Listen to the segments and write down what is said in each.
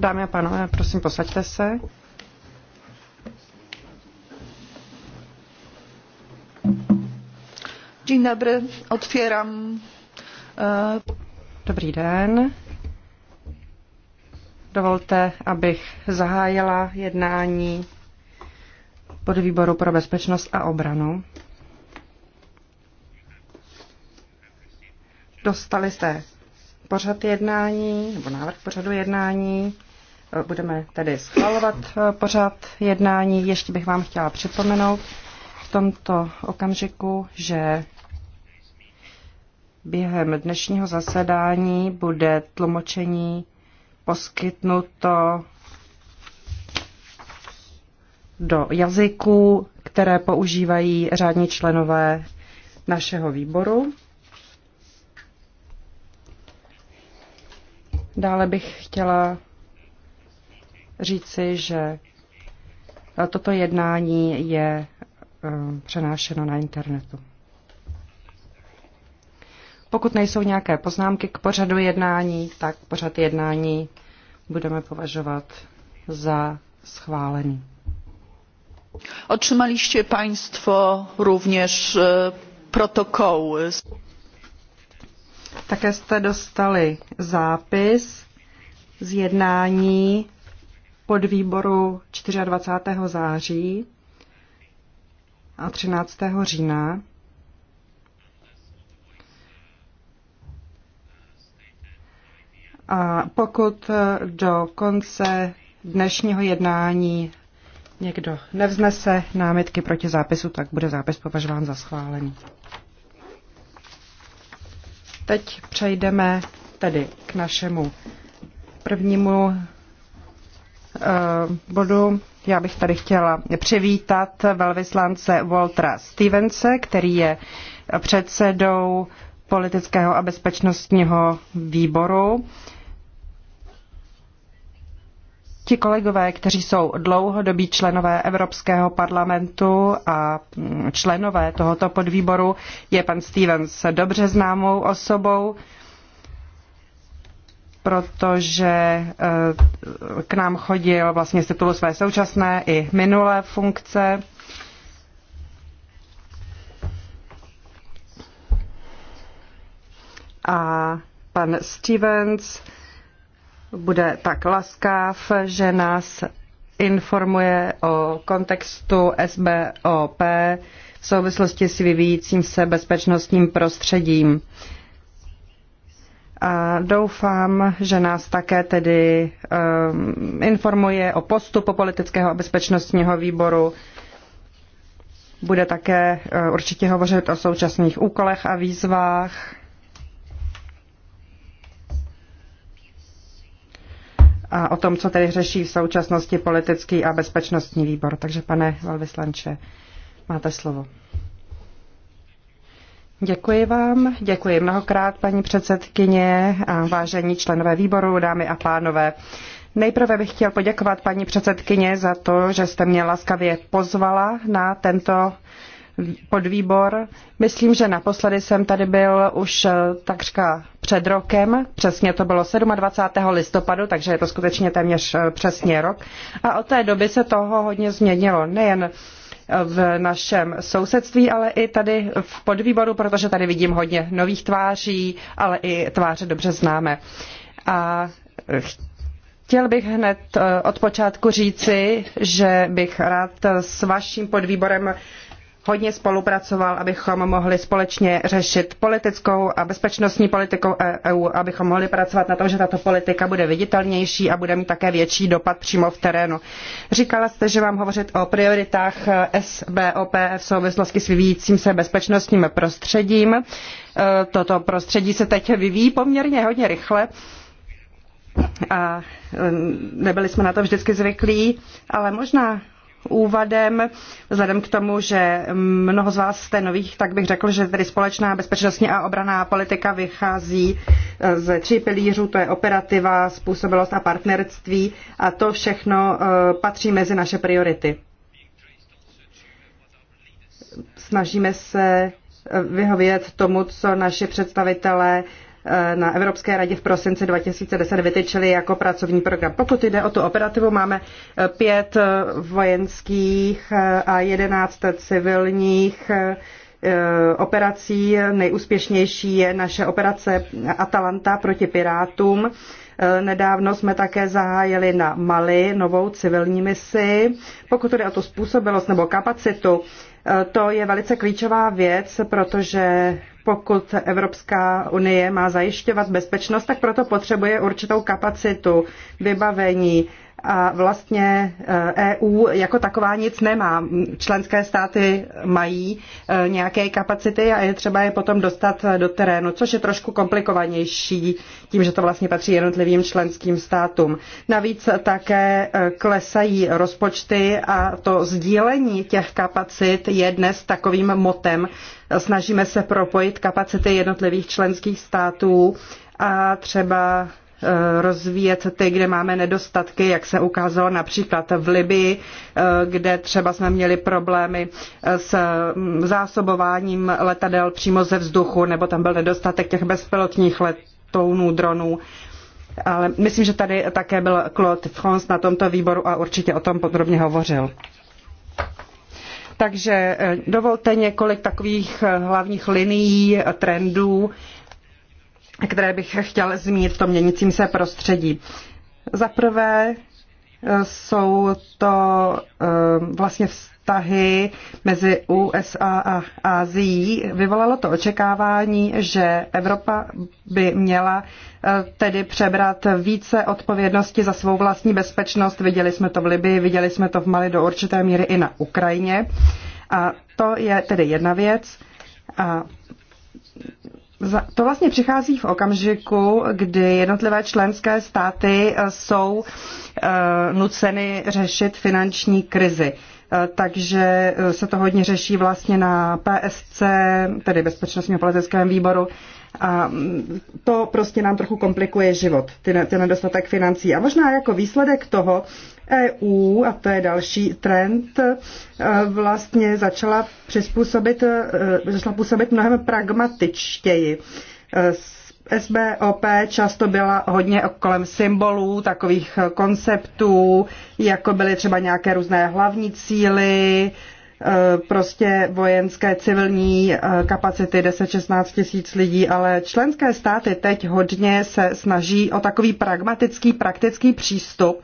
Dámy a pánové, prosím, posaďte se. E, Dobrý den. Dovolte, abych zahájila jednání podvýboru pro bezpečnost a obranu. Dostali jste pořad jednání, nebo návrh pořadu jednání. Eh, budeme tedy schvalovat eh, pořad jednání. Ještě bych vám chtěla připomenout v tomto okamžiku, že během dnešního zasedání bude tlumočení poskytnuto do jazyků, které používají řádní členové našeho výboru. Dále bych chtěla říci, že toto jednání je eh, přenášeno na internetu. Pokud nejsou nějaké poznámky k pořadu jednání, tak pořad jednání budeme považovat za schválený. Otrzymaliście Państwo również eh, protokoły. Také jste dostali zápis z jednání pod výboru 24. září a 13. října. A pokud do konce dnešního jednání někdo nevznese námitky proti zápisu, tak bude zápis považován za schválený. Teď přejdeme tedy k našemu prvnímu eh, bodu. Já bych tady chtěla přivítat velvyslance Waltra Stevense, který je předsedou politického a bezpečnostního výboru Ti kolegové, kteří jsou dlouhodobí členové Evropského parlamentu a členové tohoto podvýboru, je pan Stevens dobře známou osobou, protože eh, k nám chodil vlastně z titulu své současné i minulé funkce. A pan Stevens bude tak laskav, že nás informuje o kontextu SBOP v souvislosti s vyvíjícím se bezpečnostním prostředím. A doufám, že nás také tedy um, informuje o postupu politického a bezpečnostního výboru. Bude také uh, určitě hovořit o současných úkolech a výzvách a o tom, co tedy řeší v současnosti politický a bezpečnostní výbor. Takže pane Valvislanče, máte slovo. Děkuji vám, děkuji mnohokrát, paní předsedkyně a vážení členové výboru, dámy a pánové. Nejprve bych chtěl poděkovat paní předsedkyně za to, že jste mě laskavě pozvala na tento podvýbor. Myslím, že naposledy jsem tady byl už eh, takřka před rokem, přesně to bylo 27. listopadu, takže je to skutečně téměř eh, přesně rok. A od té doby se toho hodně změnilo, nejen eh, v našem sousedství, ale i tady v podvýboru, protože tady vidím hodně nových tváří, ale i tváře dobře známe. A Chtěl bych hned od počátku říci, že bych rád s vaším podvýborem hodně spolupracoval, abychom mohli společně řešit politickou a bezpečnostní politiku e- EU, abychom mohli pracovat na tom, že tato politika bude viditelnější a bude mít také větší dopad přímo v terénu. Říkala jste, že mám hovořit o prioritách SBOP v souvislosti s vyvíjícím se bezpečnostním prostředím. E, toto prostředí se teď vyvíjí poměrně hodně rychle a e, nebyli jsme na to vždycky zvyklí, ale možná úvadem. Vzhledem k tomu, že mnoho z vás jste nových, tak bych řekl, že tedy společná bezpečnostní a obraná politika vychází eh, ze tří pilířů, to je operativa, způsobilost a partnerství a to všechno eh, patří mezi naše priority. Snažíme se eh, vyhovět tomu, co naši představitelé Eh, na Evropské radě v prosinci 2010 vytyčili jako pracovní program. Pokud jde o tu operativu, máme eh, pět eh, vojenských a jedenáct civilních operací. Nejúspěšnější je naše operace Atalanta proti pirátům. Nedávno jsme také zahájili na Mali novou civilní misi. Pokud jde o tu způsobilost nebo kapacitu, to je velice klíčová věc, protože pokud Evropská unie má zajišťovat bezpečnost, tak proto potřebuje určitou kapacitu, vybavení, a vlastně EU eh, e jako taková nic nemá. Členské státy mají eh, nějaké kapacity a je třeba je potom dostat eh, do terénu, což je trošku komplikovanější tím, že to vlastně patří jednotlivým členským státům. Navíc také klesají rozpočty a to sdílení těch kapacit je dnes takovým motem. Snažíme se propojit kapacity jednotlivých členských států a třeba Eh, rozvíjet ty, kde máme nedostatky, jak se ukázalo například v Libii, eh, kde třeba jsme měli problémy eh, s mm, zásobováním letadel přímo ze vzduchu, nebo tam byl nedostatek těch bezpilotních letounů, dronů. Ale myslím, že tady také byl Claude France na tomto výboru a určitě o tom podrobně hovořil. Takže dovolte několik takových hlavních linií, trendů, které bych chtěl zmínit v tom měnícím se prostředí. Za prvé e, jsou to e, vlastně vztahy mezi USA a Ázií. Vyvolalo to očekávání, že Evropa by měla e, tedy přebrat více odpovědnosti za svou vlastní bezpečnost. Viděli jsme to v Libii, viděli jsme to v Mali do určité míry i na Ukrajině. A to je tedy jedna věc. A to vlastně přichází v okamžiku, kdy jednotlivé členské státy eh, jsou eh, nuceny řešit finanční krizi. Eh, takže se to hodně řeší vlastně na PSC, tedy Bezpečnostního politickém výboru, a to prostě nám trochu komplikuje život, ten, ten nedostatek financí. A možná jako výsledek toho EU, a to je další trend, e, vlastně začala přizpůsobit, e, začala působit mnohem pragmatičtěji. E, SBOP často byla hodně kolem symbolů, takových konceptů, jako byly třeba nějaké různé hlavní cíly, Eh, prostě vojenské civilní eh, kapacity 10-16 tisíc lidí, ale členské státy teď hodně se snaží o takový pragmatický, praktický přístup.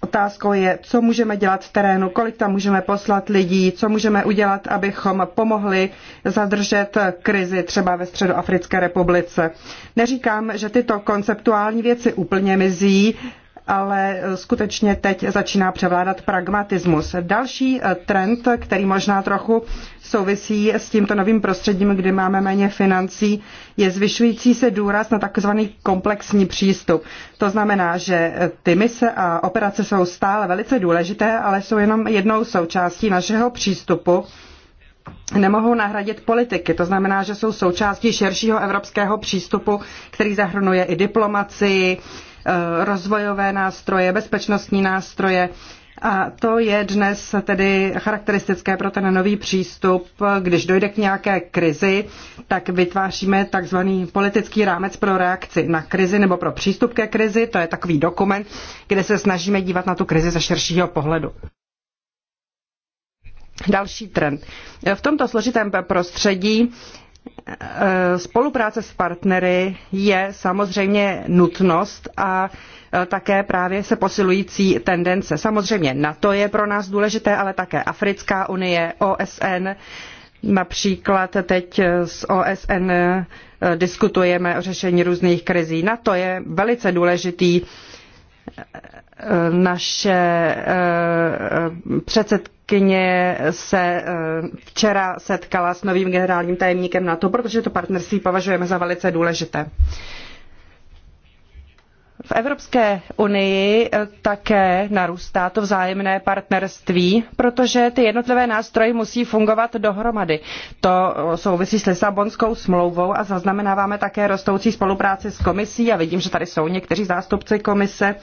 Otázkou je, co můžeme dělat v terénu, kolik tam můžeme poslat lidí, co můžeme udělat, abychom pomohli zadržet krizi třeba ve Středoafrické republice. Neříkám, že tyto konceptuální věci úplně mizí, ale eh, skutečně teď začíná převládat pragmatismus. Další eh, trend, který možná trochu souvisí s tímto novým prostředím, kdy máme méně financí, je zvyšující se důraz na takzvaný komplexní přístup. To znamená, že eh, ty mise a operace jsou stále velice důležité, ale jsou jenom jednou součástí našeho přístupu nemohou nahradit politiky. To znamená, že jsou součástí širšího evropského přístupu, který zahrnuje i diplomacii, rozvojové nástroje, bezpečnostní nástroje. A to je dnes tedy charakteristické pro ten nový přístup. Když dojde k nějaké krizi, tak vytváříme takzvaný politický rámec pro reakci na krizi nebo pro přístup ke krizi. To je takový dokument, kde se snažíme dívat na tu krizi ze širšího pohledu. Další trend. V tomto složitém prostředí Eh, spolupráce s partnery je samozřejmě nutnost a eh, také právě se posilující tendence. Samozřejmě NATO je pro nás důležité, ale také Africká unie, OSN. Například teď eh, s OSN diskutujeme o řešení různých krizí. to je velice důležitý naše předsedky kyně se eh, včera setkala s novým generálním tajemníkem NATO, protože to partnerství považujeme za velice důležité. V Evropské unii eh, také narůstá to vzájemné partnerství, protože ty jednotlivé nástroje musí fungovat dohromady. To eh, souvisí s Lisabonskou smlouvou a zaznamenáváme také rostoucí spolupráci s komisí a vidím, že tady jsou někteří zástupci komise.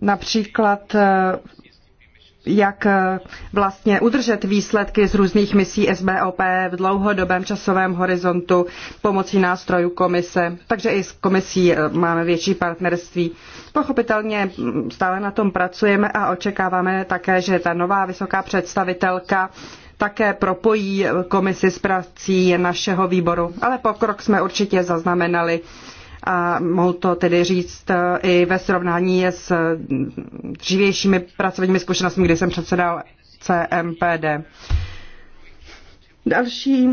například eh, jak eh, vlastně udržet výsledky z různých misí SBOP v dlouhodobém časovém horizontu pomocí nástrojů komise. Takže i s komisí eh, máme větší partnerství. Pochopitelně mm, stále na tom pracujeme a očekáváme také, že ta nová vysoká představitelka také propojí komisi s prací našeho výboru. Ale pokrok jsme určitě zaznamenali a mohu to tedy říct eh, i ve srovnání s eh, dřívějšími pracovními zkušenostmi, kdy jsem předsedal CMPD. Další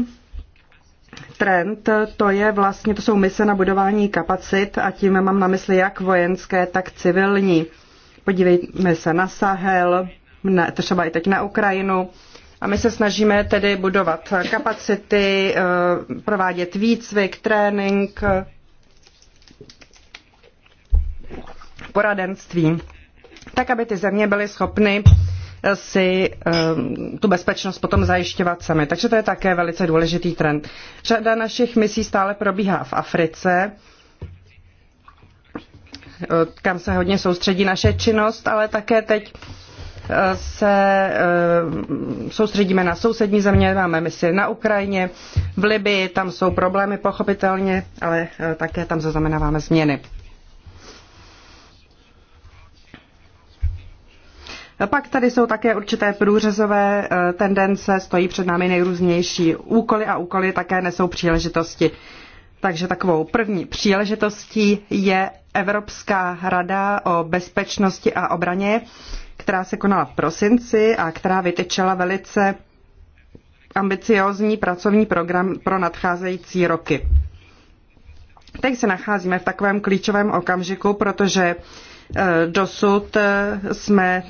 trend, to je vlastně, to jsou mise na budování kapacit a tím mám na mysli jak vojenské, tak civilní. Podívejme se na Sahel, na, třeba i teď na Ukrajinu. A my se snažíme tedy budovat kapacity, eh, provádět výcvik, trénink, poradenství, tak aby ty země byly schopny eh, si eh, tu bezpečnost potom zajišťovat sami. Takže to je také velice důležitý trend. Řada našich misí stále probíhá v Africe, eh, kam se hodně soustředí naše činnost, ale také teď se soustředíme na sousední země, máme misi na Ukrajině, v Libii, tam jsou problémy pochopitelně, ale také tam zaznamenáváme změny. Pak tady jsou také určité průřezové eh, tendence, stojí před námi nejrůznější úkoly a úkoly také nesou příležitosti. Takže takovou první příležitostí je Evropská rada o bezpečnosti a obraně, která se konala v prosinci a která vytyčela velice ambiciózní pracovní program pro nadcházející roky. Teď se nacházíme v takovém klíčovém okamžiku, protože Eh, dosud eh, jsme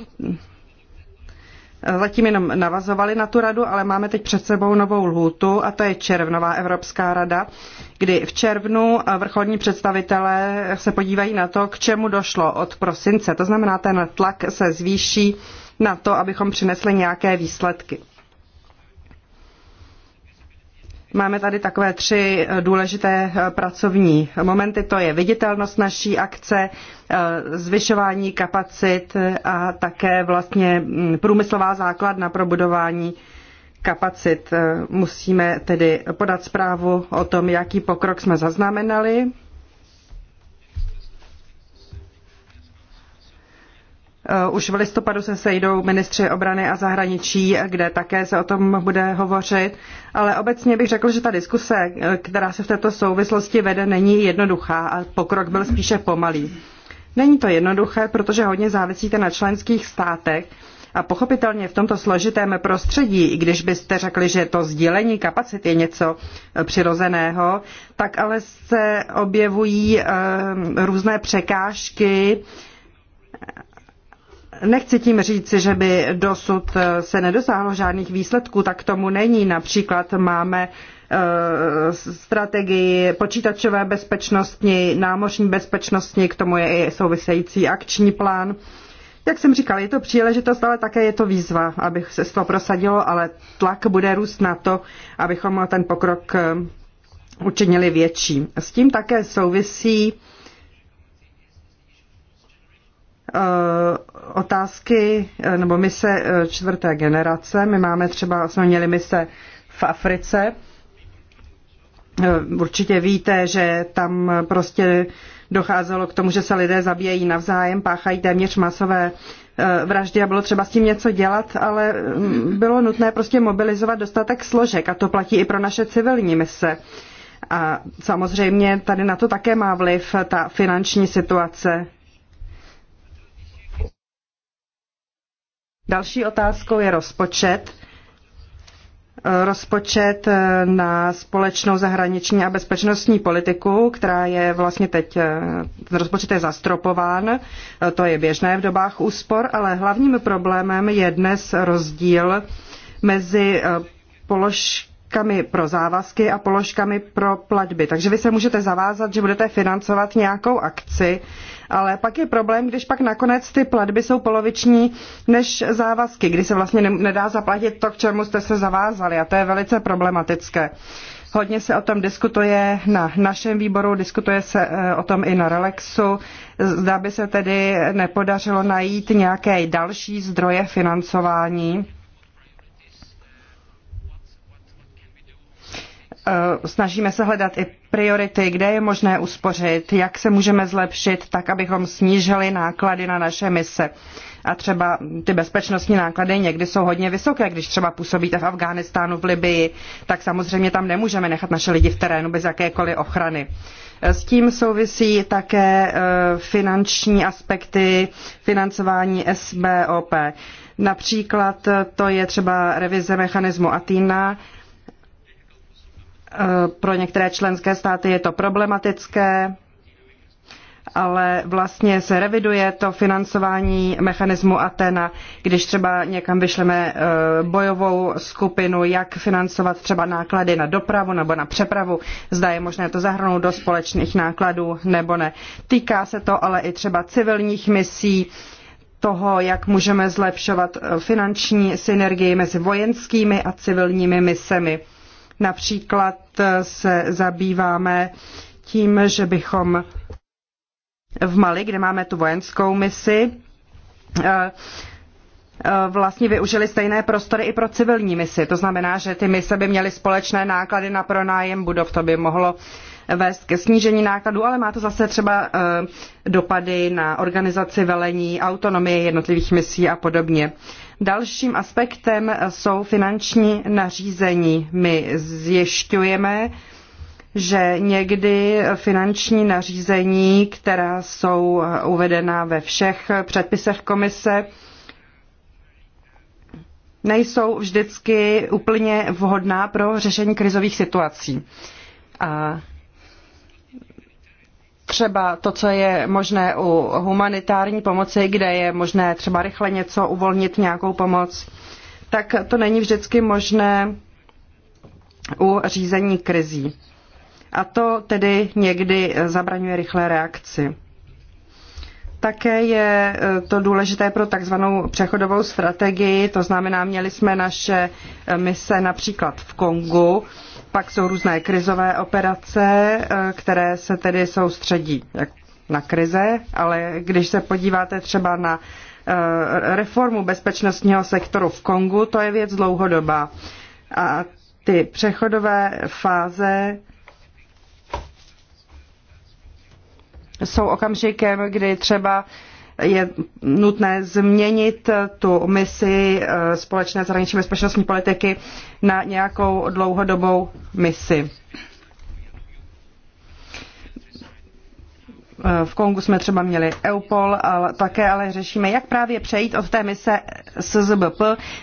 eh, zatím jenom navazovali na tu radu, ale máme teď před sebou novou lhůtu a to je červnová Evropská rada, kdy v červnu vrcholní představitelé se podívají na to, k čemu došlo od prosince. To znamená, ten tlak se zvýší na to, abychom přinesli nějaké výsledky. Máme tady takové tři eh, důležité eh, pracovní momenty, to je viditelnost naší akce, eh, zvyšování kapacit a také vlastně mm, průmyslová základna pro budování kapacit. Musíme tedy podat zprávu o tom, jaký pokrok jsme zaznamenali Eh, už v listopadu se sejdou ministři obrany a zahraničí, kde také se o tom bude hovořit. Ale obecně bych řekl, že ta diskuse, eh, která se v této souvislosti vede, není jednoduchá a pokrok byl spíše pomalý. Není to jednoduché, protože hodně závisíte na členských státech a pochopitelně v tomto složitém prostředí, i když byste řekli, že to sdílení kapacit je něco eh, přirozeného, tak ale se objevují různé překážky, Nechci tím říci, že by dosud eh, se nedosáhlo žádných výsledků, tak tomu není. Například máme eh, strategii počítačové bezpečnosti, námořní bezpečnosti, k tomu je i související akční plán. Jak jsem říkal, je to příležitost, ale také je to výzva, aby se to prosadilo, ale tlak bude růst na to, abychom ten pokrok eh, učinili větší. S tím také souvisí Eh, otázky eh, nebo mise eh, čtvrté generace. My máme třeba, jsme měli mise v Africe. Určitě víte, že tam prostě docházelo k tomu, že se lidé zabíjejí navzájem, páchají téměř masové vraždy a bylo třeba s tím něco dělat, ale mm, bylo nutné prostě mobilizovat dostatek složek a to platí i pro naše civilní mise. A samozřejmě tady na to také má vliv ta finanční situace Další otázkou je rozpočet. Rozpočet eh, na společnou zahraniční a bezpečnostní politiku, která je vlastně teď, ten eh, rozpočet je zastropován, eh, to je běžné v dobách úspor, ale hlavním problémem je dnes rozdíl mezi položkami pro závazky a položkami pro platby. Takže vy se můžete zavázat, že budete financovat nějakou akci, ale pak je problém, když pak nakonec ty platby jsou poloviční než závazky, kdy se vlastně nedá zaplatit to, k čemu jste se zavázali. A to je velice problematické. Hodně se o tom diskutuje na našem výboru, diskutuje se e, o tom i na Relexu. Zda by se tedy nepodařilo najít nějaké další zdroje financování Eh, snažíme se hledat i priority, kde je možné uspořit, jak se můžeme zlepšit, tak abychom snížili náklady na naše mise. A třeba ty bezpečnostní náklady někdy jsou hodně vysoké, když třeba působíte v Afghánistánu, v Libii, tak samozřejmě tam nemůžeme nechat naše lidi v terénu bez jakékoliv ochrany. Eh, s tím souvisí také eh, finanční aspekty financování SBOP. Například to je třeba revize mechanismu Atina Eh, pro některé členské státy je to problematické, ale vlastně se reviduje to financování mechanismu Atena, když třeba někam vyšleme eh, bojovou skupinu, jak financovat třeba náklady na dopravu nebo na přepravu, zda je možné to zahrnout do společných nákladů nebo ne. Týká se to ale i třeba civilních misí, toho, jak můžeme zlepšovat eh, finanční synergii mezi vojenskými a civilními misemi. Například eh, se zabýváme tím, že bychom v Mali, kde máme tu vojenskou misi, eh, eh, vlastně využili stejné prostory i pro civilní misi. To znamená, že ty mise by měly společné náklady na pronájem budov. To by mohlo vést ke snížení nákladů, ale má to zase třeba dopady na organizaci velení, autonomii jednotlivých misí a podobně. Dalším aspektem jsou finanční nařízení. My zjišťujeme, že někdy finanční nařízení, která jsou uvedena ve všech předpisech komise, nejsou vždycky úplně vhodná pro řešení krizových situací. A třeba to, co je možné u humanitární pomoci, kde je možné třeba rychle něco uvolnit, nějakou pomoc, tak to není vždycky možné u řízení krizí. A to tedy někdy zabraňuje rychlé reakci. Také je eh, to důležité pro takzvanou přechodovou strategii, to znamená, měli jsme naše eh, mise například v Kongu, pak jsou různé krizové operace, eh, které se tedy soustředí na krize, ale když se podíváte třeba na eh, reformu bezpečnostního sektoru v Kongu, to je věc dlouhodobá. A ty přechodové fáze jsou okamžikem, kdy třeba je nutné změnit tu misi eh, společné zahraniční bezpečnostní politiky na nějakou dlouhodobou misi. Eh, v Kongu jsme třeba měli EUPOL, ale také ale řešíme, jak právě přejít od té mise SZBP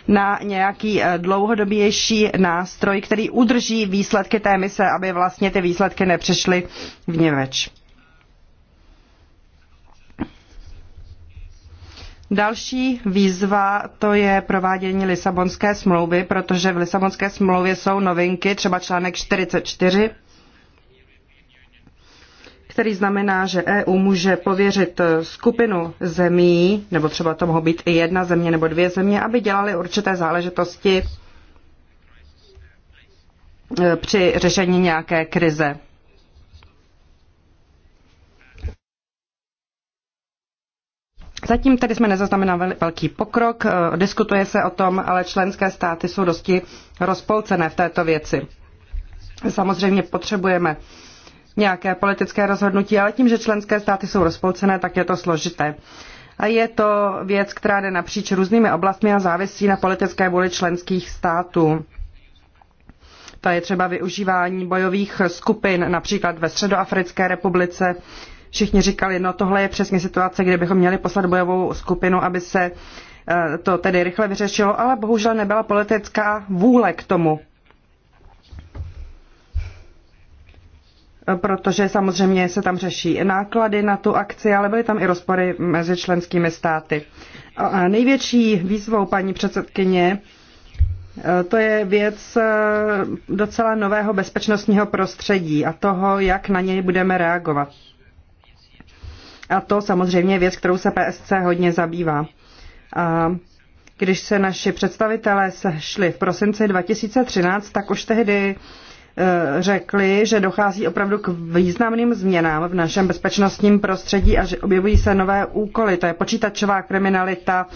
na nějaký eh, dlouhodobější nástroj, který udrží výsledky té mise, aby vlastně ty výsledky nepřešly v Němeč. Další výzva to je provádění Lisabonské smlouvy, protože v Lisabonské smlouvě jsou novinky, třeba článek 44, který znamená, že EU může pověřit skupinu zemí, nebo třeba to mohou být i jedna země nebo dvě země, aby dělali určité záležitosti eh, při řešení nějaké krize. Zatím tady jsme nezaznamenali velký pokrok, eh, diskutuje se o tom, ale členské státy jsou dosti rozpolcené v této věci. Samozřejmě potřebujeme nějaké politické rozhodnutí, ale tím, že členské státy jsou rozpolcené, tak je to složité. A je to věc, která jde napříč různými oblastmi a závisí na politické vůli členských států. To je třeba využívání bojových skupin, například ve Středoafrické republice, všichni říkali, no tohle je přesně situace, kde bychom měli poslat bojovou skupinu, aby se e, to tedy rychle vyřešilo, ale bohužel nebyla politická vůle k tomu. E, protože samozřejmě se tam řeší náklady na tu akci, ale byly tam i rozpory mezi členskými státy. A největší výzvou paní předsedkyně e, to je věc docela nového bezpečnostního prostředí a toho, jak na něj budeme reagovat. A to samozřejmě je věc, kterou se PSC hodně zabývá. A když se naši představitelé sešli v prosinci 2013, tak už tehdy e, řekli, že dochází opravdu k významným změnám v našem bezpečnostním prostředí a že objevují se nové úkoly. To je počítačová kriminalita,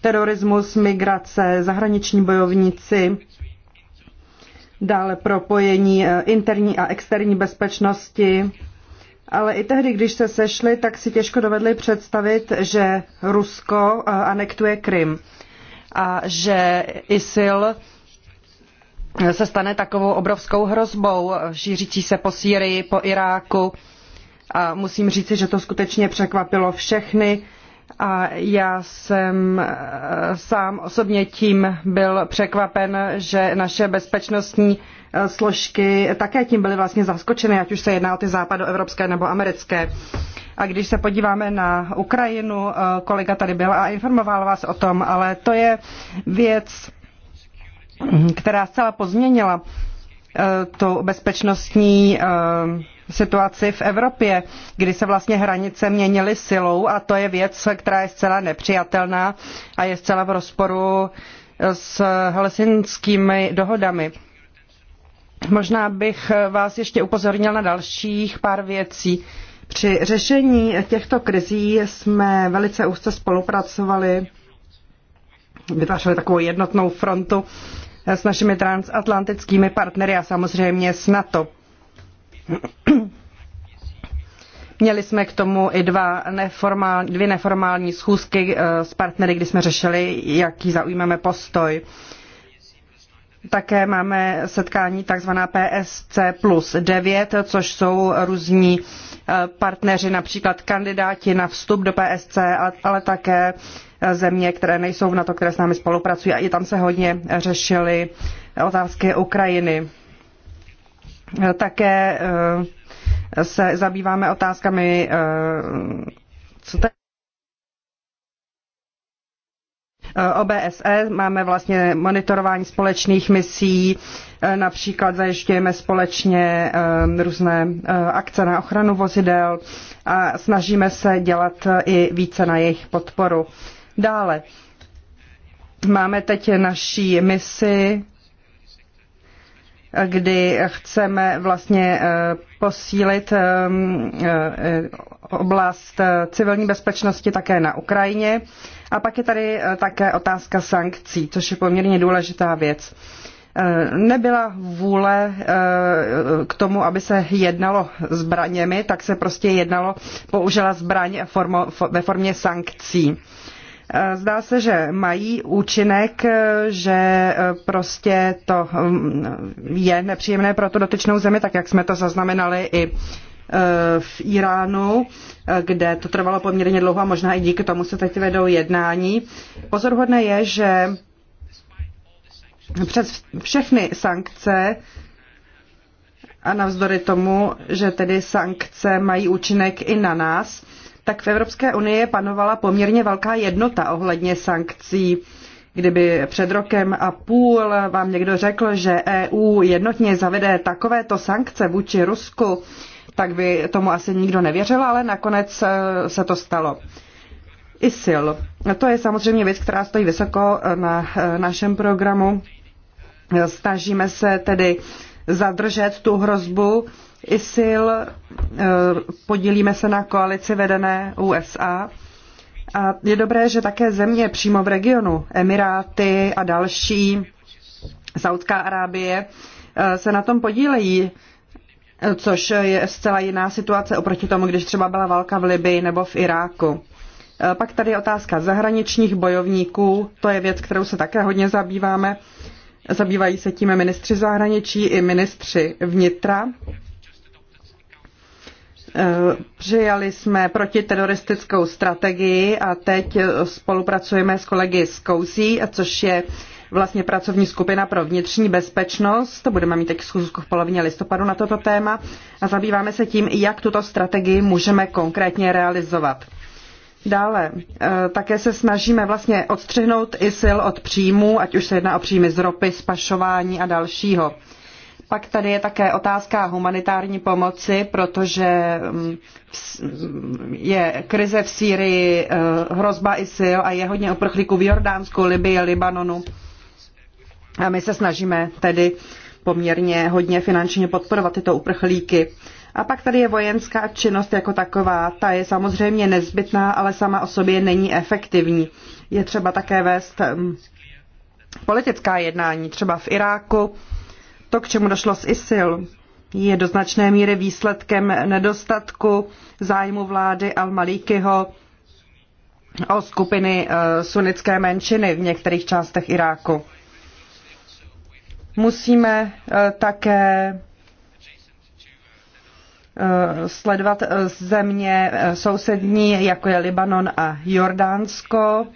terorismus, migrace, zahraniční bojovníci, dále propojení e, interní a externí bezpečnosti, ale i tehdy, když se sešli, tak si těžko dovedli představit, že Rusko eh, anektuje Krym a že ISIL se stane takovou obrovskou hrozbou, šířící se po Sýrii, po Iráku. A musím říci, že to skutečně překvapilo všechny a já jsem eh, sám osobně tím byl překvapen, že naše bezpečnostní eh, složky také tím byly vlastně zaskočeny, ať už se jedná o ty západoevropské nebo americké. A když se podíváme na Ukrajinu, eh, kolega tady byl a informoval vás o tom, ale to je věc, která zcela pozměnila tu bezpečnostní situaci v Evropě, kdy se vlastně hranice měnily silou a to je věc, která je zcela nepřijatelná a je zcela v rozporu s helsinskými dohodami. Možná bych vás ještě upozornil na dalších pár věcí. Při řešení těchto krizí jsme velice úzce spolupracovali, vytvářeli takovou jednotnou frontu s našimi transatlantickými partnery a samozřejmě s NATO. Měli jsme k tomu i dva neformál, dvě neformální schůzky eh, s partnery, kdy jsme řešili, jaký zaujmeme postoj. Také máme setkání tzv. PSC plus 9, což jsou různí eh, partneři, například kandidáti na vstup do PSC, ale také eh, země, které nejsou v NATO, které s námi spolupracují. A i tam se hodně řešily otázky Ukrajiny. Eh, také eh, se zabýváme otázkami, eh, co OBSE, e. máme vlastně monitorování společných misí, například zajišťujeme společně různé akce na ochranu vozidel a snažíme se dělat i více na jejich podporu. Dále máme teď naší misi kdy chceme vlastně eh, posílit eh, eh, oblast civilní bezpečnosti také na Ukrajině. A pak je tady také otázka sankcí, což je poměrně důležitá věc. Nebyla vůle k tomu, aby se jednalo zbraněmi, tak se prostě jednalo, použila zbraň ve formě sankcí. Zdá se, že mají účinek, eh, že eh, prostě to mm, je nepříjemné pro tu dotyčnou zemi, tak jak jsme to zaznamenali i eh, v Iránu, kde to trvalo poměrně dlouho a možná i díky tomu se teď vedou jednání. Pozoruhodné je, že přes všechny sankce a navzdory tomu, že tedy sankce mají účinek i na nás, tak v Evropské unii panovala poměrně velká jednota ohledně sankcí. Kdyby před rokem a půl vám někdo řekl, že EU jednotně zavede takovéto sankce vůči Rusku, tak by tomu asi nikdo nevěřil, ale nakonec eh, se to stalo. ISIL. To je samozřejmě věc, která stojí vysoko eh, na eh, našem programu. Snažíme se tedy zadržet tu hrozbu. ISIL, eh, podílíme se na koalici vedené USA. A je dobré, že také země přímo v regionu, Emiráty a další, Saudská Arábie, eh, se na tom podílejí, eh, což je zcela jiná situace oproti tomu, když třeba byla válka v Libii nebo v Iráku. Pak tady je otázka zahraničních bojovníků, to je věc, kterou se také hodně zabýváme. Zabývají se tím ministři zahraničí i ministři vnitra. Přijali jsme protiteroristickou strategii a teď spolupracujeme s kolegy z COSI, což je vlastně pracovní skupina pro vnitřní bezpečnost. Budeme mít teď schůzku v polovině listopadu na toto téma a zabýváme se tím, jak tuto strategii můžeme konkrétně realizovat. Dále eh, také se snažíme vlastně odstřihnout ISIL od příjmů, ať už se jedná o příjmy z ropy, spašování a dalšího. Pak tady je také otázka humanitární pomoci, protože mm, mm, je krize v Sýrii, eh, hrozba ISIL a je hodně oprchlíků v Jordánsku, Libii, Libanonu. A my se snažíme tedy poměrně hodně finančně podporovat tyto uprchlíky. A pak tady je vojenská činnost jako taková. Ta je samozřejmě nezbytná, ale sama o sobě není efektivní. Je třeba také vést mm, politická jednání, třeba v Iráku. To, k čemu došlo s ISIL, je do značné míry výsledkem nedostatku zájmu vlády Al-Malikiho o skupiny eh, sunnické menšiny v některých částech Iráku. Musíme eh, také Eh, sledovat eh, země eh, sousední, jako je Libanon a Jordánsko.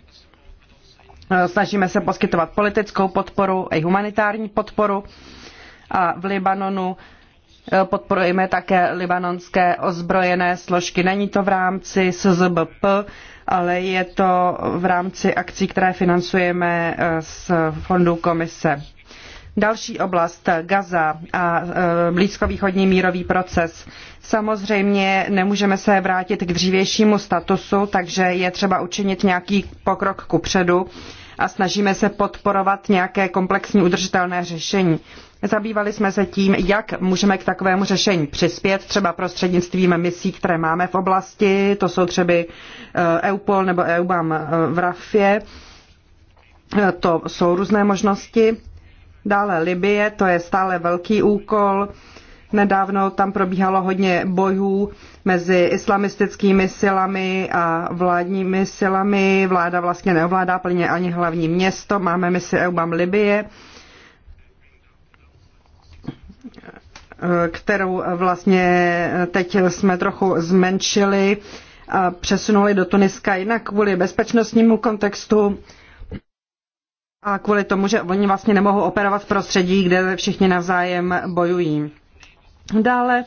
Snažíme se poskytovat politickou podporu i humanitární podporu. A v Libanonu podporujeme také libanonské ozbrojené složky. Není to v rámci SZBP, ale je to v rámci akcí, které financujeme z fondů komise. Další oblast, Gaza a blízkovýchodní mírový proces. Samozřejmě nemůžeme se vrátit k dřívějšímu statusu, takže je třeba učinit nějaký pokrok kupředu a snažíme se podporovat nějaké komplexní udržitelné řešení. Zabývali jsme se tím, jak můžeme k takovému řešení přispět, třeba prostřednictvím misí, které máme v oblasti, to jsou třeba eh, EUPOL nebo EUBAM eh, v Rafě, eh, to jsou různé možnosti. Dále Libye, to je stále velký úkol. Nedávno tam probíhalo hodně bojů mezi islamistickými silami a vládními silami. Vláda vlastně neovládá plně ani hlavní město. Máme misi EUBAM Libie, kterou vlastně teď jsme trochu zmenšili a přesunuli do Tuniska jinak kvůli bezpečnostnímu kontextu a kvůli tomu, že oni vlastně nemohou operovat v prostředí, kde všichni navzájem bojují. Dále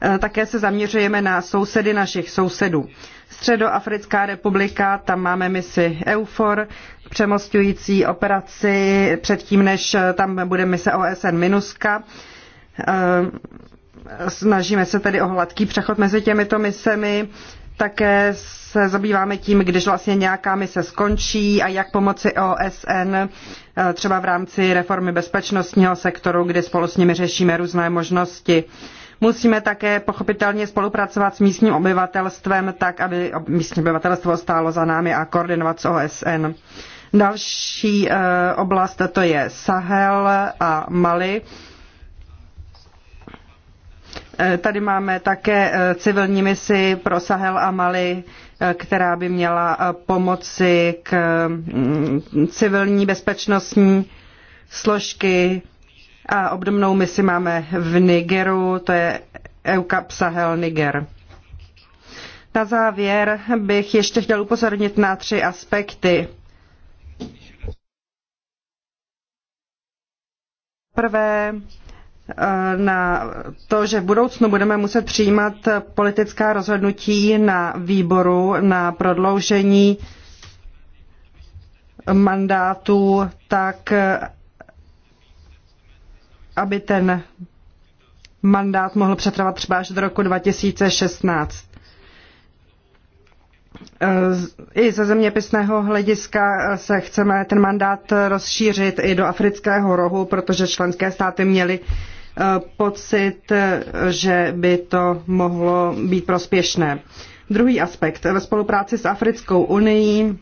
eh, také se zaměřujeme na sousedy našich sousedů. Středoafrická republika, tam máme misi EUFOR, přemostující operaci předtím, než eh, tam bude mise OSN MINUSKA. Eh, snažíme se tedy o hladký přechod mezi těmito misemi. Také se zabýváme tím, když vlastně nějaká mise skončí a jak pomoci OSN eh, třeba v rámci reformy bezpečnostního sektoru, kdy spolu s nimi řešíme různé možnosti. Musíme také pochopitelně spolupracovat s místním obyvatelstvem tak, aby místní obyvatelstvo stálo za námi a koordinovat s OSN. Další eh, oblast to je Sahel a Mali. Eh, tady máme také civilní misi pro Sahel a Mali, která by měla eh, pomoci k mm, civilní bezpečnostní složky a obdobnou misi máme v Nigeru, to je EUCAP Sahel Niger. Na závěr bych ještě chtěl upozornit na tři aspekty. Prvé, Eh, na to, že v budoucnu budeme muset přijímat politická rozhodnutí na výboru na prodloužení mandátu tak, eh, aby ten mandát mohl přetrvat třeba až do roku 2016. Eh, I ze zeměpisného hlediska se chceme ten mandát rozšířit i do afrického rohu, protože členské státy měly pocit, že by to mohlo být prospěšné. Druhý aspekt ve spolupráci s Africkou unii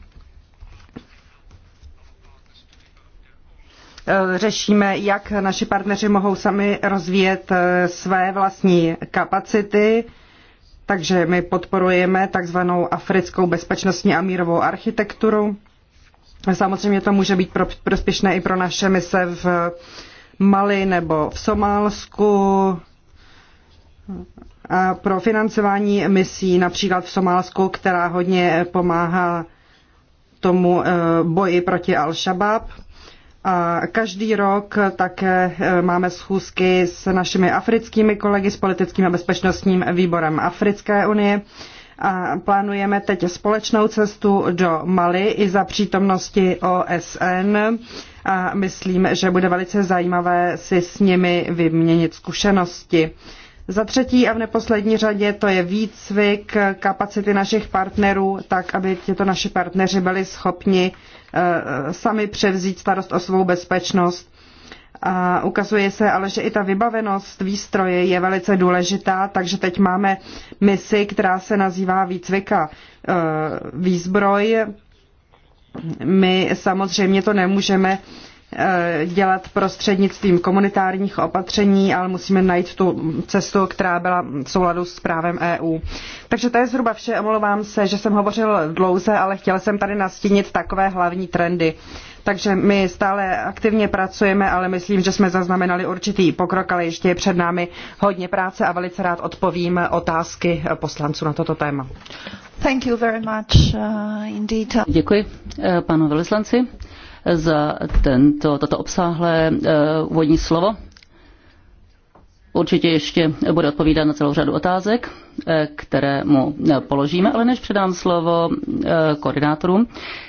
eh, řešíme, jak naši partneři mohou sami rozvíjet eh, své vlastní kapacity. Takže my podporujeme takzvanou africkou bezpečnostní a mírovou architekturu. Samozřejmě to může být prospěšné i pro naše mise v Mali nebo v Somálsku a pro financování misí například v Somálsku, která hodně pomáhá tomu eh, boji proti Al-Shabaab. A každý rok také eh, máme schůzky s našimi africkými kolegy, s politickým a bezpečnostním výborem Africké unie plánujeme teď společnou cestu do Mali i za přítomnosti OSN a myslím, že bude velice zajímavé si s nimi vyměnit zkušenosti. Za třetí a v neposlední řadě to je výcvik kapacity našich partnerů, tak aby těto naši partneři byli schopni eh, sami převzít starost o svou bezpečnost a ukazuje se ale, že i ta vybavenost výstroje je velice důležitá, takže teď máme misi, která se nazývá výcvika e, výzbroj. My samozřejmě to nemůžeme e, dělat prostřednictvím komunitárních opatření, ale musíme najít tu cestu, která byla v souladu s právem EU. Takže to je zhruba vše. Omlouvám se, že jsem hovořil dlouze, ale chtěla jsem tady nastínit takové hlavní trendy. Takže my stále aktivně pracujeme, ale myslím, že jsme zaznamenali určitý pokrok, ale ještě je před námi hodně práce a velice rád odpovím otázky poslanců na toto téma. Thank you very much, uh, indeed. Děkuji eh, panu velvyslanci za tento, toto obsáhlé uh, úvodní slovo. Určitě ještě bude odpovídat na celou řadu otázek, eh, které mu eh, položíme, ale než předám slovo eh, koordinátorům,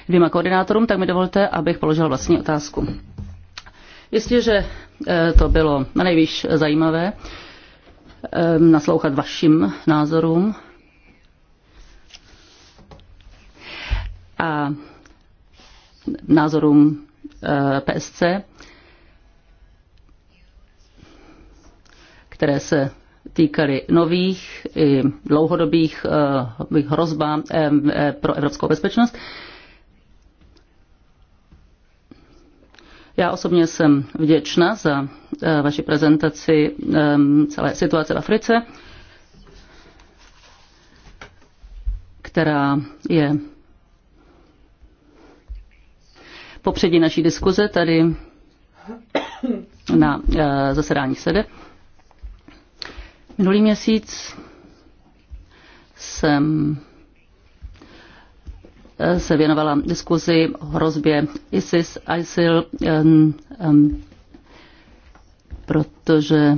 dvěma koordinátorům, tak mi dovolte, abych položil vlastní otázku. Jestliže že to bylo na nejvíc zajímavé naslouchat vašim názorům. A názorům PSC. které se týkaly nových i dlouhodobých eh, hrozbám eh, eh, pro evropskou bezpečnost. Já osobně jsem vděčna za vaši prezentaci celé situace v Africe, která je popředí naší diskuze tady na zasedání sede. Minulý měsíc jsem eh, se věnovala diskuzi o hrozbě ISIS, ISIL, um, um, protože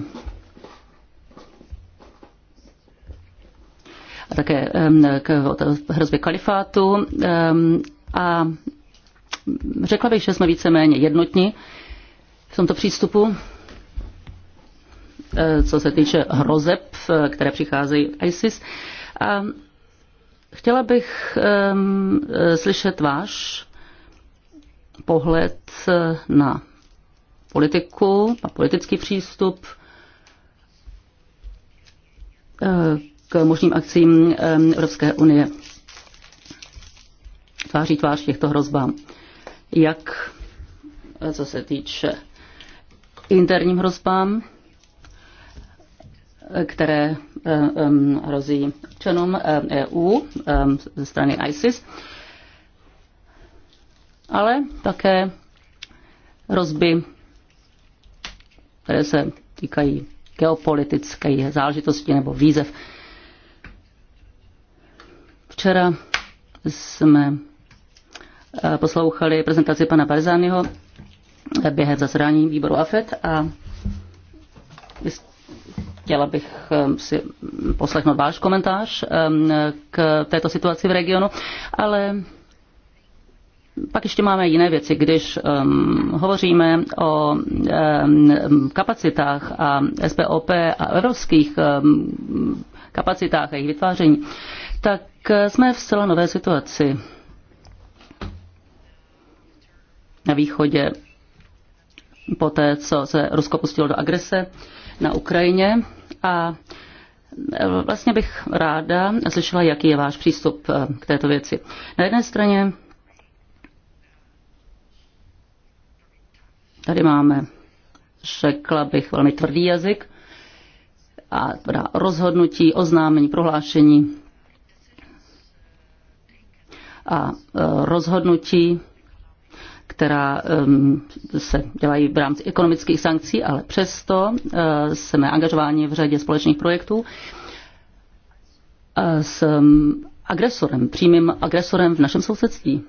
a také um, k hrozbě kalifátu. Um, a řekla bych, že jsme víceméně jednotní v tomto přístupu. Eh, co se týče hrozeb, eh, které přicházejí v ISIS. A chtěla bych um, slyšet váš pohled na politiku a politický přístup k možným akcím Evropské unie tváří tvář těchto hrozbám. Jak co se týče interním hrozbám, které eh, hrozí občanům EU eh, e ze strany ISIS, ale také hrozby, které se týkají geopolitické záležitosti nebo výzev. Včera jsme eh, poslouchali prezentaci pana Barzányho během zasedání výboru AFET a Chtěla bych ehm, si poslechnout váš komentář ehm, k této situaci v regionu, ale pak ještě máme jiné věci. Když um, hovoříme o um, kapacitách a SPOP a evropských um, kapacitách a jejich vytváření, tak eh, jsme v zcela nové situaci na východě po té, co se Rusko pustilo do agrese. Uh, na Ukrajině a e, vlastně bych ráda slyšela, jaký je váš přístup e, k této věci. Na jedné straně tady máme, řekla bych, velmi tvrdý jazyk a rozhodnutí, oznámení, prohlášení a e, rozhodnutí která se dělají v rámci ekonomických sankcí, ale přesto eh, jsme angažováni v řadě společných projektů eh, s agresorem, přímým agresorem v našem sousedství.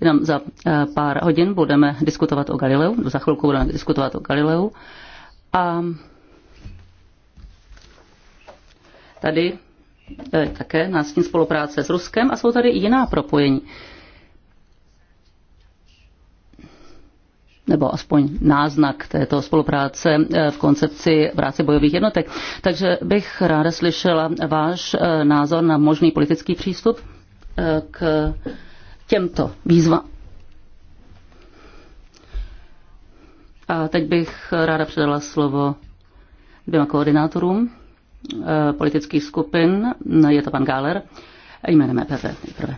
Jenom za eh, pár hodin budeme diskutovat o Galileu, za chvilku budeme diskutovat o Galileu. A tady také nás tím spolupráce s Ruskem a jsou tady i jiná propojení. nebo aspoň náznak této spolupráce eh, v koncepci práce bojových jednotek. Takže bych ráda slyšela váš eh, názor na možný politický přístup eh, k těmto výzvám. A teď bych ráda předala slovo dvěma koordinátorům politických skupin. No, je to pan Gáler jménem EPP nejprve.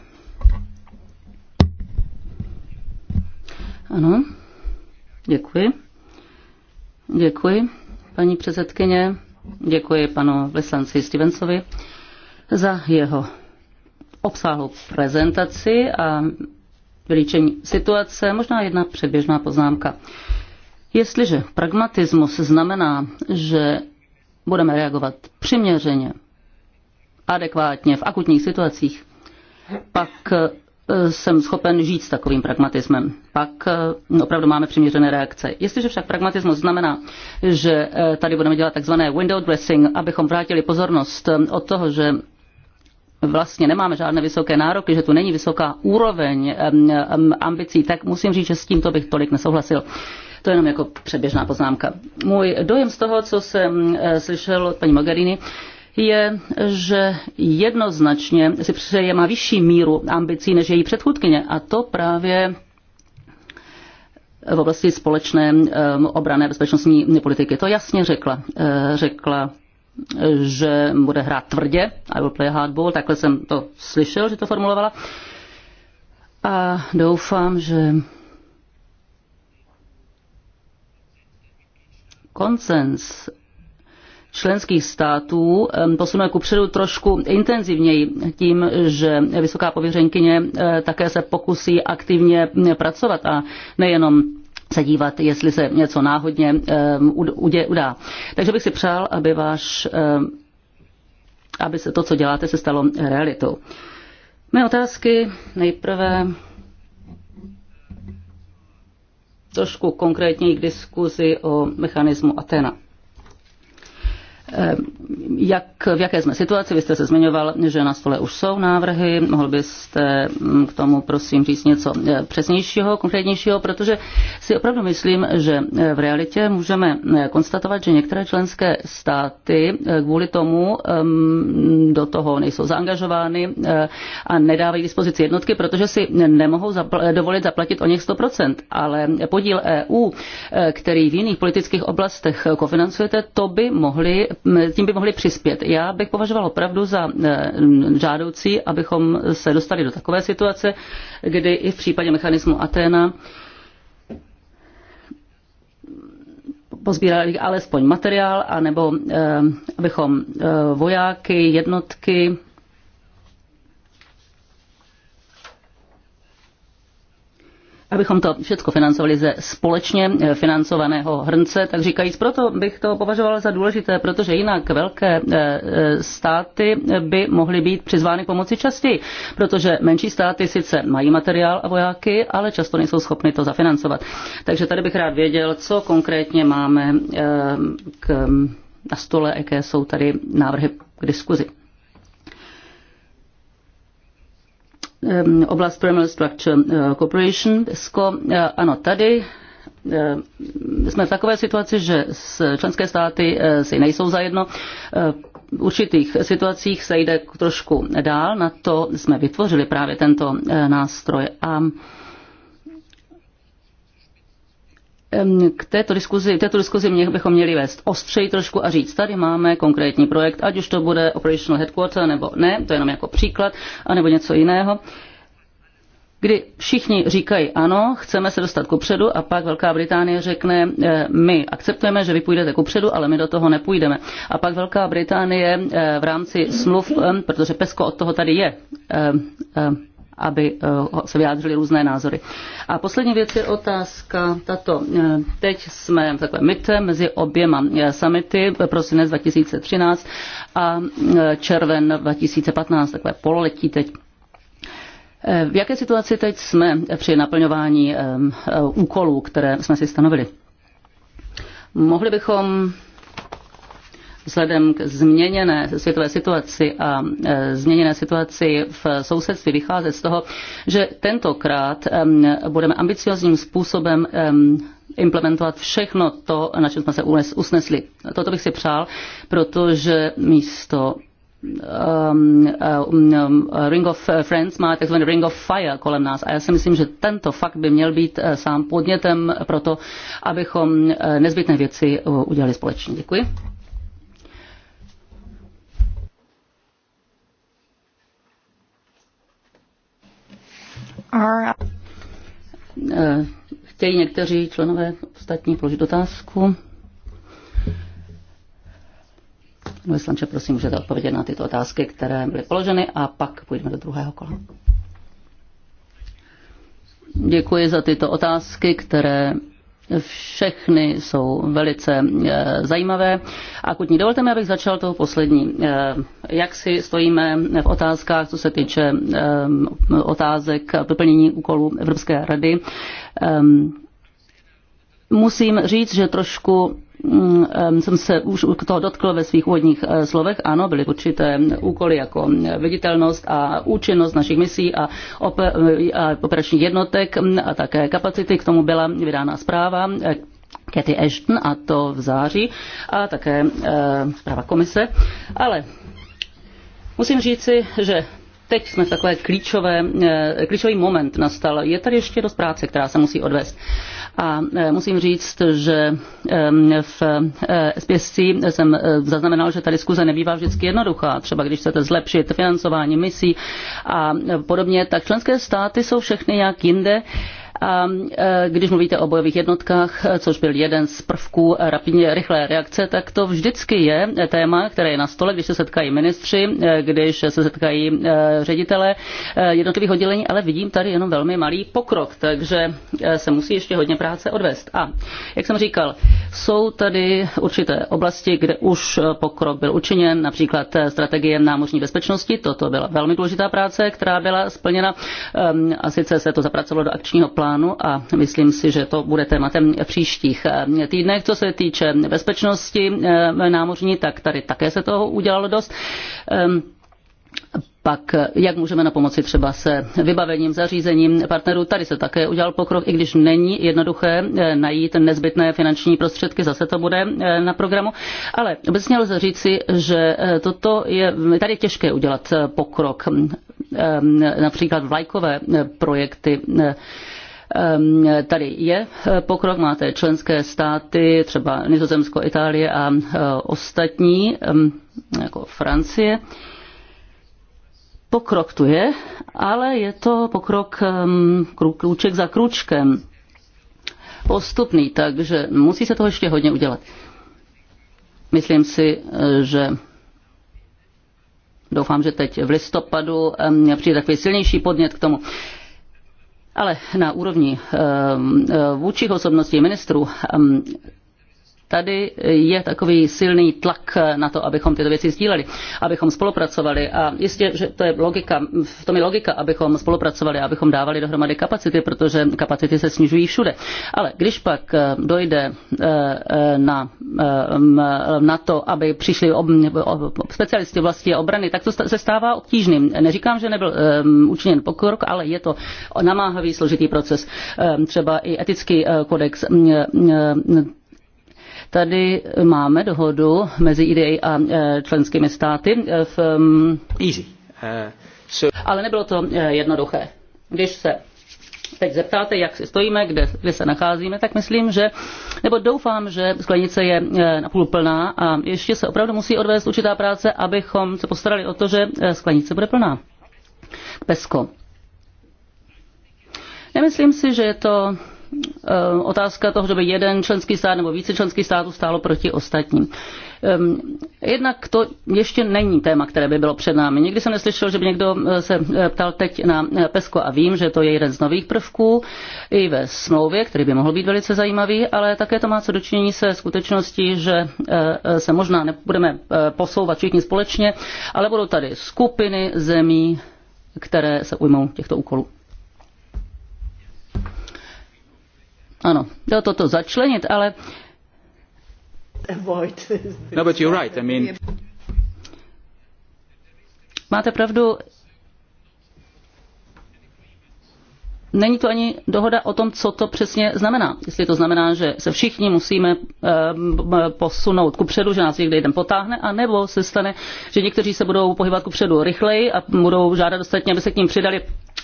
Ano. Děkuji. Děkuji, paní předsedkyně. Děkuji panu Vesanci Stevensovi za jeho obsáhlou prezentaci a vylíčení situace. Možná jedna předběžná poznámka. Jestliže pragmatismus znamená, že budeme reagovat přiměřeně, adekvátně v akutních situacích, pak Eh, jsem schopen žít s takovým pragmatismem. Pak eh, opravdu máme přiměřené reakce. Jestliže však pragmatismus znamená, že eh, tady budeme dělat takzvané window dressing, abychom vrátili pozornost od toho, že vlastně nemáme žádné vysoké nároky, že tu není vysoká úroveň ambicí, tak musím říct, že s tímto bych tolik nesouhlasil. To je jenom jako předběžná poznámka. Můj dojem z toho, co jsem slyšel od paní Mogherini, je, že jednoznačně si přeje má vyšší míru ambicí než její předchůdkyně. A to právě v oblasti společné um, obrané bezpečnostní politiky. To jasně řekla. Uh, řekla že bude hrát tvrdě, I will play hardball, takhle jsem to slyšel, že to formulovala. A doufám, že konsens členských států posunuje kupředu trošku intenzivněji tím, že vysoká pověřenkyně eh, také se pokusí aktivně pracovat a nejenom se dívat, jestli se něco náhodně udá. Takže bych si přál, aby, váš, aby se to, co děláte, se stalo realitou. Mé otázky nejprve trošku konkrétněji k diskuzi o mechanismu Atena. Eh, jak, v jaké jsme situaci, vy jste se zmiňoval, že na stole už jsou návrhy, mohl byste mm, k tomu prosím říct něco eh, přesnějšího, konkrétnějšího, protože si opravdu myslím, že eh, v realitě můžeme konstatovat, že některé členské státy kvůli tomu ehm, do toho nejsou zaangažovány a nedávají dispozici jednotky, protože si nemohou zapl- dovolit zaplatit o něch 100%, ale podíl EU, který v jiných politických oblastech kofinancujete, to by mohli tím by mohli přispět. Já bych považoval opravdu za eh, žádoucí, abychom se dostali do takové situace, kdy i v případě mechanismu Aténa pozbírali alespoň materiál, anebo eh, abychom eh, vojáky, jednotky abychom to všechno financovali ze společně eh, financovaného hrnce, tak říkajíc, proto bych to považovala za důležité, protože jinak velké eh, eh, státy by mohly být přizvány pomoci častěji, protože menší státy sice mají materiál a vojáky, ale často nejsou schopny to zafinancovat. Takže tady bych rád věděl, co konkrétně máme k, na stole, jaké jsou tady návrhy k diskuzi. Ehm, oblast Primary Structure eh, Corporation. Eh, ano, tady eh, jsme v takové situaci, že členské státy si nejsou zajedno. V určitých situacích se jde trošku dál, na to jsme vytvořili právě tento nástroj. A k této diskuzi, této diskuzi mě bychom měli vést ostřej trošku a říct, tady máme konkrétní projekt, ať už to bude Operational Headquarter nebo ne, to je jenom jako příklad, anebo něco jiného kdy všichni říkají ano, chceme se dostat kupředu a pak Velká Británie řekne, e, my akceptujeme, že vy půjdete kupředu, ale my do toho nepůjdeme. A pak Velká Británie e, v rámci smluv, e, protože PESCO od toho tady je, aby eh, se vyjádřili různé názory. A poslední věc je otázka tato. Eh, teď jsme v takové myte mezi oběma eh, summity, prosinec 2013 a červen 2015, takové pololetí teď. V jaké situaci teď jsme při naplňování úkolů, které jsme si stanovili? Mohli bychom vzhledem k změněné světové situaci a e, změněné situaci v sousedství vycházet z toho, že tentokrát budeme ambiciozním způsobem implementovat všechno to, na čem jsme se usnesli. Toto bych si přál, protože místo um, um, Ring of Friends má takzvaný Ring of Fire kolem nás a já si myslím, že tento fakt by měl být e, sám podnětem pro to, abychom e, nezbytné věci udělali společně. Děkuji. Eh, chtějí někteří členové ostatní položit otázku? Vyslanče, prosím, můžete odpovědět na tyto otázky, které byly položeny a pak půjdeme do druhého kola. Děkuji za tyto otázky, které všechny jsou velice eh, zajímavé. A kutní, dovolte mi, abych začal tou poslední. Eh, jak si stojíme v otázkách, co se týče eh, otázek vyplnění úkolů Evropské rady? Ehm, musím říct, že trošku Mm, jsem se už toho dotkl ve svých úvodních eh, slovech. Ano, byly určité úkoly jako viditelnost a účinnost našich misí a, operačních jednotek mm, a také kapacity. K tomu byla vydána zpráva Katy eh, Ashton a to v září a také eh, zpráva komise. Ale musím říci, že teď jsme v takové klíčové, klíčový moment nastal. Je tady ještě dost práce, která se musí odvést. A e, musím říct, že e, v e, SPSC jsem zaznamenal, že ta diskuze nebývá vždycky jednoduchá. Třeba když chcete zlepšit financování misí a podobně, tak členské státy jsou všechny nějak jinde a ehm, eh, když mluvíte o bojových jednotkách, což byl jeden z prvků rapidně rychlé reakce, tak to vždycky je téma, které je na stole, když se setkají ministři, eh, když se setkají eh, ředitele jednotlivých oddělení, ale vidím tady jenom velmi malý pokrok, takže se musí ještě hodně práce odvést. A jak jsem říkal, jsou tady určité oblasti, kde už pokrok byl učiněn, například strategie námořní bezpečnosti, toto byla velmi důležitá práce, která byla splněna ehm, a sice se to zapracovalo do akčního plánu a myslím si, že to bude tématem příštích eh, týdnech. Co se týče bezpečnosti eh, námořní, tak tady také se toho udělalo dost ehm, pak jak můžeme na pomoci třeba se vybavením, zařízením partnerů. Tady se také udělal pokrok, i když není jednoduché eh, najít nezbytné finanční prostředky, zase to bude na programu. Ale obecně lze říci, že toto je, tady je těžké udělat pokrok. Ehm, například vlajkové projekty Ehm, tady je eh, pokrok, máte členské státy, třeba Nizozemsko, Itálie a eh, ostatní, ehm, jako Francie. Pokrok tu je, ale je to pokrok ehm, krůček za krůčkem. Postupný, takže musí se toho ještě hodně udělat. Myslím si, eh, že doufám, že teď v listopadu přijde takový silnější podnět k tomu. Ale na úrovni ehm, eh, vůdčích osobností ministrů ehm, tady je takový silný tlak na to, abychom tyto věci sdíleli, abychom spolupracovali. A jistě, že to je logika, v tom je logika, abychom spolupracovali, abychom dávali dohromady kapacity, protože kapacity se snižují všude. Ale když pak eh, dojde eh, na, eh, na to, aby přišli ob, ob, specialisti vlasti obrany, tak to se stává obtížným. Neříkám, že nebyl učiněn pokrok, ale je to namáhavý, složitý proces. Třeba i etický kodex Tady máme dohodu mezi IDA e a e, členskými státy. E, v, Easy. Uh, so... Ale nebylo to jednoduché. Když se teď zeptáte, jak si stojíme, kde, kde se nacházíme, tak myslím, že, nebo doufám, že sklenice je napůl plná a ještě se opravdu musí odvést určitá práce, abychom se postarali o to, že sklenice bude plná. Pesko. Nemyslím si, že je to Eh, otázka toho, že by jeden členský stát nebo více členských států stálo proti ostatním. Ehm, jednak to ještě není téma, které by bylo před námi. Nikdy jsem neslyšel, že by někdo eh, se eh, ptal teď na PESCO a vím, že to je jeden z nových prvků i ve smlouvě, který by mohl být velice zajímavý, ale také to má co dočinění se skutečností, že se možná nebudeme posouvat všichni společně, ale budou tady skupiny zemí, které se ujmou těchto úkolů. ano, do toto začlenit, ale... No, but you're right. I mean... Máte pravdu, Není to ani dohoda o tom, co to přesně znamená. Jestli to znamená, že se všichni musíme ehm, posunout ku předu, že nás někde jeden potáhne, anebo se stane, že někteří se budou pohybovat ku předu rychleji a budou žádat dostatně, aby se k ním přidali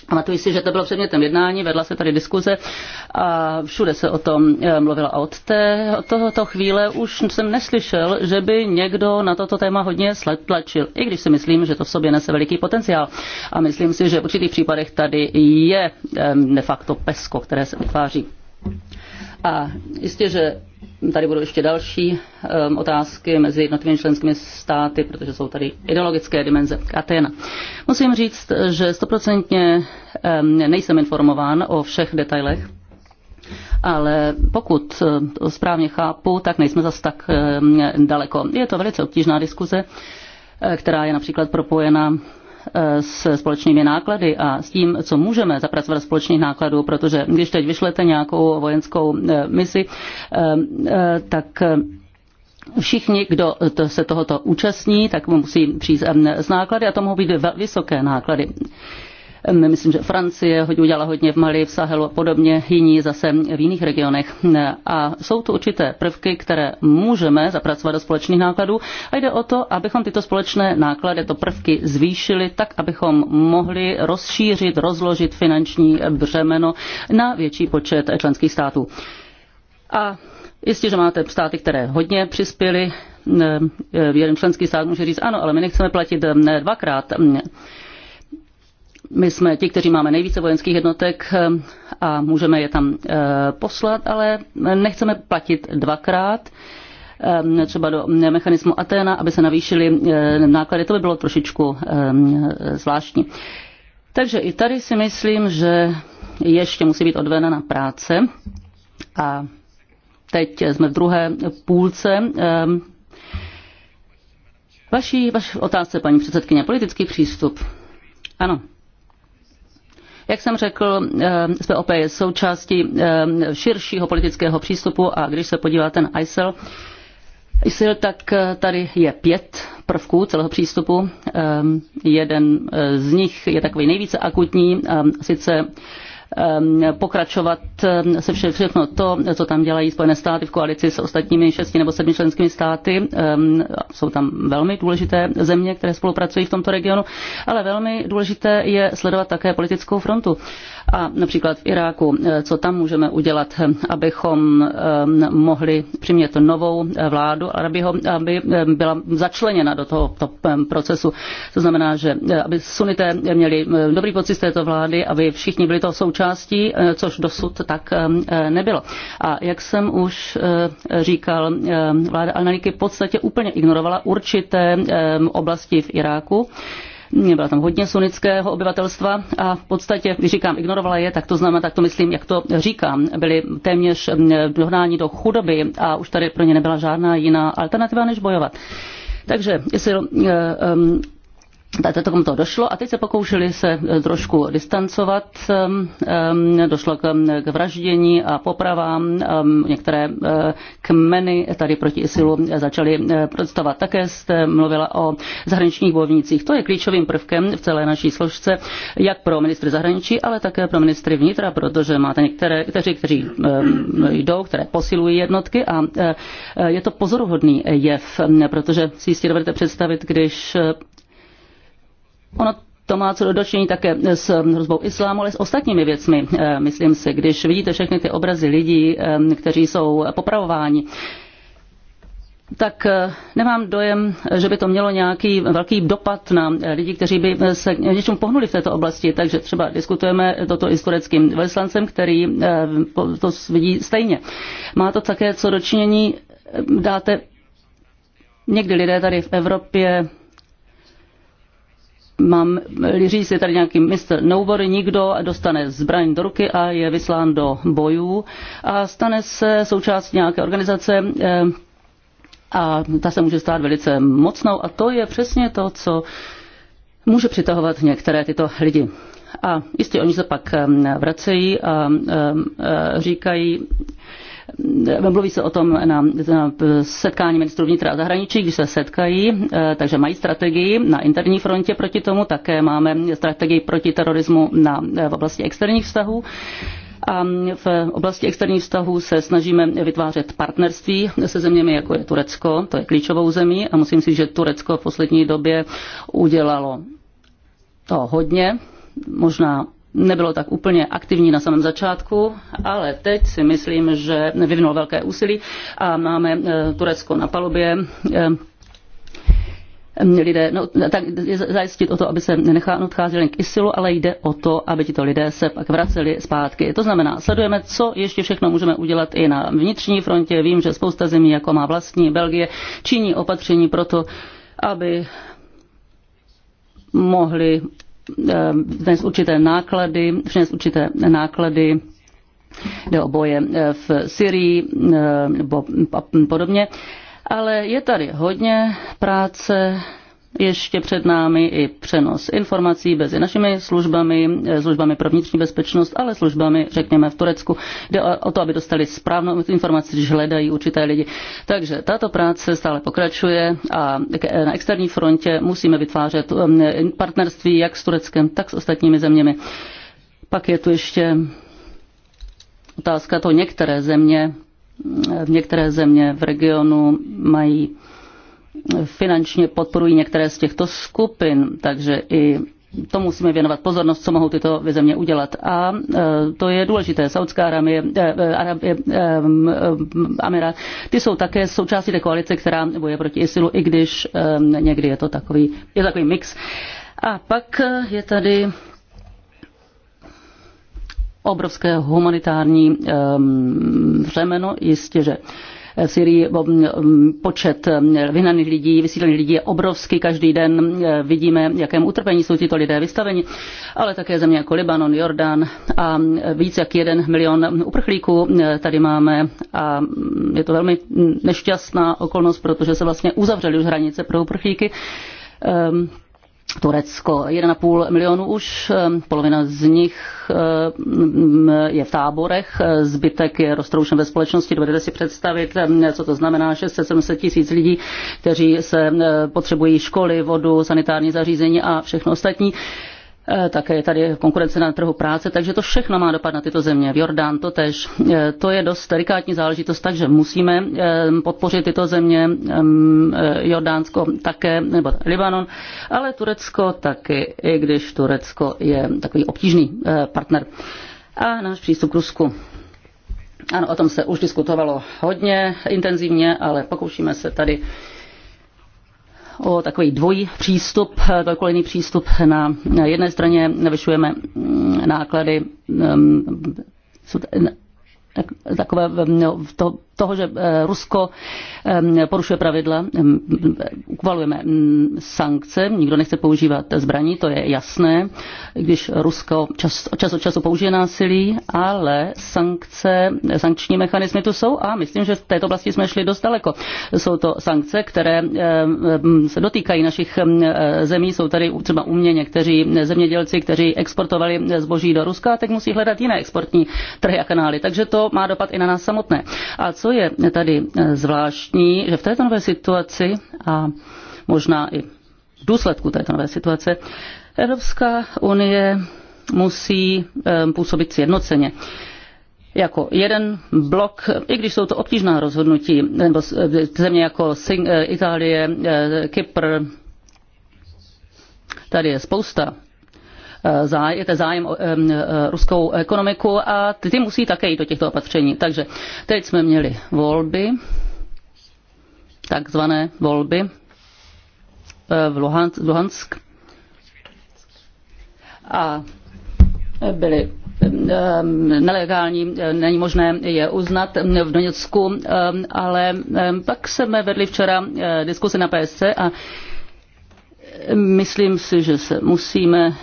Pamatuji si, že to bylo předmětem jednání, vedla se tady diskuze a všude se o tom eh, mluvila. A od, té, od tohoto chvíle už jsem neslyšel, že by někdo na toto téma hodně tlačil, i když si myslím, že to v sobě nese veliký potenciál. A myslím si, že v určitých případech tady je de facto pesko, které se vytváří. A jistě, že tady budou ještě další um, otázky mezi jednotlivými členskými státy, protože jsou tady ideologické dimenze. Atena. Musím říct, že stoprocentně um, nejsem informován o všech detailech ale pokud to um, správně chápu, tak nejsme zas tak um, daleko. Je to velice obtížná diskuze, uh, která je například propojena Eh, s společnými náklady a s tím, co můžeme zapracovat společných nákladů, protože když teď vyšlete nějakou vojenskou eh, misi, eh, tak Všichni, kdo se tohoto účastní, tak musí přijít s náklady a to mohou být vysoké náklady. Myslím, že Francie hodně udělala hodně v Mali, v Sahelu a podobně, jiní zase v jiných regionech. A jsou tu určité prvky, které můžeme zapracovat do společných nákladů a jde o to, abychom tyto společné náklady, to prvky zvýšili tak, abychom mohli rozšířit, rozložit finanční břemeno na větší počet členských států. A Jistě, že máte státy, které hodně přispěly. Jeden členský stát může říct, ano, ale my nechceme platit dvakrát. My jsme ti, kteří máme nejvíce vojenských jednotek eh, a můžeme je tam eh, poslat, ale nechceme platit dvakrát eh, třeba do mechanismu Atena, aby se navýšily náklady. To by bylo trošičku zvláštní. Takže i tady si myslím, že ještě musí být na práce a teď jsme v druhé půlce. Vaší, vaš otázce, paní předsedkyně, politický přístup. Ano, jak jsem řekl, eh, SPOP je součástí eh, širšího politického přístupu a když se podíváte na ISIL, e ISIL, e tak eh, tady je pět prvků celého přístupu. Jeden z nich je takový nejvíce akutní, sice Ehm, pokračovat ehm, se vše, všechno to, co tam dělají Spojené státy v koalici s ostatními šesti nebo sedmi členskými státy. Ehm, jsou tam velmi důležité země, které spolupracují v tomto regionu, ale velmi důležité je sledovat také politickou frontu. A například v Iráku, eh, co tam můžeme udělat, abychom mohli přimět novou eh, vládu Arabiho, aby byla začleněna do toho to procesu. To znamená, že eh, aby sunité měli dobrý pocit z této vlády, aby všichni byli toho součástí součástí, eh, což dosud tak eh, nebylo. A jak jsem už eh, říkal, vláda al v podstatě úplně ignorovala určité oblasti v Iráku byla tam hodně sunnického obyvatelstva a v podstatě, když říkám ignorovala je, tak to znamená, tak to myslím, jak to říkám, byli téměř dohnáni do chudoby a už tady pro ně nebyla žádná jiná alternativa, než bojovat. Takže jestli to tomu došlo a teď se pokoušeli se eh, trošku distancovat. Ehm, ehm, došlo ehm, k vraždění a popravám. Některé eh, kmeny tady proti ISILu začaly eh, protestovat. Také jste mluvila o zahraničních bojovnících. To je klíčovým prvkem v celé naší složce, jak pro ministry zahraničí, ale také pro ministry vnitra, protože máte některé, kteří, kteří jdou, které posilují jednotky a je to pozoruhodný jev, protože si jistě dovedete představit, když Ono to má co dočinění také s hrozbou islámu, ale s ostatními věcmi, eh, myslím si. Když vidíte všechny ty obrazy lidí, eh, kteří jsou popravováni, tak eh, nemám dojem, že by to mělo nějaký velký dopad na lidi, kteří by se něčemu pohnuli v této oblasti. Takže třeba diskutujeme toto i s tureckým který to vidí stejně. Má to také co dočinění, dáte někdy lidé tady v Evropě mám, liří se tady nějaký mistr Nobody, nikdo dostane zbraň do ruky a je vyslán do bojů a stane se součástí nějaké organizace, eh, a ta se může stát velice mocnou a to je přesně to, co může přitahovat některé tyto lidi. A jistě oni se pak eh, vracejí a eh, říkají, Eh, mluví se o tom na, na setkání ministrů vnitra a zahraničí, když se setkají, eh, takže mají strategii na interní frontě proti tomu, také máme strategii proti terorismu na, eh, v oblasti externích vztahů a v oblasti externích vztahů se snažíme vytvářet partnerství se zeměmi, jako je Turecko, to je klíčovou zemí a musím si, že Turecko v poslední době udělalo to hodně, možná nebylo tak úplně aktivní na samém začátku, ale teď si myslím, že vyvinulo velké úsilí a máme e, Turecko na palubě e, lidé, no, tak zajistit o to, aby se nechá, odcházeli k ISILu, ale jde o to, aby tito lidé se pak vraceli zpátky. To znamená, sledujeme, co ještě všechno můžeme udělat i na vnitřní frontě. Vím, že spousta zemí, jako má vlastní Belgie, činí opatření pro to, aby mohli dnes eh, určité náklady, dnes určité náklady jde o boje eh, v Syrii eh, nebo podobně. Ale je tady hodně práce, ještě před námi i přenos informací mezi našimi službami, eh, službami pro vnitřní bezpečnost, ale službami, řekněme, v Turecku. Jde o to, aby dostali správnou informaci, když hledají určité lidi. Takže tato práce stále pokračuje a eh, na externí frontě musíme vytvářet um, eh, partnerství jak s Tureckem, tak s ostatními zeměmi. Pak je tu ještě otázka to některé země, některé země v regionu mají finančně podporují některé z těchto skupin, takže i to musíme věnovat pozornost, co mohou tyto země udělat. A e, to je důležité. Saudská Arábie, e, e, Arábie Amira, ty jsou také součástí té koalice, která boje proti ISILu, i když někdy je to takový, je takový mix. A pak je tady obrovské humanitární um, řemeno, jistě, že v Syrii mm, mm, počet mm, vyhnaných lidí, vysídlených lidí je obrovský. Každý den vidíme, jakému utrpení jsou tito lidé vystaveni, ale také země jako Libanon, Jordán a víc jak jeden milion uprchlíků tady máme a je to velmi nešťastná okolnost, protože se vlastně uzavřely už hranice pro uprchlíky ehm, Turecko 1,5 milionu už, polovina z nich je v táborech, zbytek je roztroušen ve společnosti. Dovedete si představit, co to znamená 600-700 tisíc lidí, kteří se potřebují školy, vodu, sanitární zařízení a všechno ostatní. Eh, také je tady konkurence na trhu práce, takže to všechno má dopad na tyto země. V Jordán to tež. Eh, to je dost delikátní záležitost, takže musíme eh, podpořit tyto země, ehm, Jordánsko také, nebo Libanon, ale Turecko taky, i když Turecko je takový obtížný partner. A náš přístup k Rusku. Ano, o tom se už diskutovalo hodně intenzivně, ale pokoušíme se tady o takový dvojí přístup, dvojkolejný přístup. Na, jedné straně navyšujeme mm, náklady mm, takové mm, no, to toho, že eh, Rusko eh, porušuje pravidla, eh, ukvalujeme mm, sankce, nikdo nechce používat zbraní, to je jasné, když Rusko čas, čas od času použije násilí, ale sankce, sankční mechanismy tu jsou a myslím, že v této oblasti jsme šli dost daleko. Jsou to sankce, které mm, se dotýkají našich mm, zemí, jsou tady třeba u mě někteří zemědělci, kteří exportovali zboží do Ruska a teď musí hledat jiné exportní trhy a kanály, takže to má dopad i na nás samotné. A co co je tady eh, zvláštní, že v této nové situaci a možná i v důsledku této nové situace Evropská unie musí eh, působit sjednoceně jako jeden blok, i když jsou to obtížná rozhodnutí, nebo eh, země jako Itálie, Kypr, tady je spousta Eh, je to zájem o eh, ruskou ekonomiku a ty musí také jít do těchto opatření. Takže teď jsme měli volby, takzvané volby eh, v Luhansk. A byly nelegální, není možné je uznat v Doněcku, ale pak jsme vedli včera diskusi na PSC a myslím si, že se musíme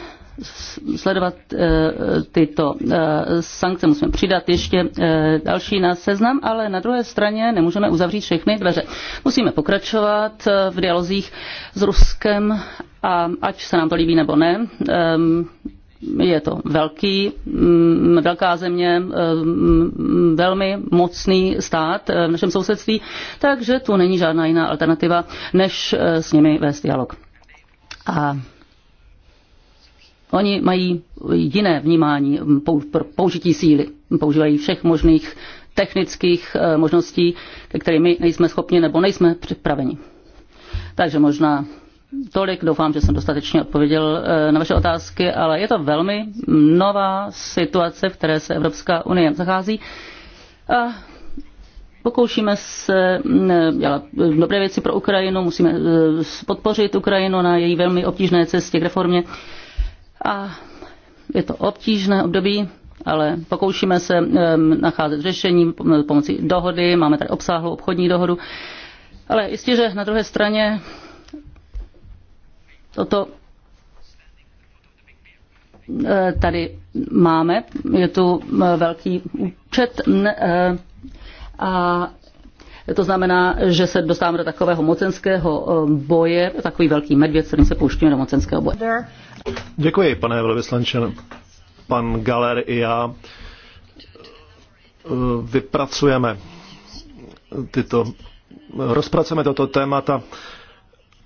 sledovat eh, tyto eh, sankce. Musíme přidat ještě eh, další na seznam, ale na druhé straně nemůžeme uzavřít všechny dveře. Musíme pokračovat v dialozích s Ruskem a ať se nám to líbí nebo ne, ehm, je to velký, mm, velká země, ehm, velmi mocný stát v našem sousedství, takže tu není žádná jiná alternativa, než s nimi vést dialog. A Oni mají jiné vnímání použití síly. Používají všech možných technických e, možností, ke kterým nejsme schopni nebo nejsme připraveni. Takže možná tolik. Doufám, že jsem dostatečně odpověděl e, na vaše otázky, ale je to velmi nová situace, v které se Evropská unie zachází. A pokoušíme se e, dělat dobré věci pro Ukrajinu, musíme podpořit Ukrajinu na její velmi obtížné cestě k reformě. A je to obtížné období, ale pokoušíme se nacházet řešení pomocí dohody, máme tady obsáhlou obchodní dohodu. Ale jistě, že na druhé straně toto e, tady máme, je tu e, velký účet e, a to znamená, že se dostáváme do takového mocenského boje, takový velký medvěd, kterým se pouštíme do mocenského boje. Děkuji, pane velvyslanče. Pan Galer i já eh, vypracujeme tyto, rozpracujeme toto témata,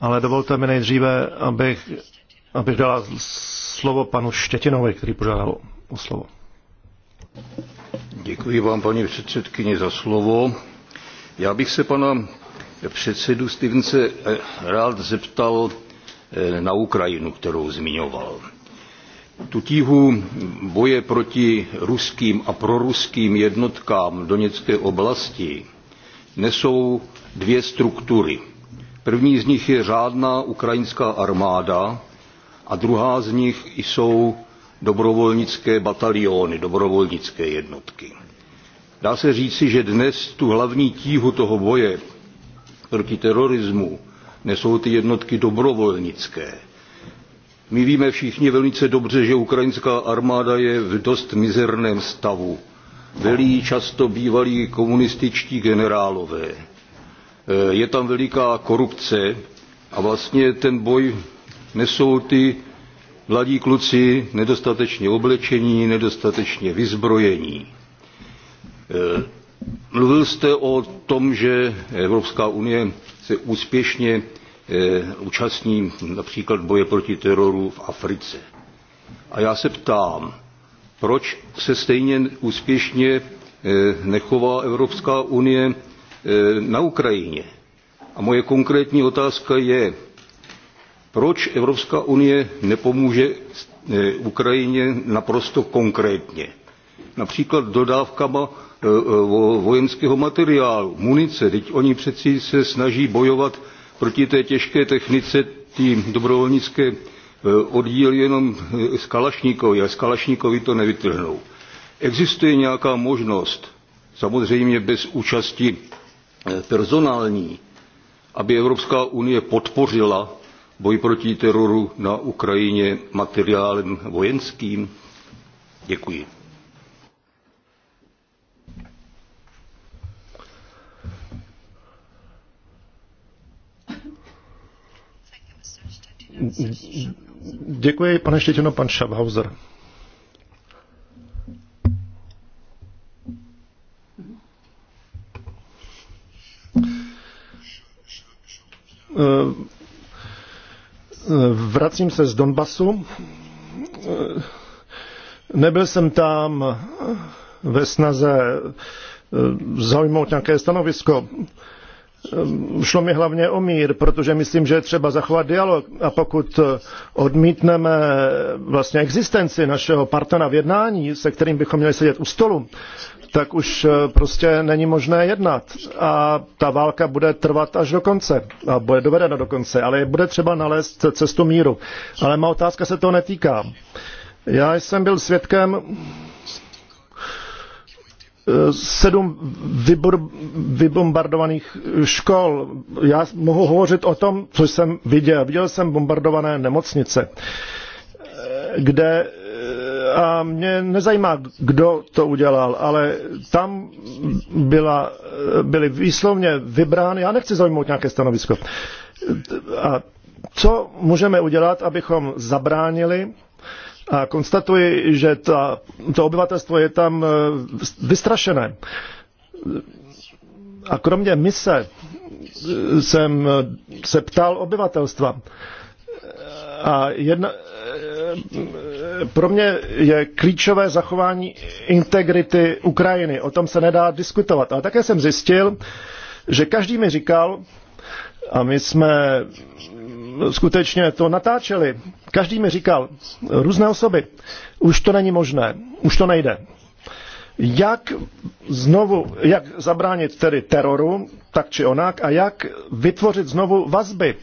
ale dovolte mi nejdříve, abych, abych dala slovo panu Štětinovi, který požádal o slovo. Děkuji vám, paní předsedkyně, za slovo. Já bych se pana předsedu Stevense eh, rád zeptal Eh, na Ukrajinu, kterou zmiňoval. Tu tíhu boje proti ruským a proruským jednotkám Doněcké oblasti nesou dvě struktury. První z nich je řádná ukrajinská armáda a druhá z nich jsou dobrovolnické bataliony, dobrovolnické jednotky. Dá se říci, že dnes tu hlavní tíhu toho boje proti terorismu nesou ty jednotky dobrovolnické. My víme všichni velice dobře, že ukrajinská armáda je v dost mizerném stavu. Velí často bývalí komunističtí generálové. Eh, je tam veliká korupce a vlastně ten boj nesou ty mladí kluci nedostatečně oblečení, nedostatečně vyzbrojení. Eh, mluvil jste o tom, že Evropská unie se úspěšně eh, účastní například boje proti teroru v Africe. A já se ptám, proč se stejně úspěšně eh, nechová Evropská unie eh, na Ukrajině. A moje konkrétní otázka je, proč Evropská unie nepomůže Ukrajině naprosto konkrétně, například dodávkama E, e, vojenského materiálu, munice. Teď oni přeci se snaží bojovat proti té těžké technice, ty dobrovolnické e, oddíl jenom z Kalašníkovi a z Kalašníkovi to nevytrhnou. Existuje nějaká možnost, samozřejmě bez účasti personální, aby Evropská unie podpořila boj proti teroru na Ukrajině materiálem vojenským? Děkuji. Děkuji, pane Štětino, pan Schabhauser. Eh, vracím se z Donbasu. Eh, nebyl jsem tam eh, ve snaze zaujmout nějaké stanovisko. Ehm, šlo mi hlavně o mír, protože myslím, že je třeba zachovat dialog a pokud eh, odmítneme eh, vlastně existenci našeho partnera v jednání, se kterým bychom měli sedět u stolu, tak už eh, prostě není možné jednat. A ta válka bude trvat až do konce. A bude dovedena do konce. Ale bude třeba nalézt cestu míru. Ale má otázka se toho netýká. Já jsem byl svědkem sedm vybor, vybombardovaných škol. Já mohu hovořit o tom, co jsem viděl. Viděl jsem bombardované nemocnice, kde a mě nezajímá, kdo to udělal, ale tam byla, byly výslovně vybrány, já nechci zaujmout nějaké stanovisko. A co můžeme udělat, abychom zabránili a konstatuji, že ta, to obyvatelstvo je tam eh, vystrašené. A kromě mise eh, jsem eh, se ptal obyvatelstva. A jedna, pro mě je klíčové zachování integrity Ukrajiny. O tom se nedá diskutovat. Ale také jsem zjistil, že každý mi říkal, a my jsme skutečně to natáčeli. Každý mi říkal, různé osoby, už to není možné, už to nejde. Jak znovu, jak zabránit tedy teroru, tak či onak, a jak vytvořit znovu vazby,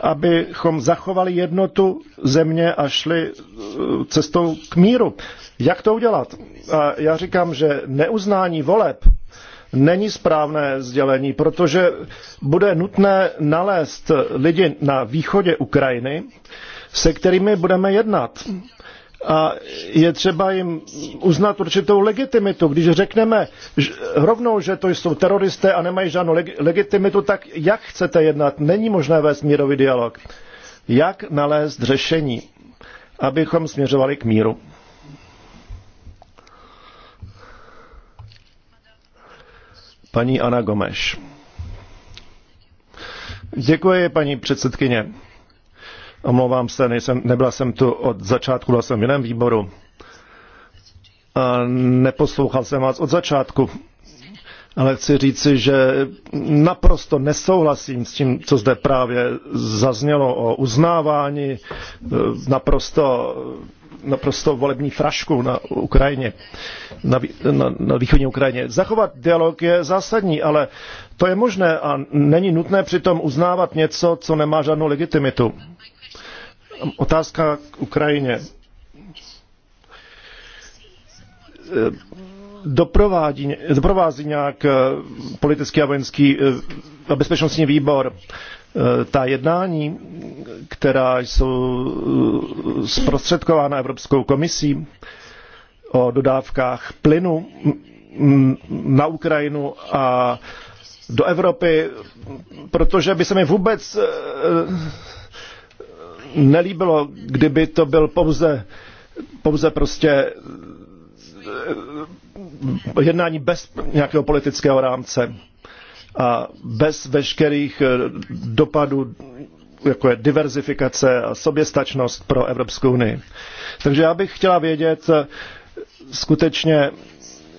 abychom zachovali jednotu země a šli e, cestou k míru. Jak to udělat? A já říkám, že neuznání voleb není správné sdělení, protože bude nutné nalézt lidi na východě Ukrajiny, se kterými budeme jednat. A je třeba jim uznat určitou legitimitu. Když řekneme rovnou, že to jsou teroristé a nemají žádnou leg- legitimitu, tak jak chcete jednat? Není možné vést mírový dialog. Jak nalézt řešení, abychom směřovali k míru? Paní Ana Gomeš. Děkuji, paní předsedkyně. Omlouvám se, nejsem, nebyla jsem tu od začátku, byla jsem v jiném výboru. A neposlouchal jsem vás od začátku. Ale chci říci, že naprosto nesouhlasím s tím, co zde právě zaznělo o uznávání e, naprosto naprosto volební frašku na Ukrajině, na, na, na východní Ukrajině. Zachovat dialog je zásadní, ale to je možné a není nutné přitom uznávat něco, co nemá žádnou legitimitu. Otázka k Ukrajině. Doprovádí, doprovází nějak politický a vojenský eh, a bezpečnostní výbor Eh, ta jednání, která jsou eh, zprostředkována Evropskou komisí o dodávkách plynu na Ukrajinu a do Evropy, protože by se mi vůbec eh, nelíbilo, kdyby to byl pouze, pouze prostě jednání bez nějakého politického rámce a bez veškerých eh, dopadů, jako je diverzifikace a soběstačnost pro Evropskou unii. Takže já bych chtěla vědět eh, skutečně,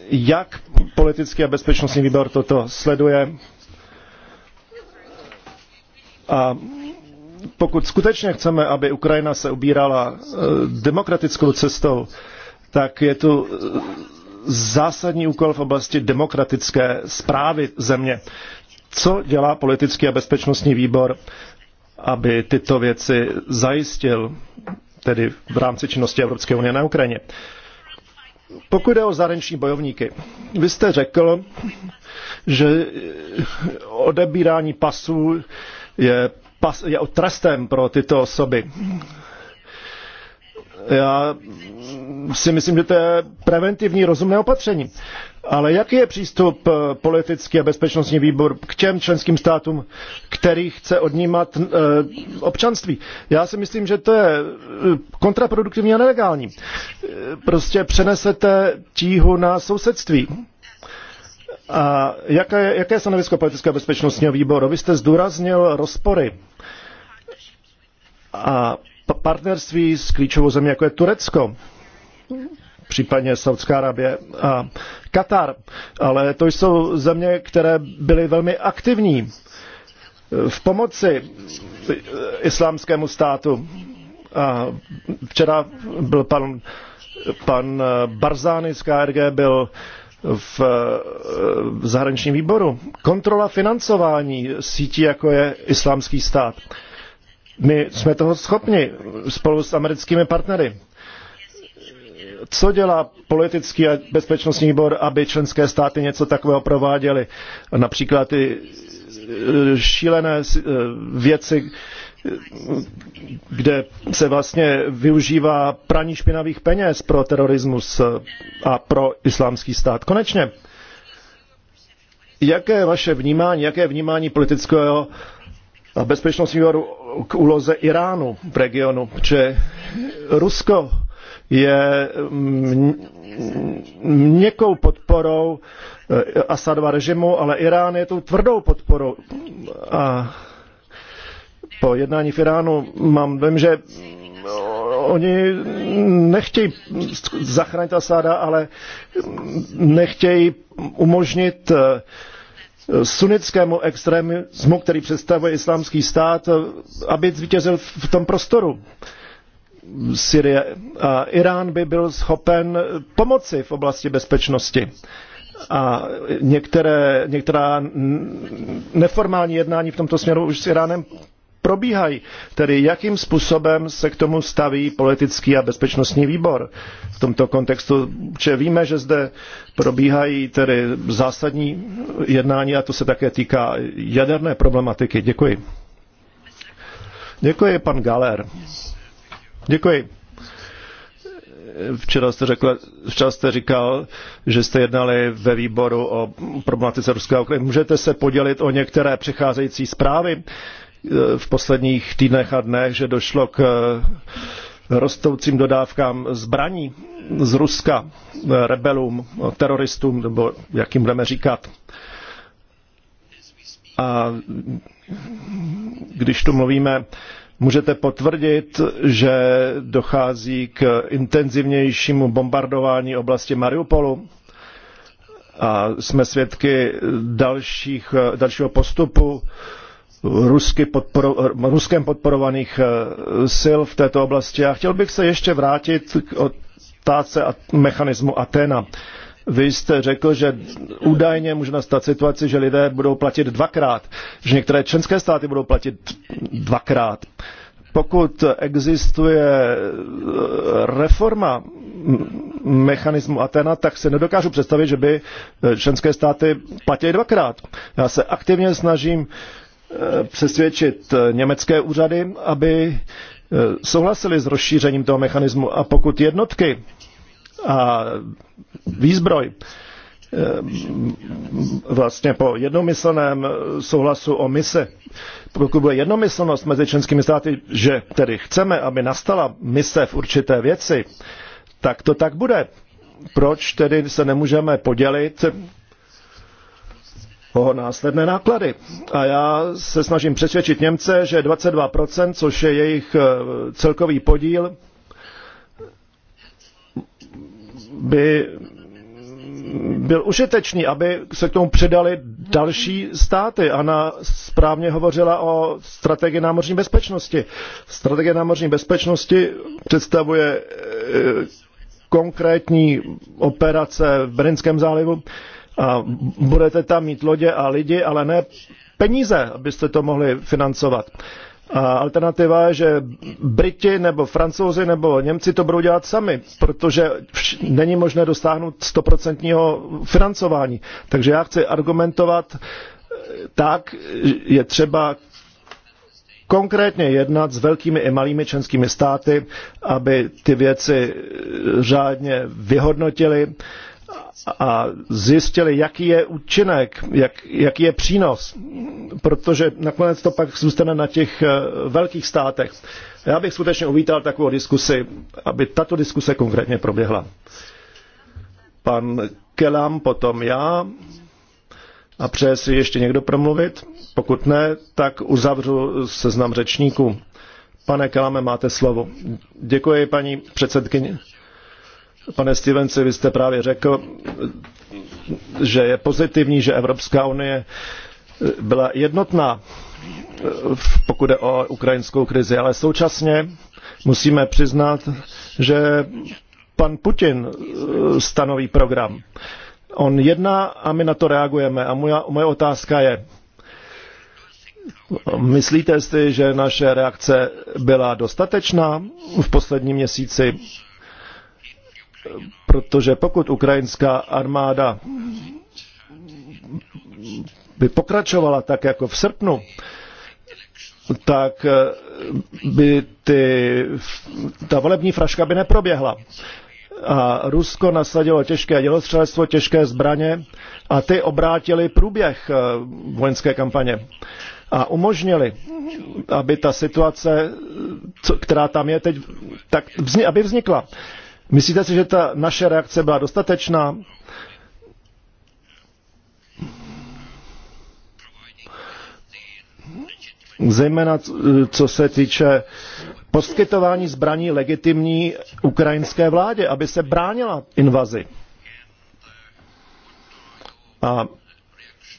jak politický a bezpečnostní výbor toto sleduje. A pokud skutečně chceme, aby Ukrajina se ubírala eh, demokratickou cestou, tak je tu zásadní úkol v oblasti demokratické zprávy země. Co dělá politický a bezpečnostní výbor, aby tyto věci zajistil, tedy v rámci činnosti Evropské unie na Ukrajině? Pokud jde o zahraniční bojovníky, vy jste řekl, že odebírání pasů je, pas, je trestem pro tyto osoby já si myslím, že to je preventivní rozumné opatření. Ale jaký je přístup eh, politický a bezpečnostní výbor k těm členským státům, který chce odnímat eh, občanství? Já si myslím, že to je eh, kontraproduktivní a nelegální. Prostě přenesete tíhu na sousedství. A jaké, jaké je stanovisko politického bezpečnostního výboru? Vy jste zdůraznil rozpory. A partnerství s klíčovou zemí, jako je Turecko, případně Saudská Arabie a Katar. Ale to jsou země, které byly velmi aktivní v pomoci islámskému státu. A včera byl pan, pan Barzány z KRG byl v, v zahraničním výboru. Kontrola financování sítí, jako je islámský stát. My jsme toho schopni spolu s americkými partnery. Co dělá politický a bezpečnostní výbor, aby členské státy něco takového prováděly? Například ty eh, šílené eh, věci, kde se vlastně využívá praní špinavých peněz pro terorismus eh, a pro islámský stát. Konečně, jaké je vaše vnímání, jaké je vnímání politického a bezpečnostního výboru k úloze Iránu v regionu, že Rusko je mm, měkkou podporou eh, Asadova režimu, ale Irán je tou tvrdou podporou. A po jednání v Iránu mám dojem, že mm, oni nechtějí zachránit Asada, ale mm, nechtějí umožnit eh, sunnickému extremismu, který představuje islámský stát, aby zvítězil v tom prostoru. Syrie a Irán by byl schopen pomoci v oblasti bezpečnosti. A některé, některá neformální jednání v tomto směru už s Iránem probíhají. Tedy jakým způsobem se k tomu staví politický a bezpečnostní výbor v tomto kontextu, že víme, že zde probíhají tedy zásadní jednání a to se také týká jaderné problematiky. Děkuji. Děkuji, pan Galer. Děkuji. Včera jste, řekl, včera jste říkal, že jste jednali ve výboru o problematice ruského Ukrajiny. Můžete se podělit o některé přicházející zprávy? Uh, Eh, v posledních týdnech a dnech, že došlo k eh, rostoucím dodávkám zbraní z Ruska eh, rebelům, teroristům, nebo jak jim budeme říkat. A když tu mluvíme, můžete potvrdit, že dochází k intenzivnějšímu bombardování oblasti Mariupolu a jsme svědky dalších, dalšího postupu rusky podporo, ruskem podporovaných eh, sil v této oblasti. A chtěl bych se ještě vrátit k otázce a mechanismu Atena. Vy jste řekl, že údajně může nastat situace, že lidé budou platit dvakrát, že některé členské státy budou platit dvakrát. Pokud existuje eh, reforma mechanismu Atena, tak se nedokážu představit, že by eh, členské státy platily dvakrát. Já se aktivně snažím Eh, přesvědčit eh, německé úřady, aby eh, souhlasili s rozšířením toho mechanismu. A pokud jednotky a výzbroj vlastně po jednomyslném souhlasu o mise, pokud bude jednomyslnost mezi členskými státy, že tedy chceme, aby nastala mise v určité věci, tak to tak bude. Proč tedy se nemůžeme podělit o následné náklady. A já se snažím přesvědčit Němce, že 22%, což je jejich eh, celkový podíl, by byl užitečný, aby se k tomu přidali další státy. Ana správně hovořila o strategii námořní bezpečnosti. Strategie námořní bezpečnosti představuje eh, konkrétní operace v Brinském zálivu, a budete tam mít lodě a lidi, ale ne peníze, abyste to mohli financovat. A alternativa je, že Briti nebo Francouzi nebo Němci to budou dělat sami, protože není možné dostáhnout stoprocentního financování. Takže já chci argumentovat eh, tak, je třeba konkrétně jednat s velkými i malými členskými státy, aby ty věci eh, řádně vyhodnotili a zjistili, jaký je účinek, jak, jaký je přínos, protože nakonec to pak zůstane na těch eh, velkých státech. Já bych skutečně uvítal takovou diskusi, aby tato diskuse konkrétně proběhla. Pan Kelam, potom já. A přeje si ještě někdo promluvit? Pokud ne, tak uzavřu seznam řečníků. Pane Kelame, máte slovo. Děkuji, paní předsedkyně. Pane Stevensi, vy jste právě řekl, že je pozitivní, že Evropská unie byla jednotná, pokud je o ukrajinskou krizi, ale současně musíme přiznat, že pan Putin stanoví program. On jedná a my na to reagujeme. A moja, moje otázka je, myslíte si, že naše reakce byla dostatečná v posledním měsíci? protože pokud ukrajinská armáda by pokračovala tak jako v srpnu, tak eh, by ty, ta volební fraška by neproběhla. A Rusko nasadilo těžké dělostřelectvo, těžké zbraně a ty obrátili průběh eh, vojenské kampaně a umožnili, aby ta situace, která tam je teď, tak, aby vznikla. Myslíte si, že ta naše reakce byla dostatečná? Zejména co se týče poskytování zbraní legitimní ukrajinské vládě, aby se bránila invazi. A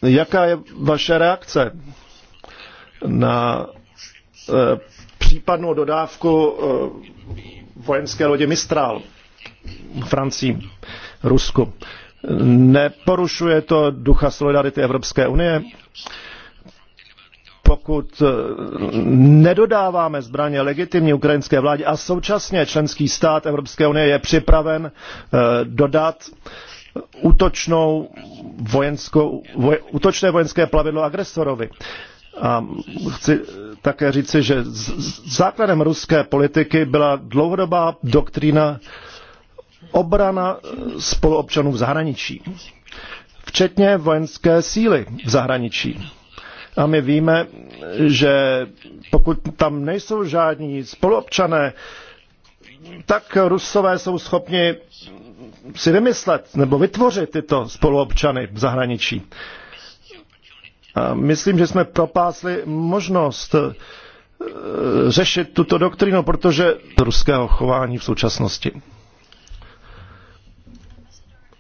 jaká je vaše reakce na eh, případnou dodávku eh, vojenské lodě Mistral? Francii, Rusku. Neporušuje to ducha solidarity Evropské unie? Pokud eh, nedodáváme zbraně legitimní ukrajinské vládě a současně členský stát Evropské unie je připraven eh, dodat útočnou vojenskou, voj, útočné vojenské plavidlo agresorovi. A chci také říci, že základem ruské politiky byla dlouhodobá doktrína obrana eh, spoluobčanů v zahraničí, včetně vojenské síly v zahraničí. A my víme, že pokud tam nejsou žádní spoluobčané, tak Rusové jsou schopni si vymyslet nebo vytvořit tyto spoluobčany v zahraničí. A myslím, že jsme propásli možnost eh, řešit tuto doktrínu, protože ruského chování v současnosti.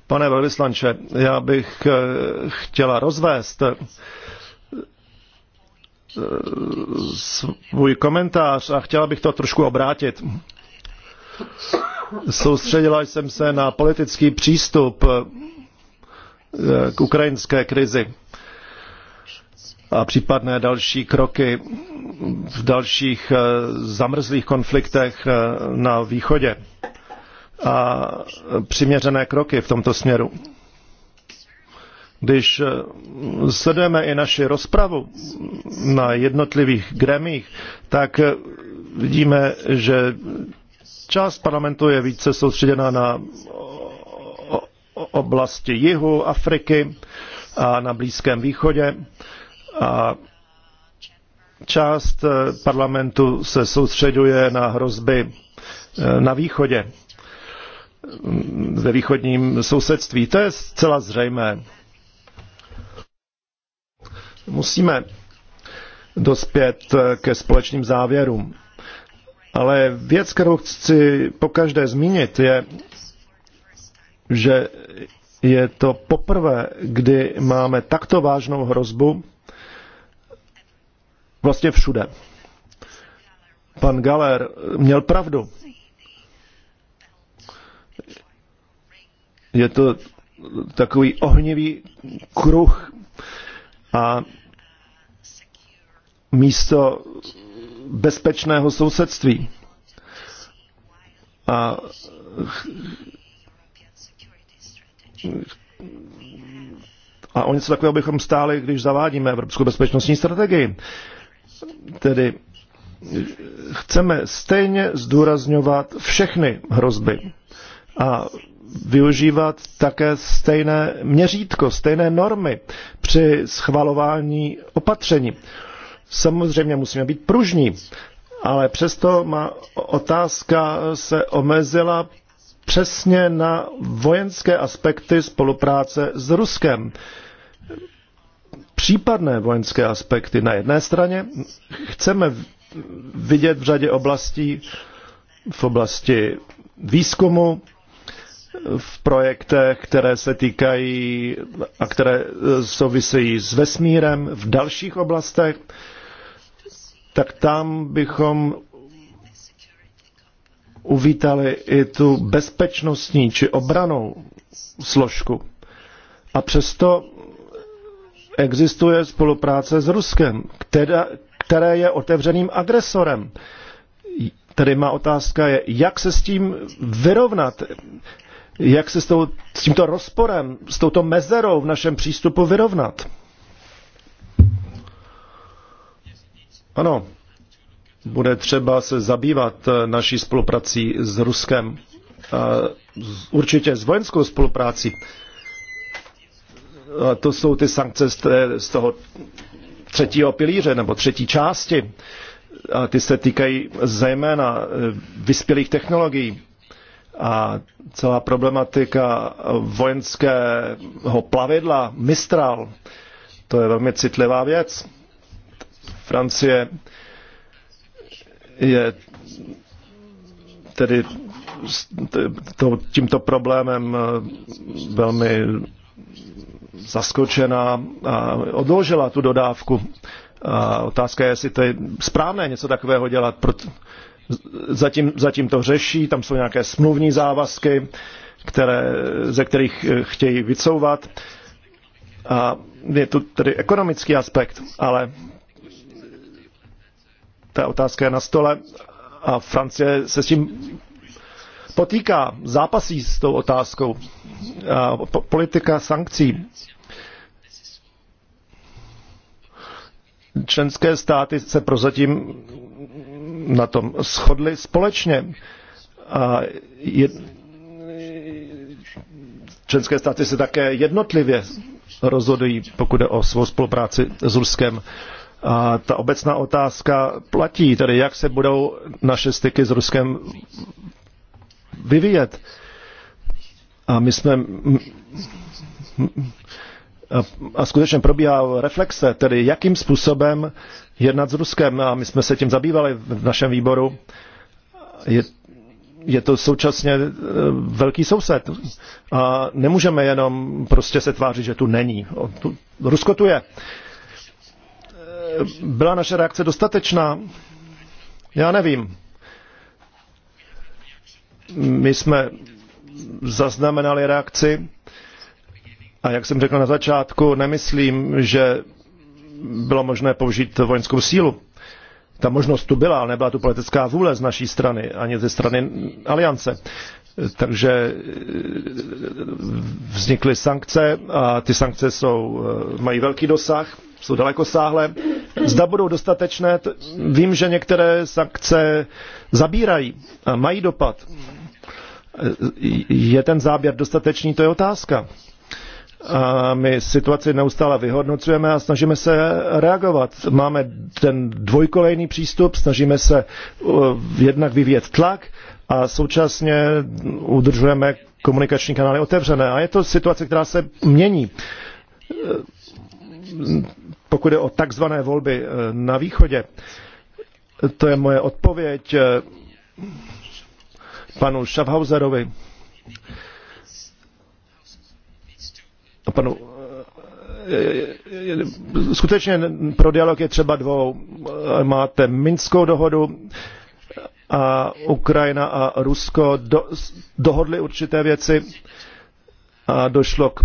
Pane velvyslanče, já bych eh, chtěla rozvést eh, svůj komentář a chtěla bych to trošku obrátit. Soustředila jsem se na politický přístup eh, k ukrajinské krizi a případné další kroky v dalších zamrzlých konfliktech na východě a přiměřené kroky v tomto směru. Když eh, sledujeme i naši rozpravu na jednotlivých gremích, tak eh, vidíme, že část parlamentu je více soustředěna na oblasti jihu Afriky a na Blízkém východě a část eh, parlamentu se soustředuje na hrozby na východě ve východním sousedství. To je zcela zřejmé. Musíme dospět ke společným závěrům. Ale věc, kterou chci pokaždé zmínit, je, že je to poprvé, kdy máme takto vážnou hrozbu vlastně všude. Pan Galer měl pravdu, Je to takový ohnivý kruh a místo bezpečného sousedství. A a o něco takového bychom stáli, když zavádíme Evropskou bezpečnostní strategii. Tedy chceme stejně zdůrazňovat všechny hrozby. A využívat také stejné měřítko, stejné normy při schvalování opatření. Samozřejmě musíme být pružní, ale přesto má otázka se omezila přesně na vojenské aspekty spolupráce s Ruskem. Případné vojenské aspekty na jedné straně chceme vidět v řadě oblastí, v oblasti výzkumu, v projektech, které se týkají a které e, souvisejí s vesmírem v dalších oblastech, tak tam bychom uvítali i tu bezpečnostní či obranou složku. A přesto existuje spolupráce s Ruskem, která, které je otevřeným agresorem. Tady má otázka je, jak se s tím vyrovnat, jak se s, tou, s tímto rozporem, s touto mezerou v našem přístupu vyrovnat. Ano, bude třeba se zabývat eh, naší spoluprací s Ruskem, určitě s vojenskou spoluprácí. A to jsou ty sankce z toho třetího pilíře nebo třetí části. A ty se týkají zejména eh, vyspělých technologií a celá problematika vojenského plavidla Mistral, to je velmi citlivá věc. Francie je tedy to, tímto problémem eh, velmi zaskočena a odložila tu dodávku. A otázka je, jestli to je správné něco takového dělat, zatím, zatím to řeší, tam jsou nějaké smluvní závazky, které, ze kterých eh, chtějí vycouvat. A je tu tedy ekonomický aspekt, ale ta otázka je na stole a Francie se s tím potýká, zápasí s tou otázkou. A politika sankcí. Členské státy se prozatím na tom shodli společně. A je, členské státy se také jednotlivě rozhodují, pokud je o svou spolupráci s Ruskem. A ta obecná otázka platí, tedy jak se budou naše styky s Ruskem vyvíjet. A my jsme a skutečně probíhá reflexe, tedy jakým způsobem jednat s Ruskem no a my jsme se tím zabývali v našem výboru. Je, je to současně e, velký soused a nemůžeme jenom prostě se tvářit, že tu není. Rusko tu je. E, byla naše reakce dostatečná? Já nevím. My jsme zaznamenali reakci a jak jsem řekl na začátku, nemyslím, že bylo možné použít vojenskou sílu. Ta možnost tu byla, ale nebyla tu politická vůle z naší strany, ani ze strany aliance. Takže e, vznikly sankce a ty sankce jsou, e, mají velký dosah, jsou sáhlé. Zda budou dostatečné, vím, že některé sankce zabírají a mají dopad. E, je ten záběr dostatečný, to je otázka. A my situaci neustále vyhodnocujeme a snažíme se reagovat. Máme ten dvojkolejný přístup, snažíme se uh, jednak vyvíjet tlak a současně udržujeme komunikační kanály otevřené. A je to situace, která se mění. Uh, pokud je o takzvané volby uh, na východě, to je moje odpověď panu Schaffhauserovi panu, eh, eh, eh, skutečně pro dialog je třeba dvou. Máte Minskou dohodu a Ukrajina a Rusko do, dohodli určité věci a došlo k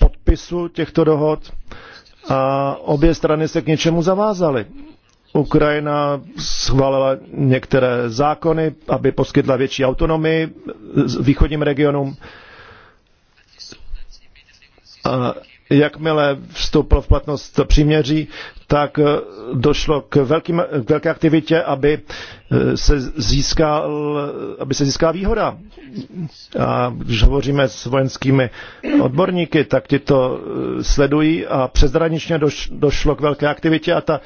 podpisu těchto dohod a obě strany se k něčemu zavázaly. Ukrajina schválila některé zákony, aby poskytla větší autonomii východním regionům jakmile vstoupilo v platnost příměří, tak eh, došlo k, velkým, k velké aktivitě, aby eh, se, získal, aby se získala výhoda. A když hovoříme s vojenskými odborníky, tak ti to eh, sledují a přezraničně došlo k velké aktivitě a ta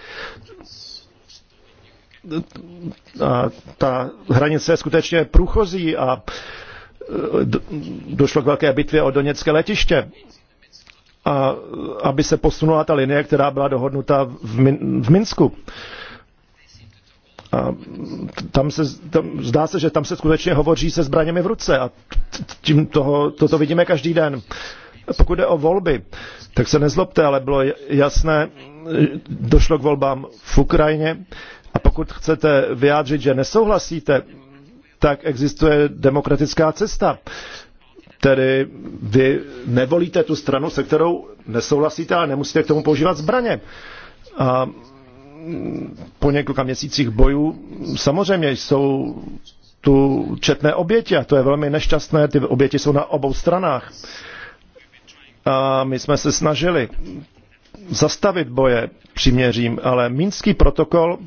a ta hranice je skutečně průchozí a došlo k velké bitvě o Doněcké letiště a aby se posunula ta linie, která byla dohodnuta v, Min- v Minsku. A tam se, tam, zdá se, že tam se skutečně hovoří se zbraněmi v ruce a tím toho, toto vidíme každý den. Pokud jde o volby, tak se nezlobte, ale bylo jasné, došlo k volbám v Ukrajině a pokud chcete vyjádřit, že nesouhlasíte, tak existuje demokratická cesta. Tedy vy nevolíte tu stranu, se kterou nesouhlasíte, ale nemusíte k tomu používat zbraně. A po několika měsících bojů samozřejmě jsou tu četné oběti a to je velmi nešťastné. Ty oběti jsou na obou stranách. A my jsme se snažili zastavit boje přiměřím, ale Mínský protokol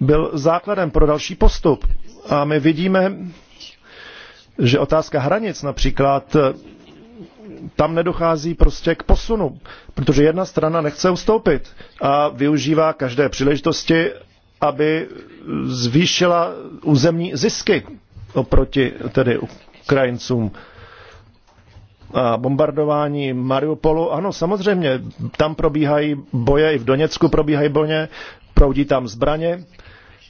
byl základem pro další postup. A my vidíme, že otázka hranic například, eh, tam nedochází prostě k posunu, protože jedna strana nechce ustoupit a využívá každé příležitosti, aby zvýšila územní zisky oproti tedy Ukrajincům. A bombardování Mariupolu, ano, samozřejmě, tam probíhají boje, i v Doněcku probíhají boje, proudí tam zbraně,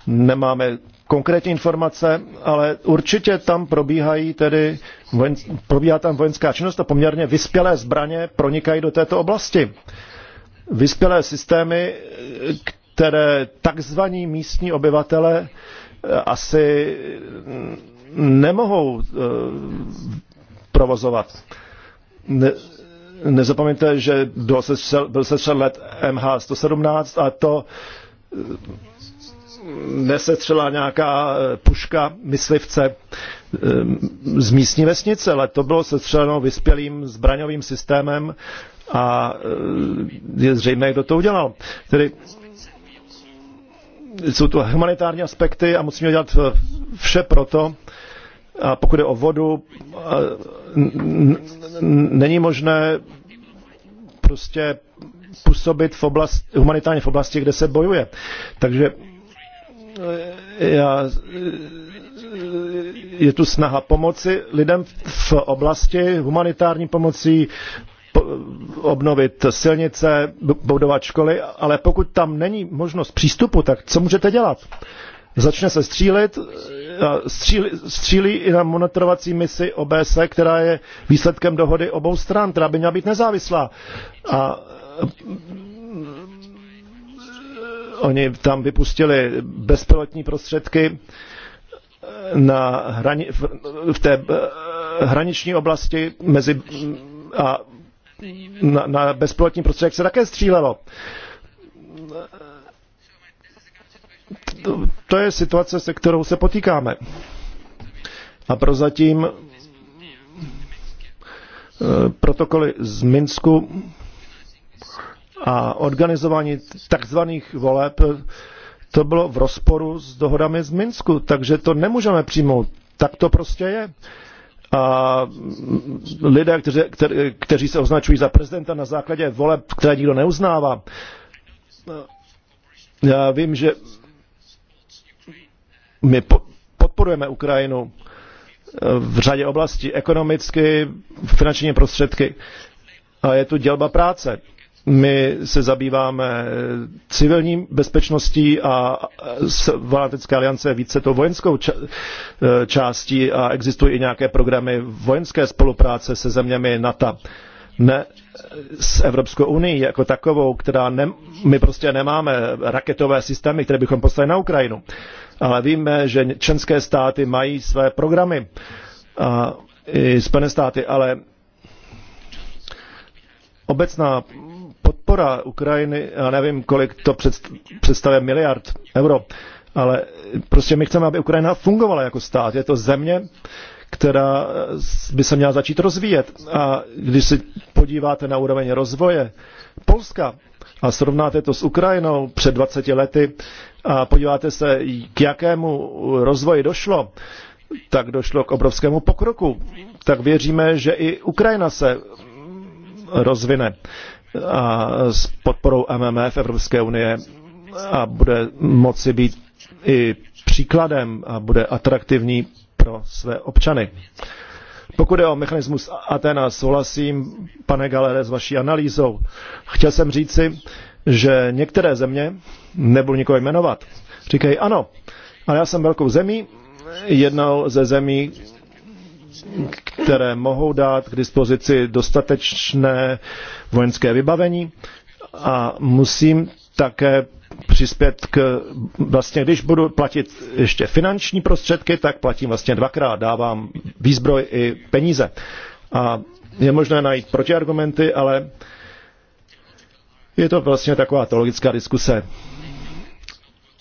nemáme konkrétní informace, ale určitě tam probíhají tedy, vojen, probíhá tam vojenská činnost a poměrně vyspělé zbraně pronikají do této oblasti. Vyspělé systémy, které takzvaní místní obyvatele eh, asi nemohou eh, provozovat. Ne, nezapomeňte, že byl se střel let MH117 a to nesestřela nějaká eh, puška myslivce eh, z místní vesnice, ale to bylo sestřeleno vyspělým zbraňovým systémem a eh, je zřejmé, kdo to udělal. Tedy jsou to humanitární aspekty a musíme dělat vše proto, a pokud je o vodu, není možné prostě působit v oblast, humanitárně v oblasti, kde se bojuje. Takže je tu snaha pomoci lidem v oblasti humanitární pomocí, obnovit silnice, budovat školy, ale pokud tam není možnost přístupu, tak co můžete dělat? Začne se střílit, střílí, střílí i na monitorovací misi OBSE, která je výsledkem dohody obou stran, která by měla být nezávislá. A Oni tam vypustili bezpilotní prostředky na hrani, v, v té eh, hraniční oblasti mezi a na, na bezpilotní prostředek se také střílelo. To, je situace, se kterou se potýkáme. A prozatím eh, protokoly z Minsku a organizování takzvaných voleb, to bylo v rozporu s dohodami z Minsku, takže to nemůžeme přijmout. Tak to prostě je. A lidé, kteři, kteří se označují za prezidenta na základě voleb, které nikdo neuznává, já vím, že my podporujeme Ukrajinu v řadě oblastí ekonomicky, finanční prostředky a je tu dělba práce my se zabýváme civilní bezpečností a Valentinské aliance více to vojenskou částí a existují i nějaké programy vojenské spolupráce se zeměmi NATO. Ne s Evropskou unii jako takovou, která ne, my prostě nemáme raketové systémy, které bychom poslali na Ukrajinu. Ale víme, že členské státy mají své programy a i Spojené státy, ale obecná podpora Ukrajiny, já nevím, kolik to představuje miliard euro, ale prostě my chceme, aby Ukrajina fungovala jako stát. Je to země, která by se měla začít rozvíjet. A když se podíváte na úroveň rozvoje Polska a srovnáte to s Ukrajinou před 20 lety a podíváte se, k jakému rozvoji došlo, tak došlo k obrovskému pokroku. Tak věříme, že i Ukrajina se rozvine a s podporou MMF Evropské unie a bude moci být i příkladem a bude atraktivní pro své občany. Pokud je o mechanismus Atena, souhlasím, pane Galere, s vaší analýzou. Chtěl jsem říci, že některé země, nebudu nikoho jmenovat, říkají ano, ale já jsem velkou zemí, jednou ze zemí, které mohou dát k dispozici dostatečné vojenské vybavení a musím také přispět k, vlastně když budu platit ještě finanční prostředky, tak platím vlastně dvakrát, dávám výzbroj i peníze. A je možné najít protiargumenty, ale je to vlastně taková teologická diskuse.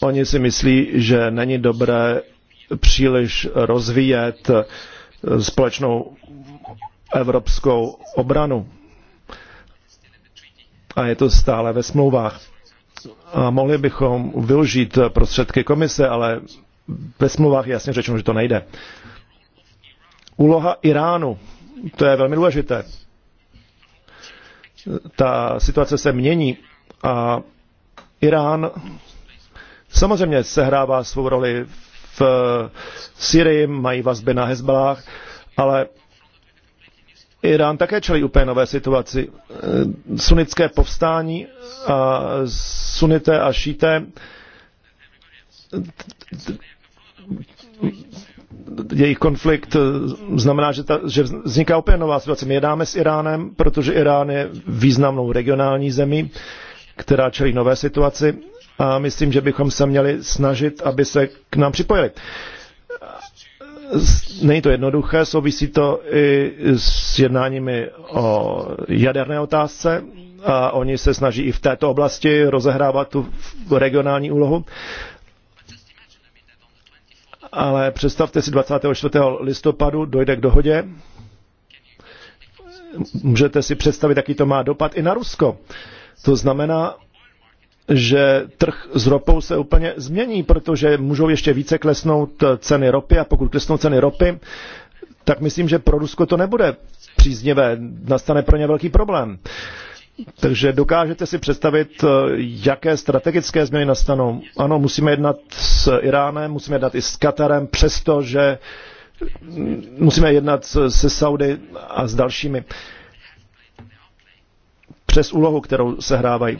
Oni si myslí, že není dobré příliš rozvíjet společnou evropskou obranu. A je to stále ve smlouvách. A mohli bychom využít prostředky komise, ale ve smlouvách je jasně řečeno, že to nejde. Úloha Iránu, to je velmi důležité. Ta situace se mění a Irán samozřejmě sehrává svou roli v v Syrii, mají vazby na Hezbalách, ale Irán také čelí úplně nové situaci. Eh, sunnické povstání a sunité a šíté jejich konflikt eh, znamená, že, ta, že vzniká úplně nová situace. My jednáme s Iránem, protože Irán je významnou regionální zemí, která čelí nové situaci a myslím, že bychom se měli snažit, aby se k nám připojili. Není to jednoduché, souvisí to i s jednáními o jaderné otázce a oni se snaží i v této oblasti rozehrávat tu regionální úlohu. Ale představte si 24. listopadu dojde k dohodě. Můžete si představit, jaký to má dopad i na Rusko. To znamená, že trh s ropou se úplně změní, protože můžou ještě více klesnout ceny ropy a pokud klesnou ceny ropy, tak myslím, že pro Rusko to nebude příznivé, nastane pro ně velký problém. Takže dokážete si představit, eh, jaké strategické změny nastanou. Ano, musíme jednat s Iránem, musíme jednat i s Katarem, přestože mm, musíme jednat se Saudy a s dalšími přes úlohu, kterou se hrávají.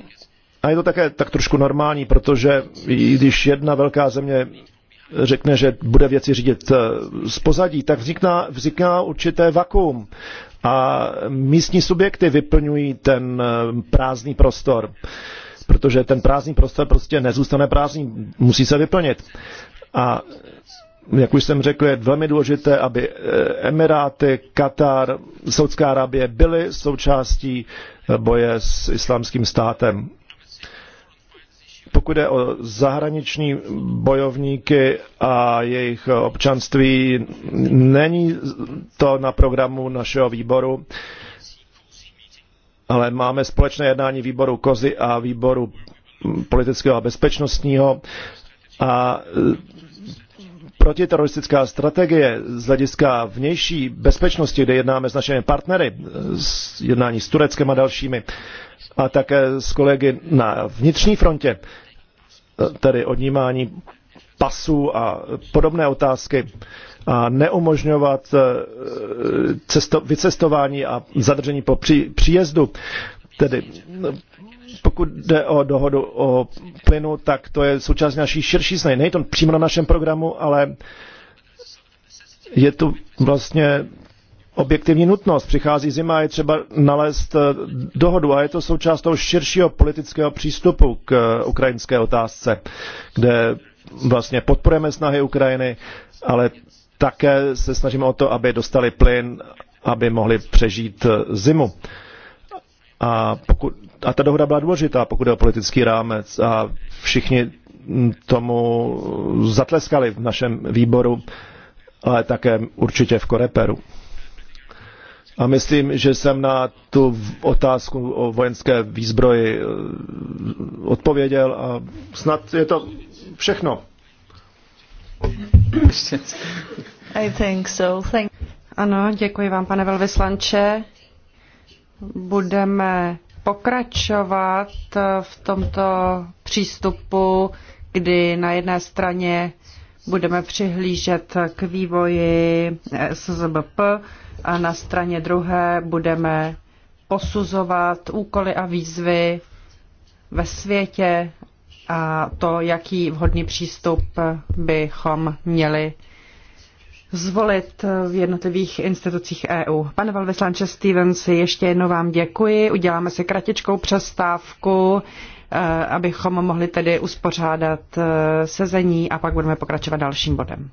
A je to také tak trošku normální, protože když jedna velká země řekne, že bude věci řídit eh, z pozadí, tak vznikná, vzniká určité vakuum. A místní subjekty vyplňují ten eh, prázdný prostor, protože ten prázdný prostor prostě nezůstane prázdný, musí se vyplnit. A jak už jsem řekl, je velmi důležité, aby eh, Emiráty, Katar, Saudská Arábie byly součástí boje s islámským státem. Pokud je o zahraniční bojovníky a jejich občanství, není to na programu našeho výboru, ale máme společné jednání výboru Kozy a výboru politického a bezpečnostního a e, protiteroristická strategie z hlediska vnější bezpečnosti, kde jednáme s našimi partnery, e, jednání s Tureckem a dalšími, a také s kolegy na vnitřní frontě, tedy odnímání pasů a podobné otázky a neumožňovat eh, cesto, vycestování a zadržení po při, příjezdu. Tedy pokud jde o dohodu o plynu, tak to je součást naší širší snahy. Není to přímo na našem programu, ale je tu vlastně objektivní nutnost. Přichází zima a je třeba nalézt eh, dohodu a je to součást toho širšího politického přístupu k eh, ukrajinské otázce, kde vlastně podporujeme snahy Ukrajiny, ale také se snažíme o to, aby dostali plyn, aby mohli přežít eh, zimu. A, pokud, a ta dohoda byla důležitá, pokud je o politický rámec a všichni mm, tomu zatleskali v našem výboru, ale také určitě v Koreperu. A myslím, že jsem na tu otázku o vojenské výzbroji eh, odpověděl a snad je to všechno. I think so. Thank... Ano, děkuji vám, pane velvyslanče. Budeme pokračovat v tomto přístupu, kdy na jedné straně budeme přihlížet k vývoji SZBP, a na straně druhé budeme posuzovat úkoly a výzvy ve světě a to, jaký vhodný přístup bychom měli zvolit v jednotlivých institucích EU. Pane velvyslanče Stevens, ještě jednou vám děkuji. Uděláme si kratičkou přestávku, eh, abychom mohli tedy uspořádat eh, sezení a pak budeme pokračovat dalším bodem.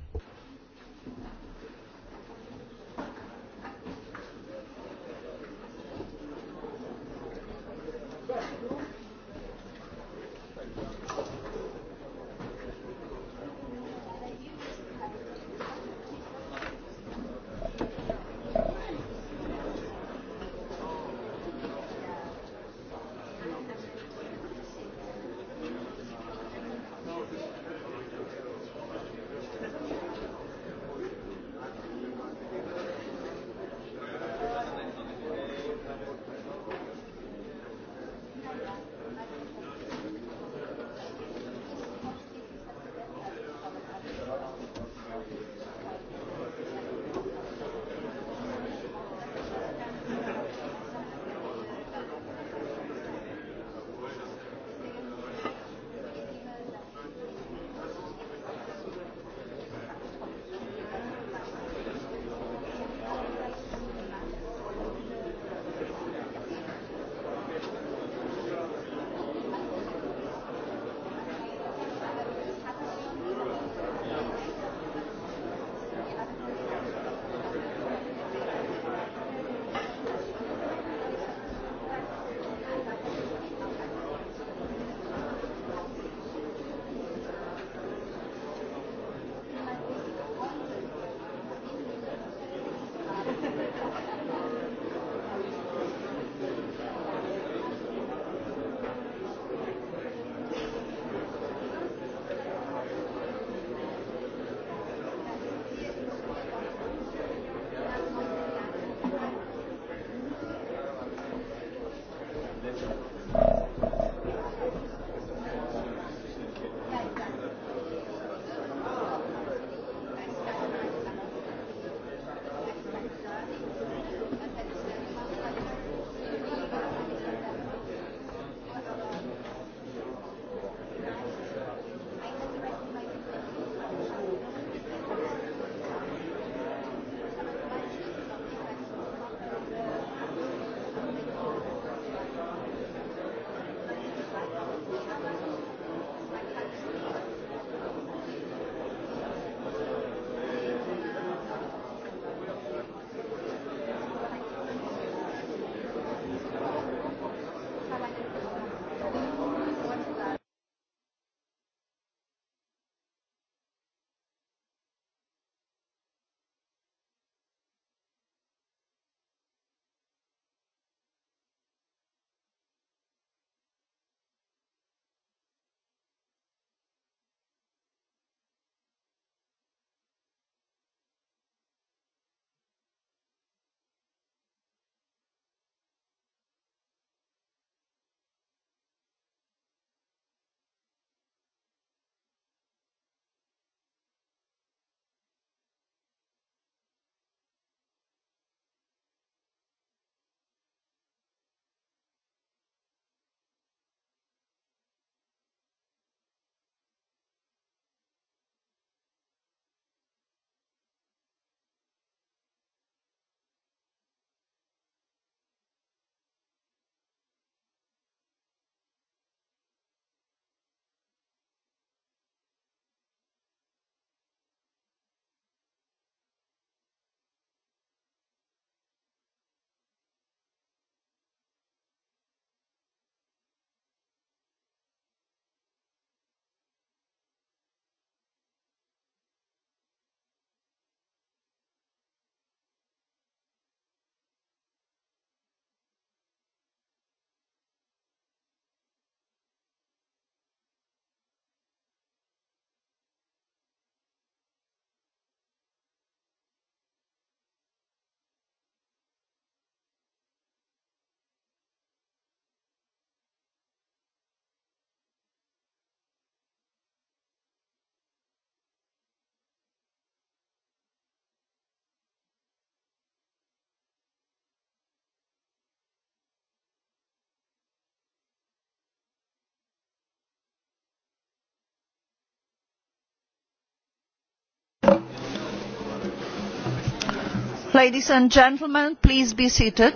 ladies and gentlemen please be seated.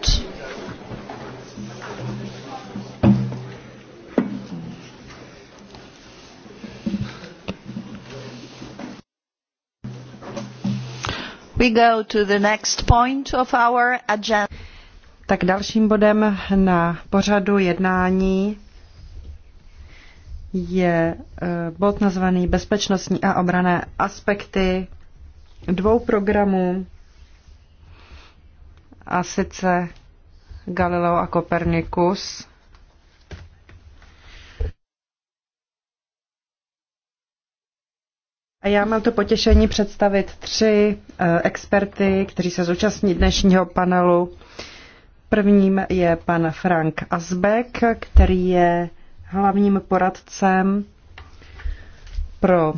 we go to the next point of our agenda. tak dalším bodem na pořadu jednání je eh, bod nazvaný Bezpečnostní a obrané aspekty dvou programů a sice Galileo a Kopernikus. A já mám to potěšení představit tři eh, experty, kteří se zúčastní dnešního panelu. Prvním je pan Frank Asbeck, který je hlavním poradcem pro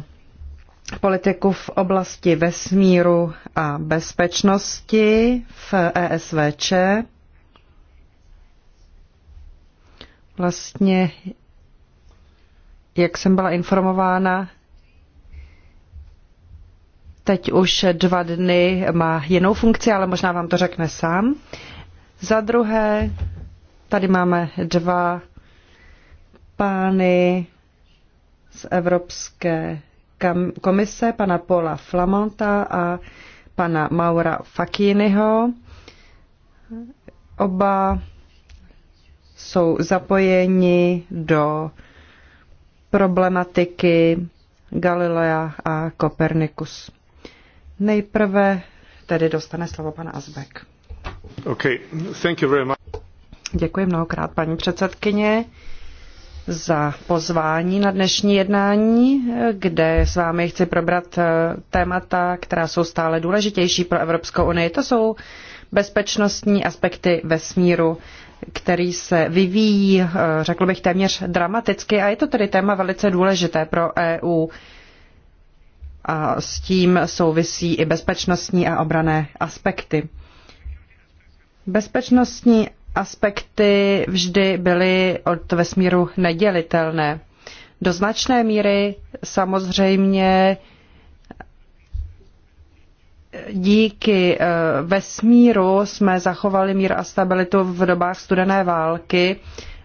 politiku v oblasti vesmíru a bezpečnosti v ESVČ. Vlastně, jak jsem byla informována, teď už dva dny má jinou funkci, ale možná vám to řekne sám. Za druhé, tady máme dva pány z Evropské komise pana Paula Flamonta a pana Maura Fakiniho. Oba jsou zapojeni do problematiky Galilea a Kopernikus. Nejprve tedy dostane slovo pan Azbek. Okay. Thank you very much. Děkuji mnohokrát, paní předsedkyně za pozvání na dnešní jednání, kde s vámi chci probrat eh, témata, která jsou stále důležitější pro Evropskou unii. To jsou bezpečnostní aspekty vesmíru, který se vyvíjí, eh, řekl bych, téměř dramaticky a je to tedy téma velice důležité pro EU. A s tím souvisí i bezpečnostní a obrané aspekty. Bezpečnostní aspekty vždy byly od vesmíru nedělitelné. Do značné míry samozřejmě díky eh, vesmíru jsme zachovali mír a stabilitu v dobách studené války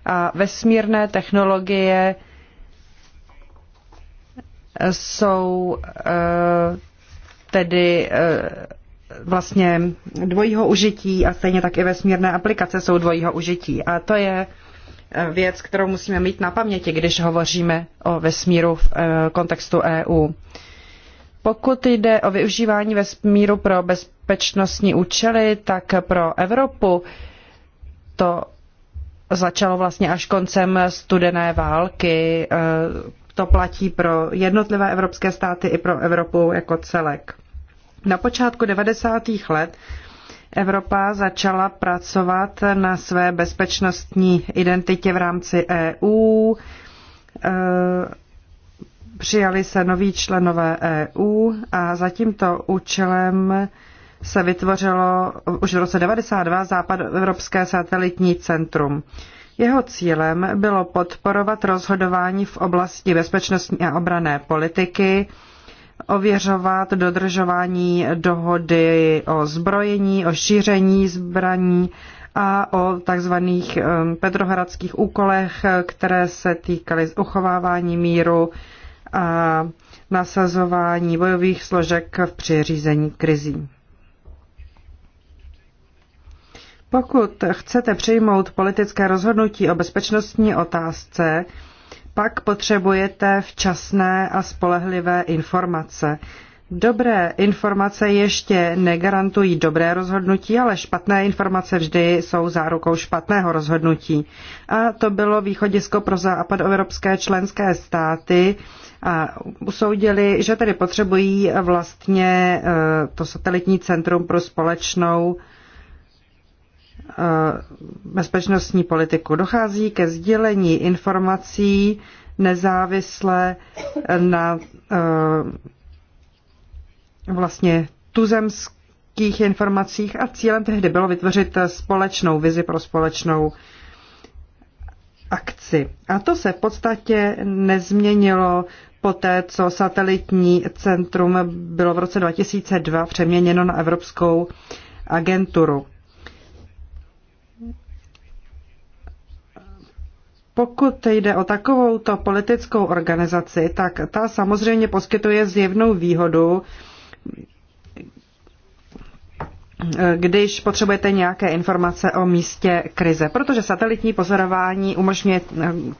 a vesmírné technologie jsou eh, tedy eh, vlastně dvojího užití a stejně tak i vesmírné aplikace jsou dvojího užití. A to je eh, věc, kterou musíme mít na paměti, když hovoříme o vesmíru v eh, kontextu EU. Pokud jde o využívání vesmíru pro bezpečnostní účely, tak pro Evropu to začalo vlastně až koncem studené války. Eh, to platí pro jednotlivé evropské státy i pro Evropu jako celek. Na počátku 90. let Evropa začala pracovat na své bezpečnostní identitě v rámci EU. Eh, přijali se noví členové EU a za tímto účelem se vytvořilo už v roce 92 Evropské satelitní centrum. Jeho cílem bylo podporovat rozhodování v oblasti bezpečnostní a obrané politiky, ověřovat dodržování dohody o zbrojení, o šíření zbraní a o takzvaných um, petrohradských úkolech, které se týkaly uchovávání míru a nasazování bojových složek v přiřízení krizí. Pokud chcete přijmout politické rozhodnutí o bezpečnostní otázce, pak potřebujete včasné a spolehlivé informace. Dobré informace ještě negarantují dobré rozhodnutí, ale špatné informace vždy jsou zárukou špatného rozhodnutí. A to bylo východisko pro evropské členské státy a usoudili, že tedy potřebují vlastně eh, to satelitní centrum pro společnou Eh, bezpečnostní politiku. Dochází ke sdělení informací nezávisle na eh, vlastně tuzemských informacích a cílem tehdy bylo vytvořit společnou vizi pro společnou akci. A to se v podstatě nezměnilo po té, co satelitní centrum bylo v roce 2002 přeměněno na Evropskou agenturu. Pokud jde o takovouto politickou organizaci, tak ta samozřejmě poskytuje zjevnou výhodu, když potřebujete nějaké informace o místě krize, protože satelitní pozorování umožňuje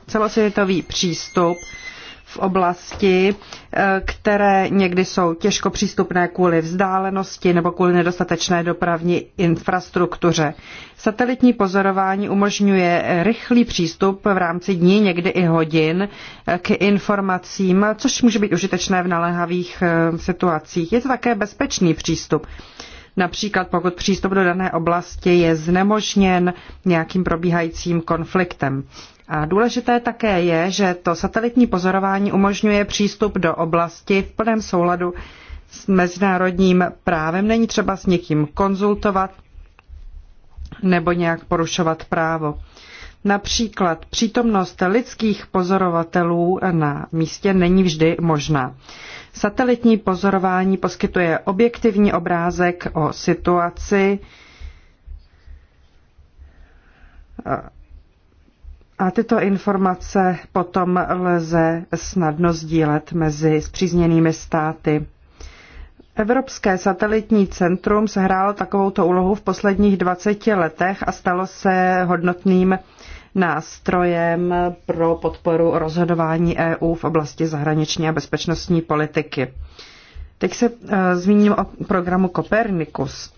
celosvětový přístup v oblasti, eh, které někdy jsou těžko přístupné kvůli vzdálenosti nebo kvůli nedostatečné dopravní infrastruktuře. Satelitní pozorování umožňuje rychlý přístup v rámci dní, někdy i hodin, eh, k informacím, což může být užitečné v naléhavých eh, situacích. Je to také bezpečný přístup. Například pokud přístup do dané oblasti je znemožněn nějakým probíhajícím konfliktem. A důležité také je, že to satelitní pozorování umožňuje přístup do oblasti v plném souladu s mezinárodním právem. Není třeba s někým konzultovat nebo nějak porušovat právo. Například přítomnost lidských pozorovatelů na místě není vždy možná. Satelitní pozorování poskytuje objektivní obrázek o situaci a tyto informace potom lze snadno sdílet mezi zpřízněnými státy. Evropské satelitní centrum sehrálo takovouto úlohu v posledních 20 letech a stalo se hodnotným nástrojem pro podporu rozhodování EU v oblasti zahraniční a bezpečnostní politiky. Teď se uh, zmíním o programu Copernicus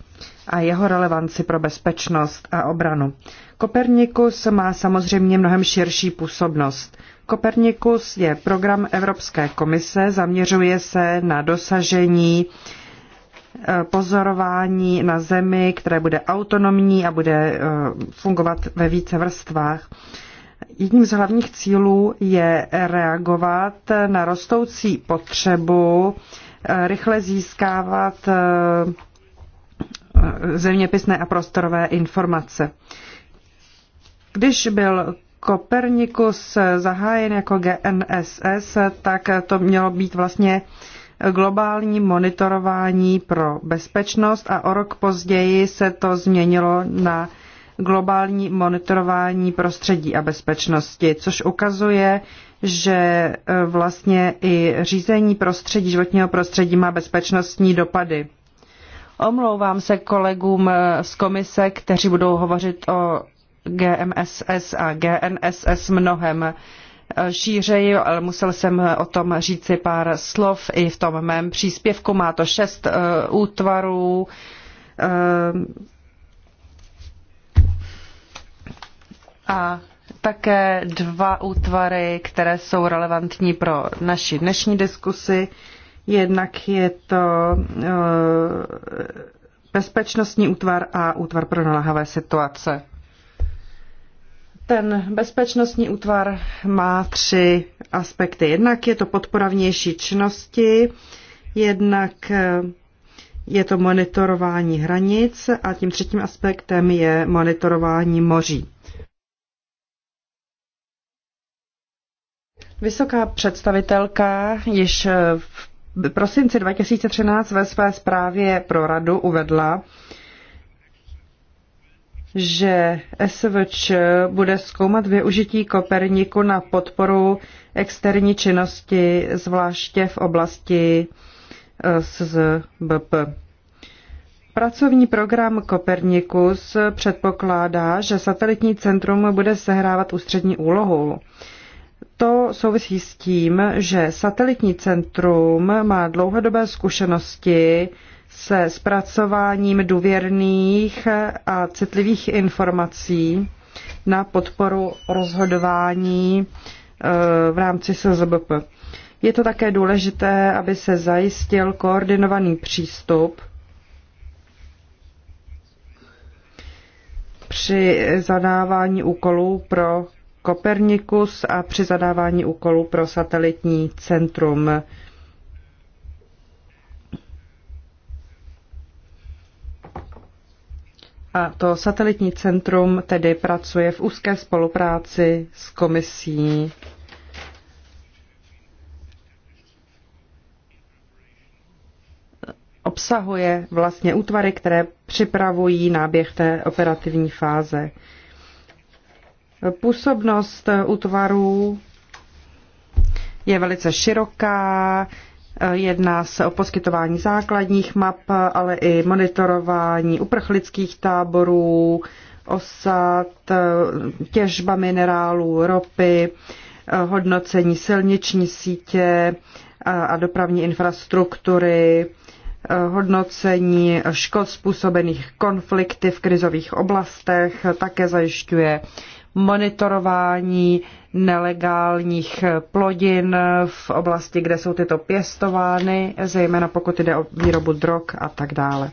a jeho relevanci pro bezpečnost a obranu. Kopernikus má samozřejmě mnohem širší působnost. Kopernikus je program Evropské komise, zaměřuje se na dosažení eh, pozorování na Zemi, které bude autonomní a bude eh, fungovat ve více vrstvách. Jedním z hlavních cílů je reagovat na rostoucí potřebu eh, rychle získávat zeměpisné a prostorové informace. Když byl Kopernikus zahájen jako GNSS, tak to mělo být vlastně globální monitorování pro bezpečnost a o rok později se to změnilo na globální monitorování prostředí a bezpečnosti, což ukazuje, že e, vlastně i řízení prostředí, životního prostředí má bezpečnostní dopady. Omlouvám se kolegům eh, z komise, kteří budou hovořit o GMSS a GNSS mnohem eh, šířeji, ale musel jsem o tom říci pár slov i v tom mém příspěvku. Má to šest uh, útvarů. Uh, a také dva útvary, které jsou relevantní pro naši dnešní diskusi. Uh, Jednak je to eh, bezpečnostní útvar a útvar pro naléhavé situace. Ten bezpečnostní útvar má tři aspekty. Jednak je to podpora vnější činnosti, jednak eh, je to monitorování hranic a tím třetím aspektem je monitorování moří. Vysoká představitelka již v v prosinci 2013 ve své zprávě pro radu uvedla, že SVČ bude zkoumat využití Koperniku na podporu externí činnosti, zvláště v oblasti eh, SZBP. Pracovní program Kopernikus předpokládá, že satelitní centrum bude sehrávat ústřední úlohu. To souvisí s tím, že satelitní centrum má dlouhodobé zkušenosti se zpracováním důvěrných a citlivých informací na podporu rozhodování eh, v rámci SZBP. Je to také důležité, aby se zajistil koordinovaný přístup při zadávání úkolů pro Kopernikus a při zadávání úkolů pro satelitní centrum. A to satelitní centrum tedy pracuje v úzké spolupráci s komisí. Obsahuje vlastně útvary, které připravují náběh té operativní fáze. Působnost útvarů eh, je velice široká, eh, jedná se o poskytování základních map, ale i monitorování uprchlických táborů, osad, eh, těžba minerálů, ropy, hodnocení silniční sítě a dopravní infrastruktury, hodnocení škod způsobených konflikty v krizových oblastech, také zajišťuje monitorování nelegálních plodin v oblasti, kde jsou tyto pěstovány, zejména pokud jde o výrobu drog a tak dále.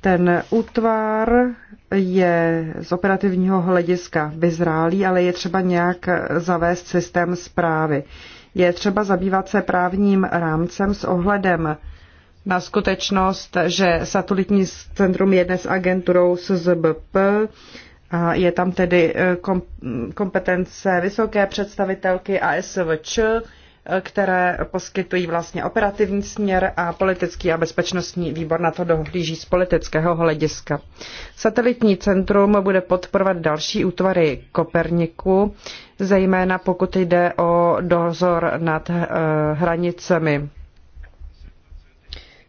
Ten útvar je z operativního hlediska vyzrálý, ale je třeba nějak zavést systém zprávy. Je třeba zabývat se právním rámcem s ohledem na skutečnost, že satelitní centrum je dnes agenturou SZBP, je tam tedy e, kompetence vysoké představitelky ASVČ, e, které poskytují vlastně operativní směr a politický a bezpečnostní výbor na to dohlíží z politického hlediska. Satelitní centrum bude podporovat další útvary Koperniku, zejména pokud jde o dozor nad e, hranicemi.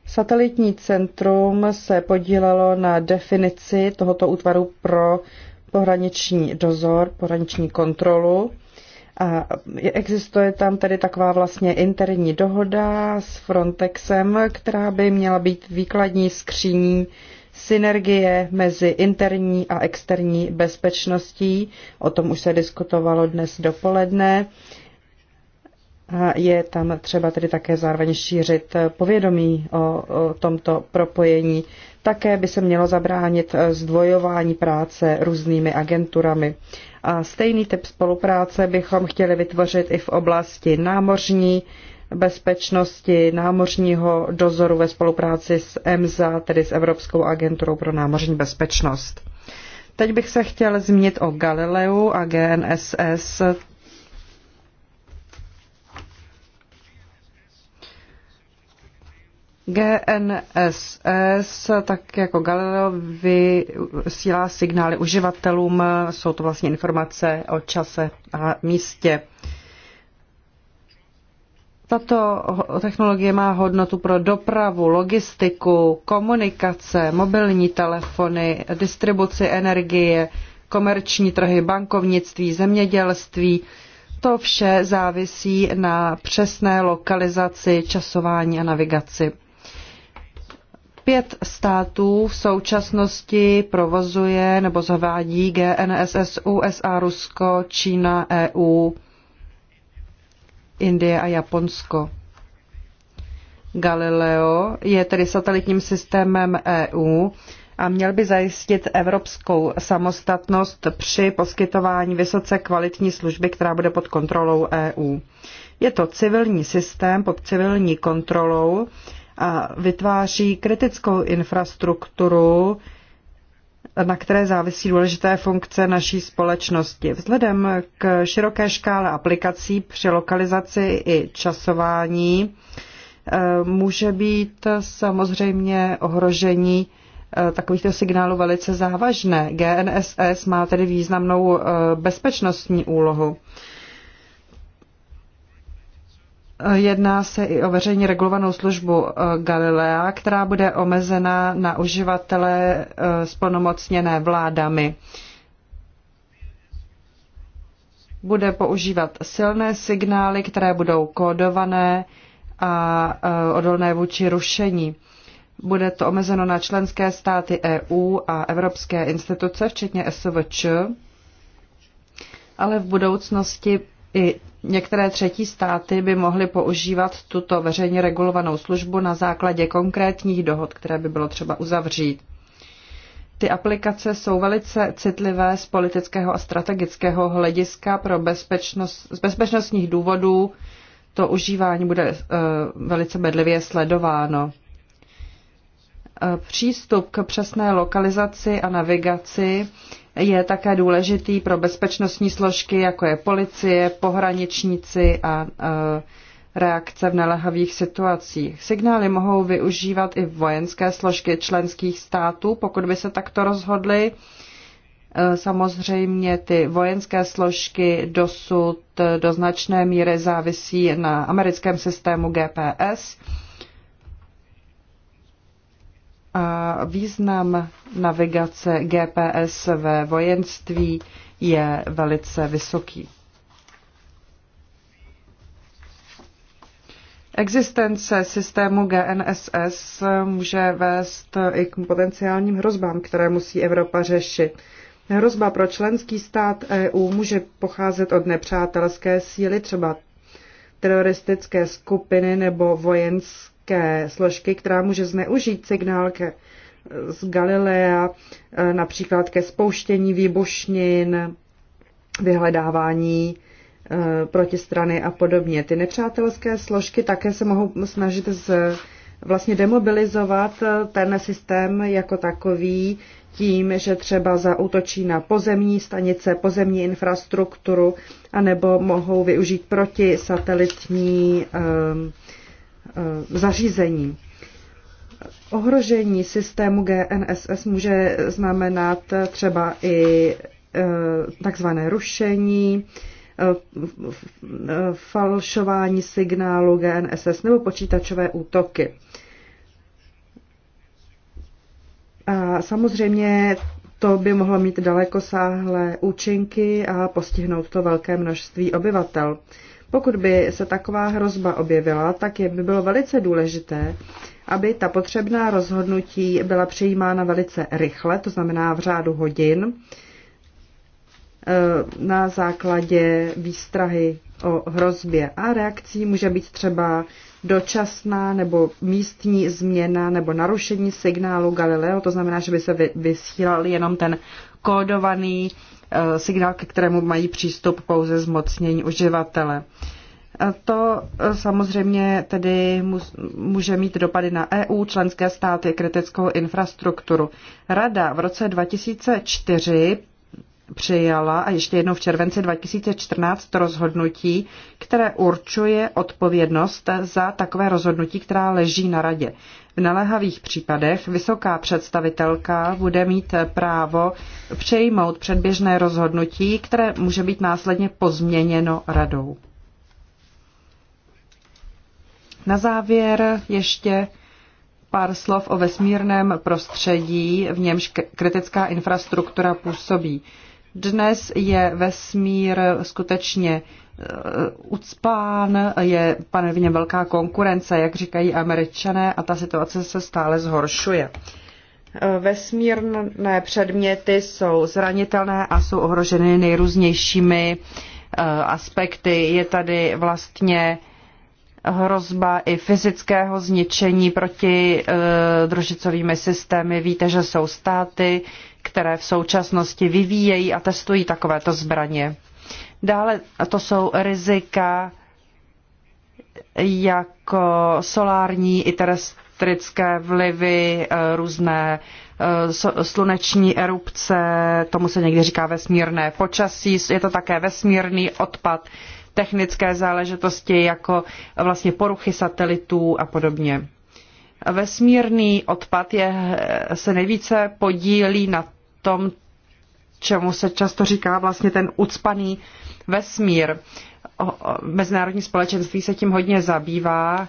Satelitní centrum se podílelo na definici tohoto útvaru pro pohraniční dozor, pohraniční kontrolu. A existuje tam tedy taková vlastně interní dohoda s Frontexem, která by měla být výkladní skříní synergie mezi interní a externí bezpečností. O tom už se diskutovalo dnes dopoledne. A je tam třeba tedy také zároveň šířit povědomí o, o tomto propojení. Také by se mělo zabránit eh, zdvojování práce různými agenturami. A stejný typ spolupráce bychom chtěli vytvořit i v oblasti námořní, bezpečnosti námořního dozoru ve spolupráci s EMSA, tedy s Evropskou agenturou pro námořní bezpečnost. Teď bych se chtěl zmínit o Galileu a GNSS, GNSS, tak jako Galileo, vysílá signály uživatelům, jsou to vlastně informace o čase a místě. Tato technologie má hodnotu pro dopravu, logistiku, komunikace, mobilní telefony, distribuci energie, komerční trhy, bankovnictví, zemědělství. To vše závisí na přesné lokalizaci, časování a navigaci. Pět států v současnosti provozuje nebo zavádí GNSS USA, Rusko, Čína, EU, Indie a Japonsko. Galileo je tedy satelitním systémem EU a měl by zajistit evropskou samostatnost při poskytování vysoce kvalitní služby, která bude pod kontrolou EU. Je to civilní systém pod civilní kontrolou a vytváří kritickou infrastrukturu, na které závisí důležité funkce naší společnosti. Vzhledem k široké škále aplikací při lokalizaci i časování eh, může být samozřejmě ohrožení eh, takovýchto signálů velice závažné. GNSS má tedy významnou eh, bezpečnostní úlohu. Jedná se i o veřejně regulovanou službu eh, Galilea, která bude omezena na uživatele eh, splnomocněné vládami. Bude používat silné signály, které budou kódované a eh, odolné vůči rušení. Bude to omezeno na členské státy EU a evropské instituce, včetně SVČ, ale v budoucnosti i Některé třetí státy by mohly používat tuto veřejně regulovanou službu na základě konkrétních dohod, které by bylo třeba uzavřít. Ty aplikace jsou velice citlivé z politického a strategického hlediska pro bezpečnost, z bezpečnostních důvodů. To užívání bude e, velice bedlivě sledováno. E, přístup k přesné lokalizaci a navigaci je také důležitý pro bezpečnostní složky, jako je policie, pohraničníci a e, reakce v nelehavých situacích. Signály mohou využívat i vojenské složky členských států, pokud by se takto rozhodly. E, samozřejmě ty vojenské složky dosud do značné míry závisí na americkém systému GPS a význam navigace GPS ve vojenství je velice vysoký. Existence systému GNSS může vést i k potenciálním hrozbám, které musí Evropa řešit. Hrozba pro členský stát EU může pocházet od nepřátelské síly, třeba teroristické skupiny nebo vojenské vojenské složky, která může zneužít signál ke, z Galilea, e, například ke spouštění výbušnin, vyhledávání e, protistrany a podobně. Ty nepřátelské složky také se mohou snažit z, vlastně demobilizovat e, ten systém jako takový tím, že třeba zautočí na pozemní stanice, pozemní infrastrukturu, anebo mohou využít protisatelitní satelitní Eh, zařízení. Ohrožení systému GNSS může znamenat třeba i eh, takzvané rušení, eh, falšování signálu GNSS nebo počítačové útoky. A samozřejmě to by mohlo mít dalekosáhlé účinky a postihnout to velké množství obyvatel. Pokud by se taková hrozba objevila, tak je by bylo velice důležité, aby ta potřebná rozhodnutí byla přijímána velice rychle, to znamená v řádu hodin, e, na základě výstrahy o hrozbě. A reakcí může být třeba dočasná nebo místní změna nebo narušení signálu Galileo, to znamená, že by se vysílal jenom ten kódovaný Eh, signál, ke kterému mají přístup pouze zmocnění uživatele. To eh, samozřejmě tedy může mít dopady na EU, členské státy, kritickou infrastrukturu. Rada v roce 2004 přijala a ještě jednou v červenci 2014 rozhodnutí, které určuje odpovědnost za takové rozhodnutí, která leží na radě. V naléhavých případech vysoká představitelka bude mít právo přejmout předběžné rozhodnutí, které může být následně pozměněno radou. Na závěr ještě pár slov o vesmírném prostředí, v němž kritická infrastruktura působí. Dnes je vesmír skutečně Eh, ucpán, je panevně velká konkurence, jak říkají američané, a ta situace se stále zhoršuje. Eh, vesmírné předměty jsou zranitelné a jsou ohroženy nejrůznějšími eh, aspekty. Je tady vlastně hrozba i fyzického zničení proti družicovými systémy. Víte, že jsou státy, které v současnosti vyvíjejí a testují takovéto zbraně. Dále to jsou rizika jako solární i terestrické vlivy, eh, různé eh, sluneční erupce, tomu se někdy říká vesmírné počasí, je to také vesmírný odpad, technické záležitosti jako vlastně poruchy satelitů a podobně. Vesmírný odpad je, eh, se nejvíce podílí na tom, čemu se často říká vlastně ten ucpaný vesmír. Mezinárodní společenství se tím hodně zabývá.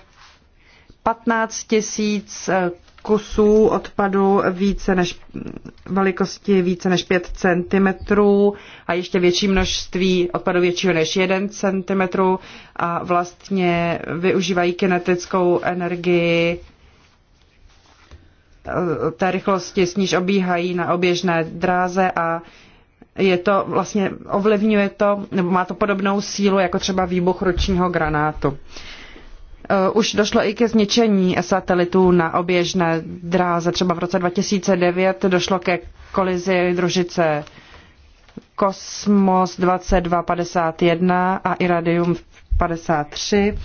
15 tisíc eh, kusů odpadu více než, velikosti více než 5 cm a ještě větší množství odpadu většího než 1 cm a vlastně využívají kinetickou energii té rychlosti, s níž obíhají na oběžné dráze a je to vlastně, ovlivňuje to, nebo má to podobnou sílu jako třeba výbuch ročního granátu. Eh, už došlo i ke zničení satelitů na oběžné dráze. Třeba v roce 2009 došlo ke kolizi družice Kosmos 2251 a Iradium 53.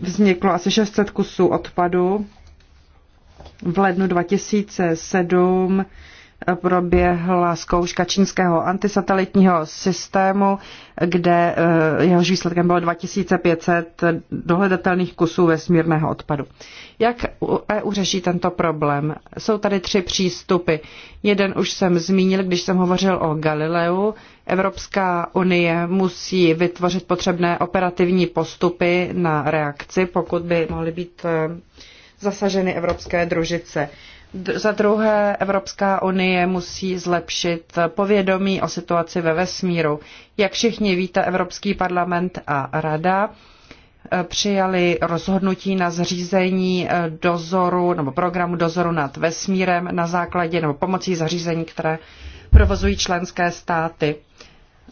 Vzniklo asi 600 kusů odpadu v lednu 2007 eh, proběhla zkouška čínského antisatelitního systému, kde eh, jehož výsledkem bylo 2500 dohledatelných kusů vesmírného odpadu. Jak EU e řeší tento problém? Jsou tady tři přístupy. Jeden už jsem zmínil, když jsem hovořil o Galileu. Evropská unie musí vytvořit potřebné operativní postupy na reakci, pokud by mohly být eh, zasaženy evropské družice. Za druhé, Evropská unie musí zlepšit povědomí o situaci ve vesmíru. Jak všichni víte, Evropský parlament a Rada eh, přijali rozhodnutí na zřízení eh, dozoru nebo programu dozoru nad vesmírem na základě nebo pomocí zařízení, které provozují členské státy.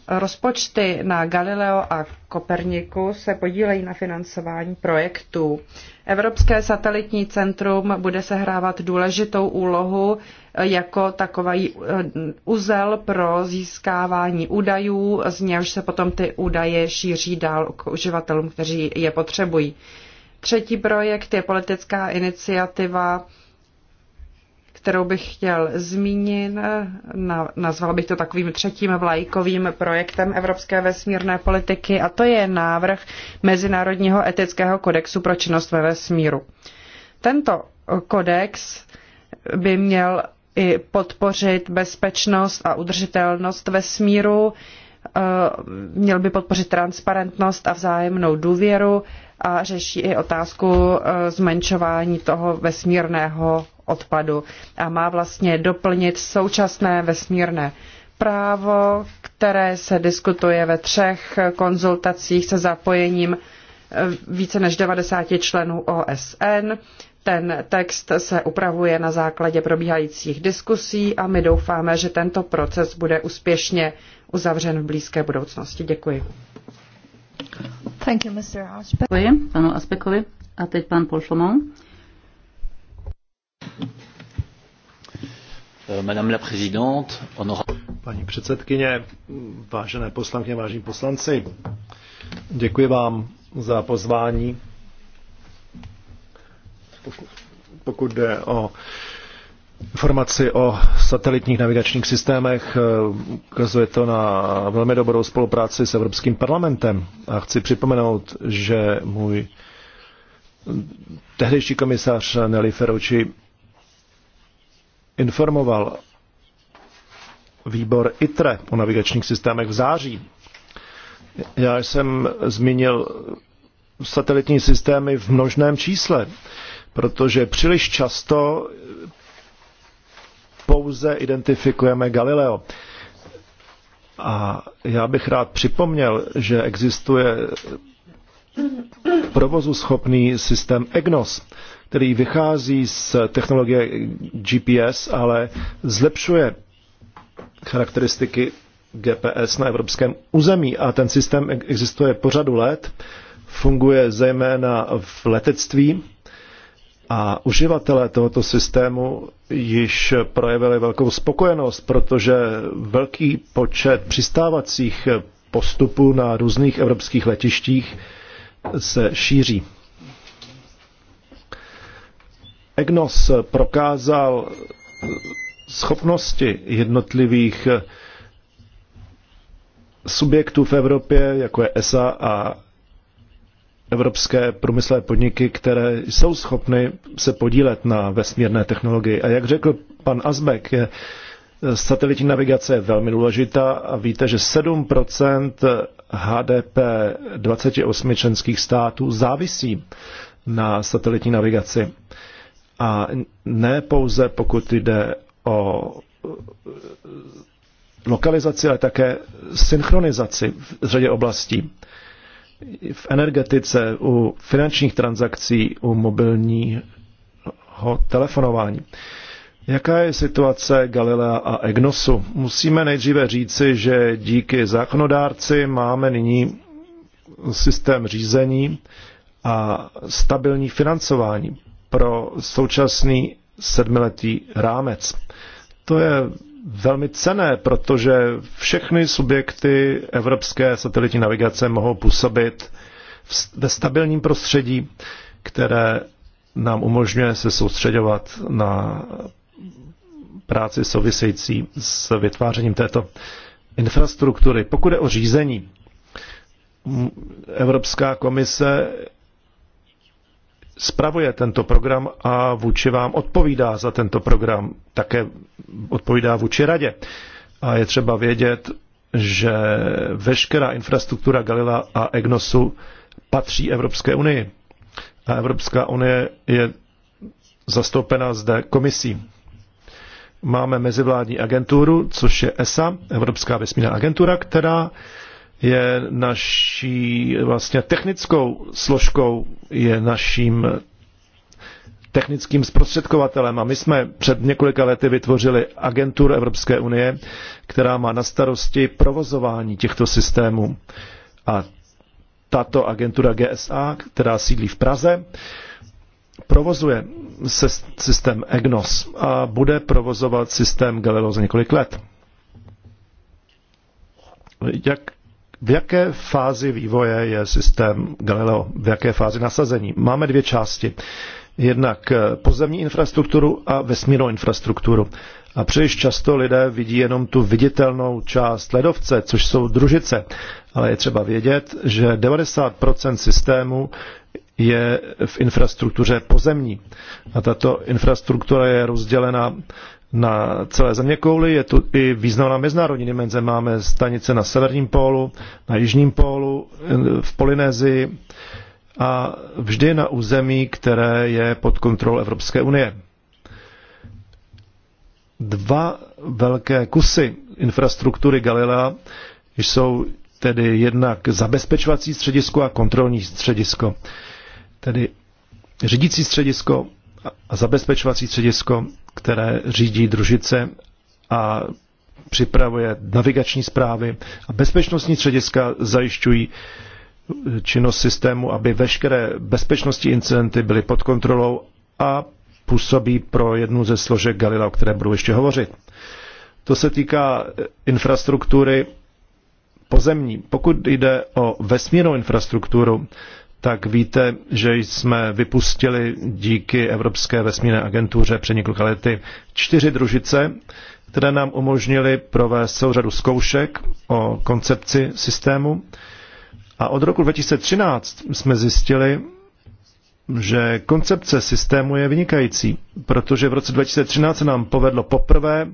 Rozpočty na Galileo a Koperniku se podílejí na financování projektů. Evropské satelitní centrum bude sehrávat důležitou úlohu jako takový eh, uzel pro získávání údajů, z něhož se potom ty údaje šíří dál k uživatelům, kteří je potřebují. Třetí projekt je politická iniciativa kterou bych chtěl zmínit. nazval bych to takovým třetím vlajkovým projektem Evropské vesmírné politiky a to je návrh Mezinárodního etického kodexu pro činnost ve vesmíru. Tento kodex by měl i podpořit bezpečnost a udržitelnost vesmíru, eh, měl by podpořit transparentnost a vzájemnou důvěru a řeší i otázku eh, zmenšování toho vesmírného odpadu a má vlastně doplnit současné vesmírné právo, které se diskutuje ve třech konzultacích se zapojením eh, více než 90 členů OSN. Ten text se upravuje na základě probíhajících diskusí a my doufáme, že tento proces bude úspěšně uzavřen v blízké budoucnosti. Děkuji. Thank you, Mr. Děkuji panu Aspekovi. A teď pan Paul Euh, Paní předsedkyně, vážené poslankyně, vážení poslanci, děkuji vám za pozvání. Pokud jde o informaci o satelitních navigačních systémech, ukazuje to na velmi dobrou spolupráci s Evropským parlamentem. A chci připomenout, že můj tehdejší komisař Nelly Ferrucci informoval výbor ITRE o navigačních systémech v září. Já jsem zmínil satelitní systémy v množném čísle, protože příliš často pouze identifikujeme Galileo. A já bych rád připomněl, že existuje provozu schopný systém EGNOS, který vychází z technologie GPS, ale zlepšuje charakteristiky GPS na evropském území a ten systém existuje po řadu let, funguje zejména v letectví a uživatelé tohoto systému již projevili velkou spokojenost, protože velký počet přistávacích postupů na různých evropských letištích se šíří. EGNOS prokázal schopnosti jednotlivých subjektů v Evropě, jako je ESA a evropské průmyslové podniky, které jsou schopny se podílet na vesmírné technologii. A jak řekl pan Azbek, je, satelitní navigace je velmi důležitá a víte, že 7% HDP 28 členských států závisí na satelitní navigaci. A ne pouze pokud jde o eh, lokalizaci, ale také synchronizaci v řadě oblastí. V energetice, u finančních transakcí, u mobilního telefonování. Jaká je situace Galilea a Egnosu? Musíme nejdříve říci, že díky zákonodárci máme nyní systém řízení a stabilní financování pro současný sedmiletý rámec. To je velmi cené, protože všechny subjekty evropské satelitní navigace mohou působit ve stabilním prostředí, které nám umožňuje se soustředovat na práci související s vytvářením této infrastruktury. Pokud je o řízení, Evropská komise spravuje tento program a vůči vám odpovídá za tento program, také odpovídá vůči radě. A je třeba vědět, že veškerá infrastruktura Galila a EGNOSu patří Evropské unii. A Evropská unie je zastoupena zde komisí. Máme mezivládní agenturu, což je ESA, Evropská vesmírná agentura, která je naší vlastně technickou složkou, je naším technickým zprostředkovatelem. A my jsme před několika lety vytvořili agenturu Evropské unie, která má na starosti provozování těchto systémů. A tato agentura GSA, která sídlí v Praze, provozuje systém EGNOS a bude provozovat systém Galileo za několik let. Jak v jaké fázi vývoje je systém Galileo? V jaké fázi nasazení? Máme dvě části. Jednak eh, pozemní infrastrukturu a vesmírnou infrastrukturu. A příliš často lidé vidí jenom tu viditelnou část ledovce, což jsou družice. Ale je třeba vědět, že 90% systému je v infrastruktuře pozemní. A tato infrastruktura je rozdělena na celé země kouly, Je tu i významná mezinárodní dimenze. Máme stanice na severním pólu, na jižním pólu, eh, v Polynézii a vždy na území, které je pod kontrolou Evropské unie. Dva velké kusy infrastruktury Galilea jsou tedy jednak zabezpečovací středisko a kontrolní středisko. Tedy řídící středisko a zabezpečovací středisko které řídí družice a připravuje navigační zprávy a bezpečnostní střediska zajišťují činnost systému, aby veškeré bezpečnostní incidenty byly pod kontrolou a působí pro jednu ze složek Galila, o které budu ještě hovořit. To se týká infrastruktury pozemní. Pokud jde o vesmírnou infrastrukturu, tak víte, že jsme vypustili díky Evropské vesmírné agentuře před několika lety čtyři družice, které nám umožnily provést celou řadu zkoušek o koncepci systému. A od roku 2013 jsme zjistili, že koncepce systému je vynikající, protože v roce 2013 se nám povedlo poprvé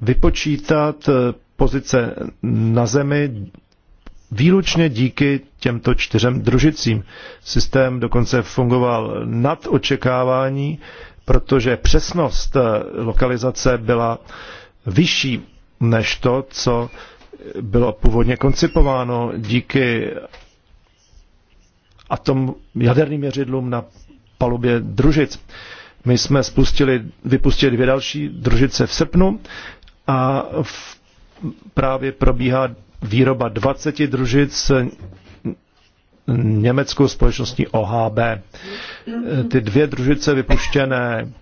vypočítat pozice na Zemi výlučně díky těmto čtyřem družicím. Systém dokonce fungoval nad očekávání, protože přesnost eh, lokalizace byla vyšší než to, co bylo původně koncipováno díky atom jaderným měřidlům na palubě družic. My jsme spustili, vypustili dvě další družice v srpnu a v, právě probíhá výroba 20 družic německou společností OHB. Ty dvě družice vypuštěné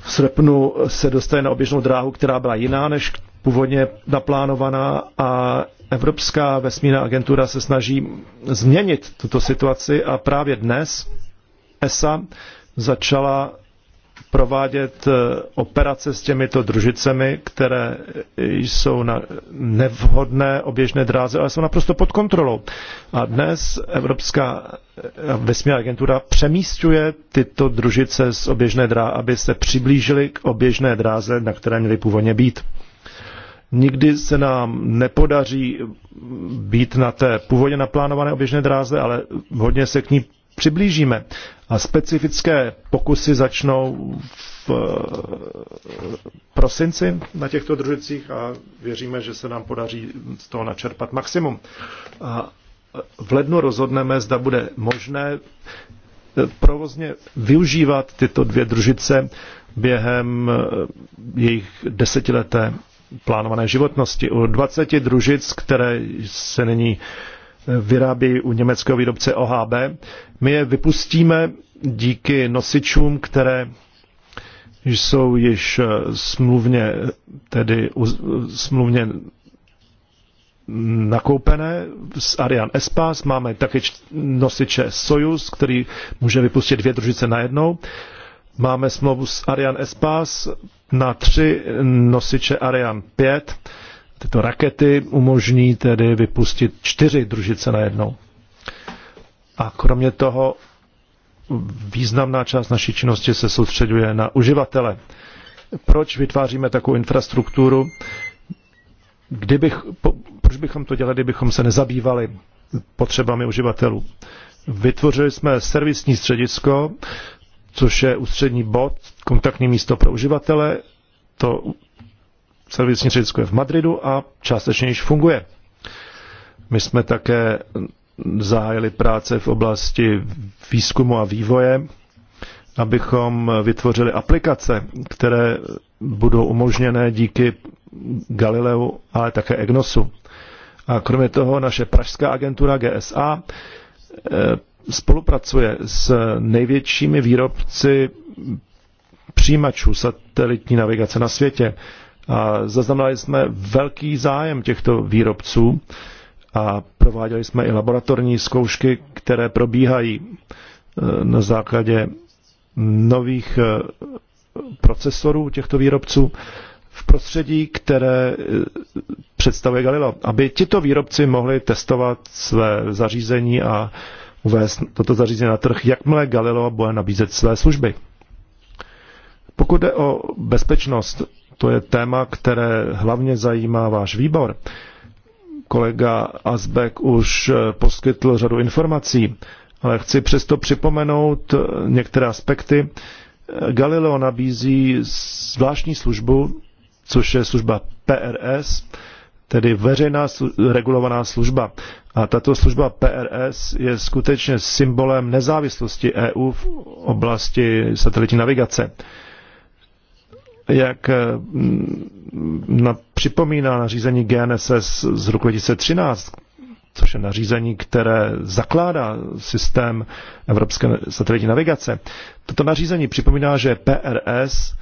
v srpnu se dostaly na oběžnou dráhu, která byla jiná než původně naplánovaná a Evropská vesmírná agentura se snaží změnit tuto situaci a právě dnes ESA začala provádět eh, operace s těmito družicemi, které eh, jsou na nevhodné oběžné dráze, ale jsou naprosto pod kontrolou. A dnes Evropská eh, vesmírná agentura přemístuje tyto družice z oběžné dráhy, aby se přiblížily k oběžné dráze, na které měly původně být. Nikdy se nám nepodaří být na té původně naplánované oběžné dráze, ale hodně se k ní přiblížíme. A specifické pokusy začnou v eh, prosinci na těchto družicích a věříme, že se nám podaří z toho načerpat maximum. A eh, v lednu rozhodneme, zda bude možné eh, provozně využívat tyto dvě družice během jejich desetileté plánované životnosti. U 20 družic, které se nyní vyrábí u německého výrobce OHB. My je vypustíme díky nosičům, které jsou již eh, smluvně, tedy smluvně nakoupené z Ariane Espas. Máme také nosiče Soyuz, který může vypustit dvě družice najednou. Máme smlouvu s Ariane Espas na tři nosiče Ariane 5 Tyto rakety umožní tedy vypustit čtyři družice najednou. A kromě toho významná část naší činnosti se soustředuje na uživatele. Proč vytváříme takovou infrastrukturu? Kdybych, po, proč bychom to dělali, kdybychom se nezabývali potřebami uživatelů? Vytvořili jsme servisní středisko, což je ústřední bod, kontaktní místo pro uživatele. To servisní středisko je v Madridu a částečně již funguje. My jsme také zahájili práce v oblasti výzkumu a vývoje, abychom vytvořili aplikace, které budou umožněné díky Galileu, ale také EGNOSu. A kromě toho naše pražská agentura GSA e, spolupracuje s největšími výrobci přijímačů satelitní navigace na světě. A zaznamenali jsme velký zájem těchto výrobců a prováděli jsme i laboratorní zkoušky, které probíhají e, na základě nových e, procesorů těchto výrobců v prostředí, které e, představuje Galileo, aby tito výrobci mohli testovat své zařízení a uvést toto zařízení na trh, jakmile Galileo bude nabízet své služby. Pokud jde o bezpečnost, to je téma, které hlavně zajímá váš výbor. Kolega Azbek už eh, poskytl řadu informací, ale chci přesto připomenout eh, některé aspekty. Eh, Galileo nabízí zvláštní službu, což je služba PRS, tedy veřejná slu- regulovaná služba. A tato služba PRS je skutečně symbolem nezávislosti EU v oblasti satelitní navigace jak eh, mm, na, připomíná nařízení GNSS z roku 2013, což je nařízení, které zakládá systém evropské satelitní navigace. Toto nařízení připomíná, že PRS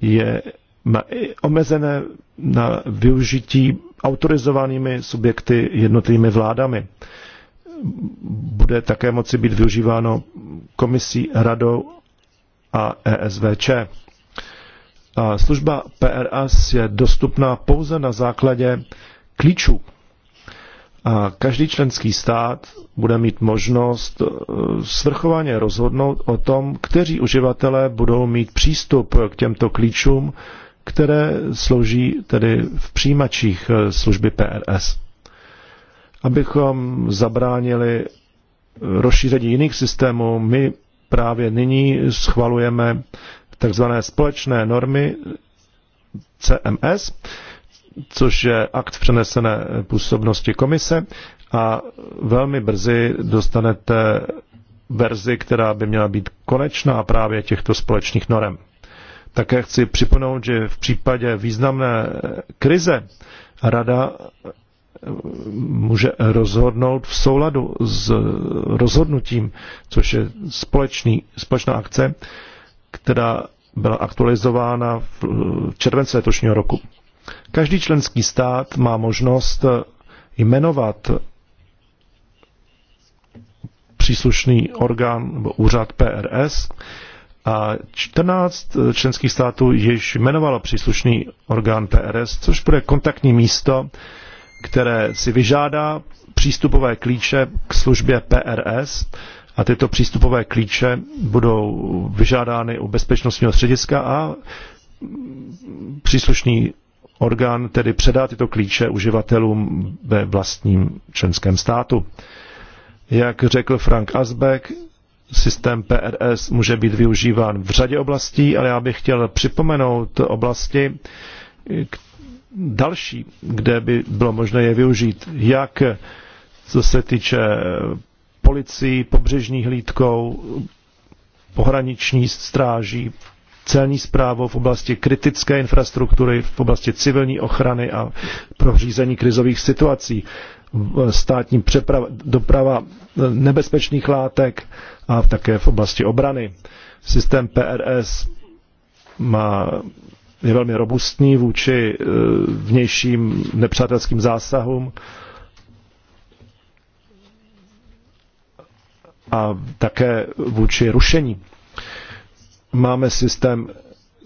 je má omezené na využití autorizovanými subjekty jednotlivými vládami. Bude také moci být využíváno komisí, radou a ESVČ. A služba PRS je dostupná pouze na základě klíčů. A každý členský stát bude mít možnost e, svrchovaně rozhodnout o tom, kteří uživatelé budou mít přístup k těmto klíčům, které slouží tedy v přijímačích e, služby PRS. Abychom zabránili rozšíření jiných systémů, my právě nyní schvalujeme takzvané společné normy CMS, což je akt přenesené působnosti komise a velmi brzy dostanete verzi, která by měla být konečná právě těchto společných norem. Také chci připomenout, že v případě významné krize rada může rozhodnout v souladu s rozhodnutím, což je společný, společná akce, která byla aktualizována v eh, července letošního roku. Každý členský stát má možnost eh, jmenovat příslušný orgán nebo úřad PRS a 14 eh, členských států již jmenovalo příslušný orgán PRS, což bude kontaktní místo, které si vyžádá přístupové klíče k službě PRS a tyto přístupové klíče budou vyžádány u bezpečnostního střediska a příslušný orgán tedy předá tyto klíče uživatelům ve vlastním členském státu. Jak řekl Frank Asbeck, systém PRS může být využíván v řadě oblastí, ale já bych chtěl připomenout oblasti další, kde by bylo možné je využít, jak co se týče policií, pobřežní hlídkou, pohraniční stráží, celní zprávou v oblasti kritické infrastruktury, v oblasti civilní ochrany a prořízení krizových situací, státní přeprava, doprava nebezpečných látek a také v oblasti obrany. Systém PRS má, je velmi robustní vůči eh, vnějším nepřátelským zásahům a také vůči rušení. Máme systém,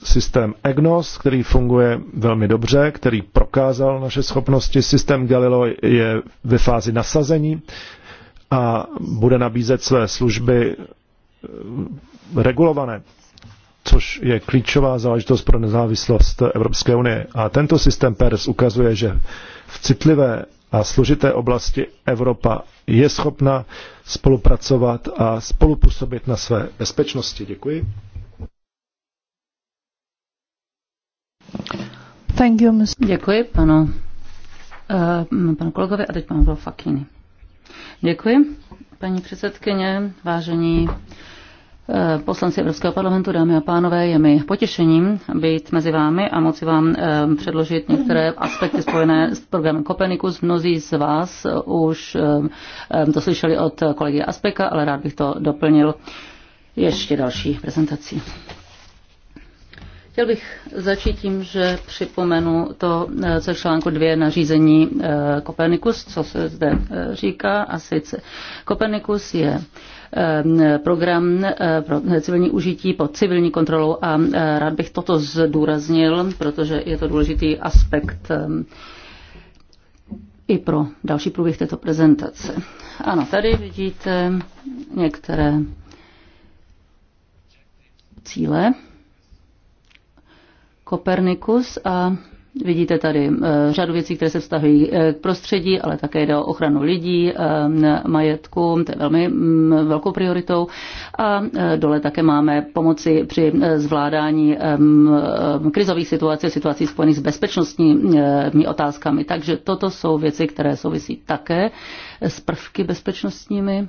systém EGNOS, který funguje velmi dobře, který prokázal naše schopnosti. Systém Galileo je ve fázi nasazení a bude nabízet své služby eh, regulované, což je klíčová záležitost pro nezávislost Evropské unie. A tento systém PERS ukazuje, že v citlivé a složité oblasti Evropa je schopna spolupracovat a spolupůsobit na své bezpečnosti. Děkuji. Thank you, Děkuji panu, uh, panu kolegovi a teď panu Fakini. Děkuji, paní předsedkyně, vážení Eh, poslanci Evropského parlamentu, dámy a pánové, je mi potěšením být mezi vámi a moci vám eh, předložit některé aspekty spojené s programem Copernicus. Mnozí z vás eh, už to slyšeli od kolegy Aspeka, ale rád bych to doplnil ještě další prezentací. Chtěl bych začít tím, že připomenu to, co je článku dvě nařízení Kopernikus, co se zde říká. A sice Kopernikus je Ehm, program eh, pro civilní užití pod civilní kontrolou a eh, rád bych toto zdůraznil, protože je to důležitý aspekt ehm, i pro další průběh této prezentace. Ano, tady vidíte některé cíle. Kopernikus a Vidíte tady eh, řadu věcí, které se vztahují eh, k prostředí, ale také jde o ochranu lidí, eh, majetku, to je velmi mm, velkou prioritou. A dole také máme pomoci při zvládání krizových situací, situací spojených s bezpečnostními otázkami. Takže toto jsou věci, které souvisí také s prvky bezpečnostními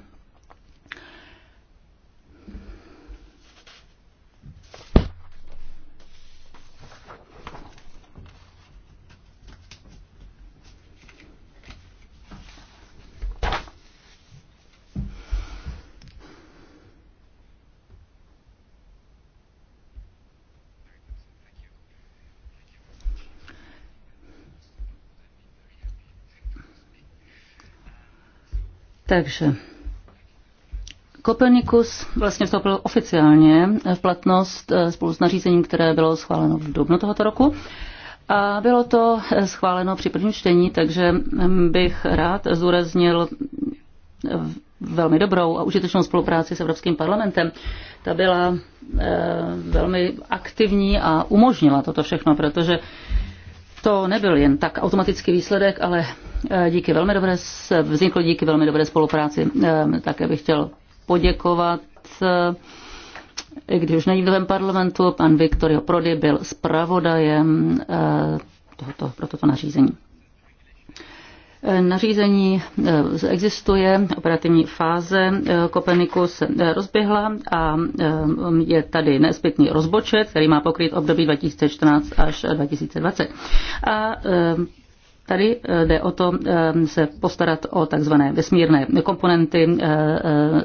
Takže Kopernikus vlastně vstoupil oficiálně v platnost eh, spolu s nařízením, které bylo schváleno v dubnu tohoto roku. A bylo to eh, schváleno při prvním čtení, takže mm, bych rád zúraznil eh, velmi dobrou a užitečnou spolupráci s Evropským parlamentem. Ta byla velmi aktivní a umožnila toto všechno, protože to nebyl jen tak automatický výsledek, ale Eh, díky velmi dobré, vzniklo díky velmi dobré spolupráci. Také bych chtěl poděkovat eh, když už není v novém parlamentu, pan Viktorio Prody byl zpravodajem eh, tohoto, pro toto nařízení. Nařízení existuje, operativní fáze Kopeniku se rozběhla a je tady nezbytný rozpočet, který má pokryt období 2014 až 2020. A Tady eh, jde o to eh, se postarat o takzvané vesmírné komponenty eh,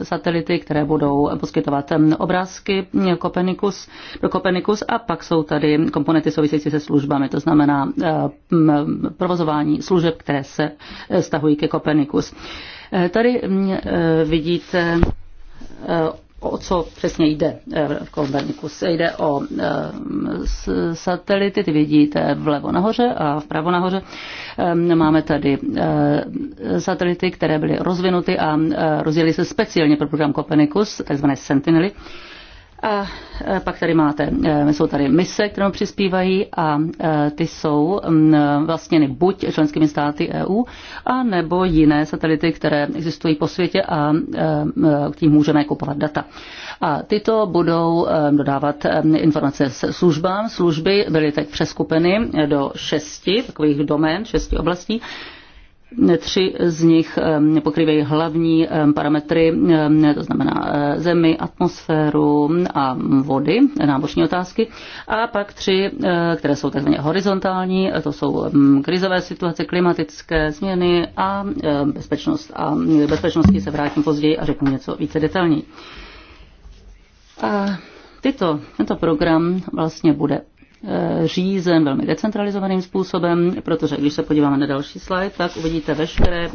satelity, které budou poskytovat obrázky Copernicus, pro Copernicus a pak jsou tady komponenty související se službami, to znamená provozování služeb, které se stahují ke Copernicus. Tady mm, vidíte o co přesně jde eh, v Se Jde o eh, satelity, ty vidíte vlevo nahoře a vpravo nahoře. Ehm, máme tady eh, satelity, které byly rozvinuty a rozjeli se speciálně pro program Copernicus, takzvané Sentinely. A e, pak tady máte, e, jsou tady mise, které přispívají a e, ty jsou vlastně buď členskými státy EU, a nebo jiné satelity, které existují po světě a k tím můžeme kupovat data. A tyto budou dodávat informace s službám. Služby byly teď přeskupeny do šesti takových domén, šesti oblastí. Tři z nich pokrývají hlavní parametry, to znamená e, zemi, atmosféru a vody, náboční otázky. A pak tři, e, které jsou takzvaně horizontální, e, to jsou krizové situace, klimatické změny a bezpečnost. A bezpečnosti se vrátím později a řeknu něco více detailní. A tyto, tento program vlastně bude Eh, řízen velmi decentralizovaným způsobem, protože když se podíváme na další slide, tak uvidíte veškeré eh,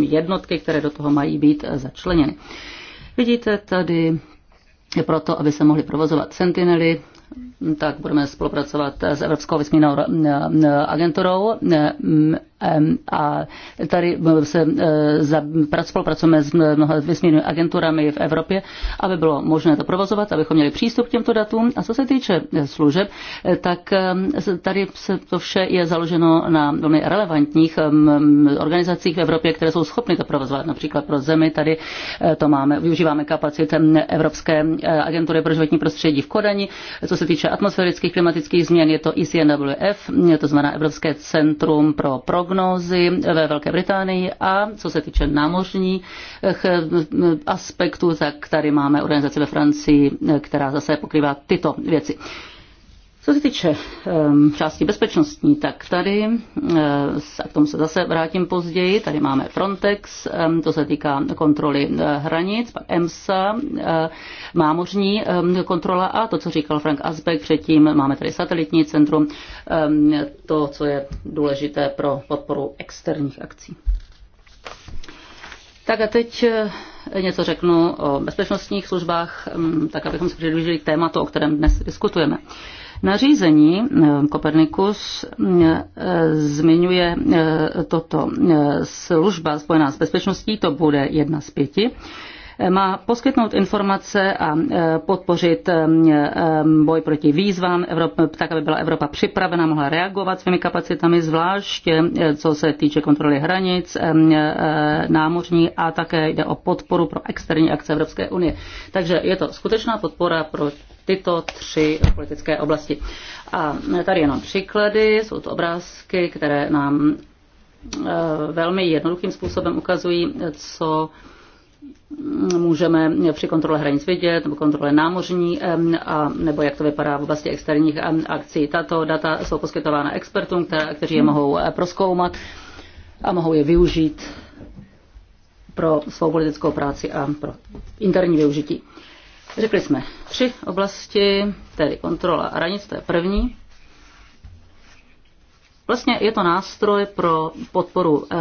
jednotky, které do toho mají být eh, začleněny. Vidíte tady proto, aby se mohly provozovat sentinely, tak budeme spolupracovat s Evropskou vesmírnou agenturou. A tady eh, se eh, spolupracujeme s mnoha vysměnými agenturami v Evropě, aby bylo možné to provozovat, abychom měli přístup k těmto datům. A co se týče eh, služeb, tak tady se to vše je založeno na velmi relevantních organizacích v Evropě, které jsou schopny to provozovat. Například pro zemi tady to máme, využíváme kapacity Evropské agentury pro životní prostředí v Kodani. Co se týče atmosférických klimatických změn, je to ICNWF, to znamená Evropské centrum pro prognózy prognózy ve Velké Británii a co se týče námořních eh, aspektů, tak tady máme organizaci ve Francii, eh, která zase pokrývá tyto věci. Co se týče um, části bezpečnostní, tak tady, uh, a k tomu se zase vrátím později, tady máme Frontex, um, to se týká kontroly uh, hranic, pak EMSA, uh, mámořní um, kontrola a to, co říkal Frank Asbeck předtím, máme tady satelitní centrum, um, to, co je důležité pro podporu externích akcí. Tak a teď něco řeknu o bezpečnostních službách, tak abychom se přidružili k tématu, o kterém dnes diskutujeme. Uh, Nařízení eh, Kopernikus eh, zmiňuje eh, toto služba spojená s bezpečností, to bude jedna z pěti má poskytnout informace a podpořit boj proti výzvám, tak aby byla Evropa připravena, mohla reagovat svými kapacitami, zvláště co se týče kontroly hranic námořní a také jde o podporu pro externí akce Evropské unie. Takže je to skutečná podpora pro tyto tři politické oblasti. A tady jenom příklady, jsou to obrázky, které nám e, velmi jednoduchým způsobem ukazují, co můžeme při kontrole hranic vidět, nebo kontrole námořní, e, a, nebo jak to vypadá v oblasti externích e, akcí. Tato data jsou poskytována expertům, které, kteří je hmm. mohou proskoumat a mohou je využít pro svou politickou práci a pro interní využití. Řekli jsme tři oblasti, tedy kontrola ranic, to je první. Vlastně je to nástroj pro podporu e,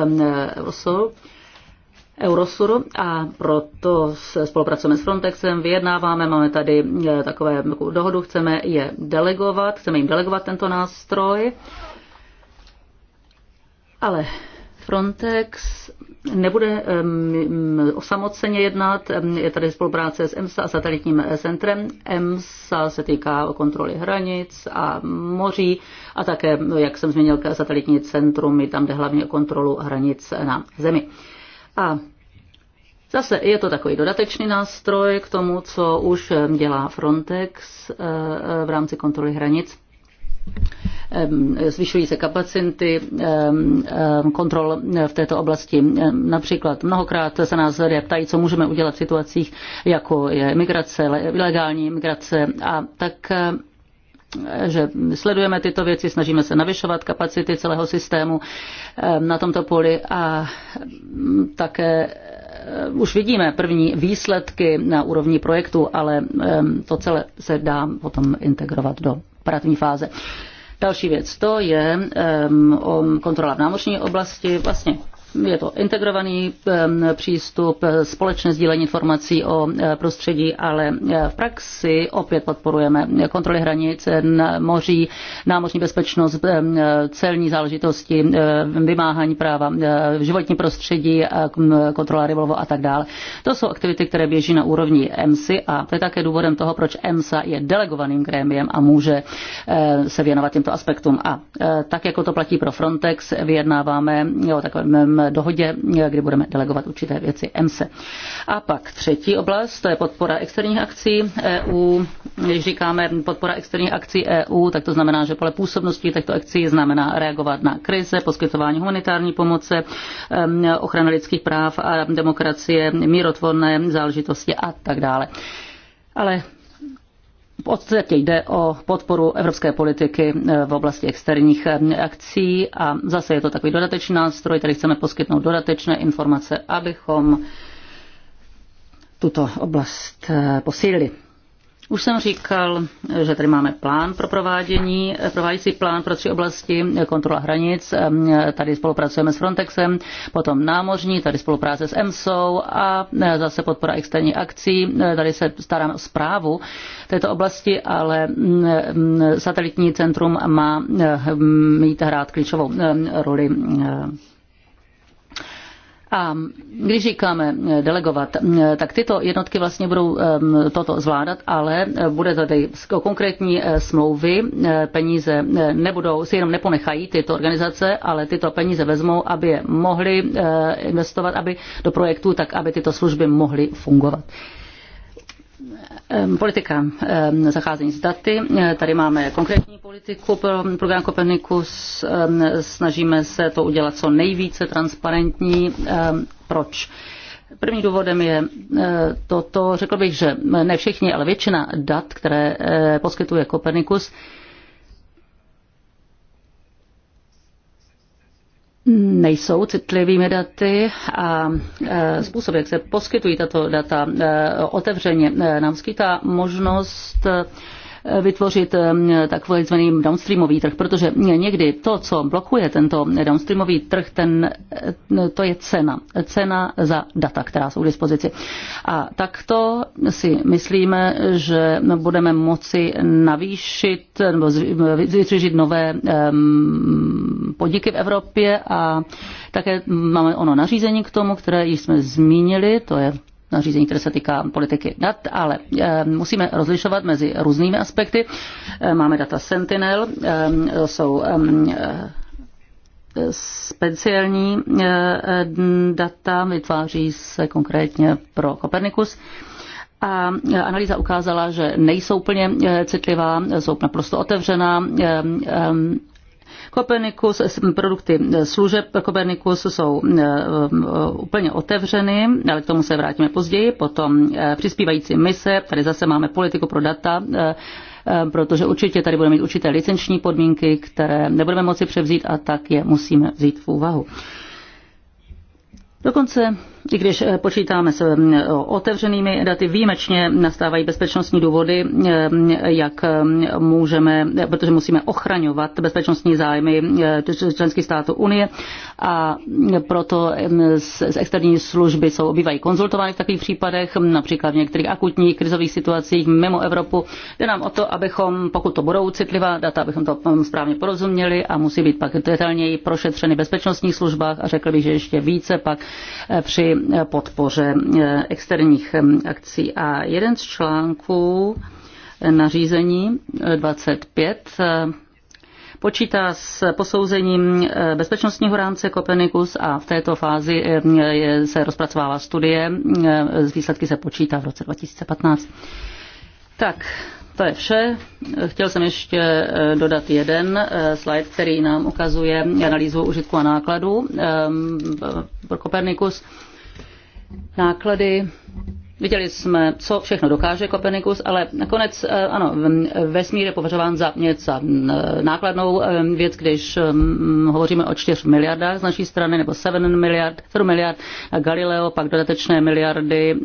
Eurosuru, Eurosuru a proto spolupracujeme s Frontexem, vyjednáváme, máme tady e, takové jako dohodu, chceme je delegovat, chceme jim delegovat tento nástroj. Ale Frontex nebude osamoceně jednat. Je tady spolupráce s EMSA a satelitním centrem. EMSA se týká kontroly hranic a moří a také, jak jsem zmínil, satelitní centrum, je tam jde hlavně o kontrolu hranic na zemi. A Zase je to takový dodatečný nástroj k tomu, co už dělá Frontex eh, v rámci kontroly hranic zvyšují se kapacity kontrol v této oblasti. Například mnohokrát se nás lidé ptají, co můžeme udělat v situacích, jako je migrace, ilegální migrace a tak že sledujeme tyto věci, snažíme se navyšovat kapacity celého systému na tomto poli a také už vidíme první výsledky na úrovni projektu, ale to celé se dá potom integrovat do operativní fáze. Další věc to je um, kontrola v námořní oblasti. Vlastně je to integrovaný přístup, společné sdílení informací o e, prostředí, ale e, v praxi opět podporujeme kontroly hranic, moří, námořní bezpečnost, e, celní záležitosti, vymáhání práva, životní prostředí, kontrola rybolovu a tak dále. To jsou aktivity, které běží na úrovni EMSI a to je také důvodem toho, proč EMSA je delegovaným grémiem a může se věnovat těmto aspektům. A tak, jako to platí pro Frontex, vyjednáváme jo, takovém dohodě, kdy budeme delegovat určité věci EMSE. A pak třetí oblast, to je podpora externích akcí EU. Když říkáme podpora externích akcí EU, tak to znamená, že pole působnosti těchto akcí znamená reagovat na krize, poskytování humanitární pomoci, ochrana lidských práv a demokracie, mírotvorné záležitosti a tak dále. Ale podstatě jde o podporu evropské politiky eh, v oblasti externích eh, akcí a zase je to takový dodatečný nástroj, tady chceme poskytnout dodatečné informace, abychom tuto oblast eh, posílili. Už jsem říkal, že tady máme plán pro provádění, provádějící plán pro tři oblasti, kontrola hranic, tady spolupracujeme s Frontexem, potom námořní, tady spolupráce s EMSO a e, zase podpora externí akcí, e, tady se starám o zprávu této oblasti, ale mm, e, satelitní centrum má mít hrát klíčovou roli a když říkáme eh, delegovat, eh, tak tyto jednotky vlastně budou ehm, toto zvládat, ale eh, bude tady konkrétní smlouvy, peníze nebudou, si jenom neponechají tyto organizace, ale tyto peníze vezmou, aby je mohly investovat aby do projektů, tak aby tyto služby mohly fungovat. Ehm, politika ehm, zacházení s daty. Eh, tady máme konkrétní politiku pro program Copernicus. Ehm, snažíme se to udělat co nejvíce transparentní. Proč? Prvním důvodem je eh, toto, řekl bych, že ne všichni, ale většina dat, které eh, poskytuje Copernicus, nejsou citlivými daty a e, způsob, jak se poskytují tato data e, otevřeně, e, nám skýtá možnost vytvořit takzvaný downstreamový trh, protože někdy to, co blokuje tento downstreamový trh, ten, to je cena. Cena za data, která jsou k dispozici. A takto si myslíme, že budeme moci navýšit nebo vytvořit nové podniky v Evropě a také máme ono nařízení k tomu, které jsme zmínili, to je nařízení, které se týká politiky dat, ale eh, musíme rozlišovat mezi různými aspekty. Eh, máme data Sentinel, eh, jsou ehm, speciální data, vytváří se konkrétně pro Kopernikus. A analýza ukázala, že nejsou plně citlivá, jsou naprosto otevřená ehm, Kopernikus, produkty e, služeb Kopernikus jsou e, e, úplně otevřeny, ale k tomu se vrátíme později. Potom přispívající mise, tady zase máme politiku pro data, protože určitě tady budeme mít určité licenční podmínky, které nebudeme moci převzít a tak je musíme vzít v úvahu. Dokonce i když eh, počítáme s mm, otevřenými daty, výjimečně nastávají bezpečnostní důvody, eh, jak mm, můžeme, protože musíme ochraňovat bezpečnostní zájmy eh, členských států Unie a mm, proto z externí služby jsou obývají konzultovány v takových případech, například v některých akutních krizových situacích mimo Evropu. Jde nám o to, abychom, pokud to budou citlivá data, abychom to správně porozuměli a musí být pak detailněji prošetřeny v bezpečnostních službách a řekl bych, že ještě více pak při podpoře eh, externích eh, akcí. A jeden z článků eh, nařízení 25 počítá s posouzením bezpečnostního rámce Copernicus a v této fázi se rozpracovává studie. Z výsledky se počítá v roce 2015. Tak, to je vše. Chtěl jsem ještě dodat jeden slide, který nám ukazuje analýzu užitku a nákladů pro Copernicus náklady Viděli jsme, co všechno dokáže Kopernikus, ale nakonec eh, ano, vesmír je považován za něco eh, nákladnou eh, věc, když mm, hovoříme o 4 miliardách z naší strany, nebo 7 miliard, 7 miliard a Galileo, pak dodatečné miliardy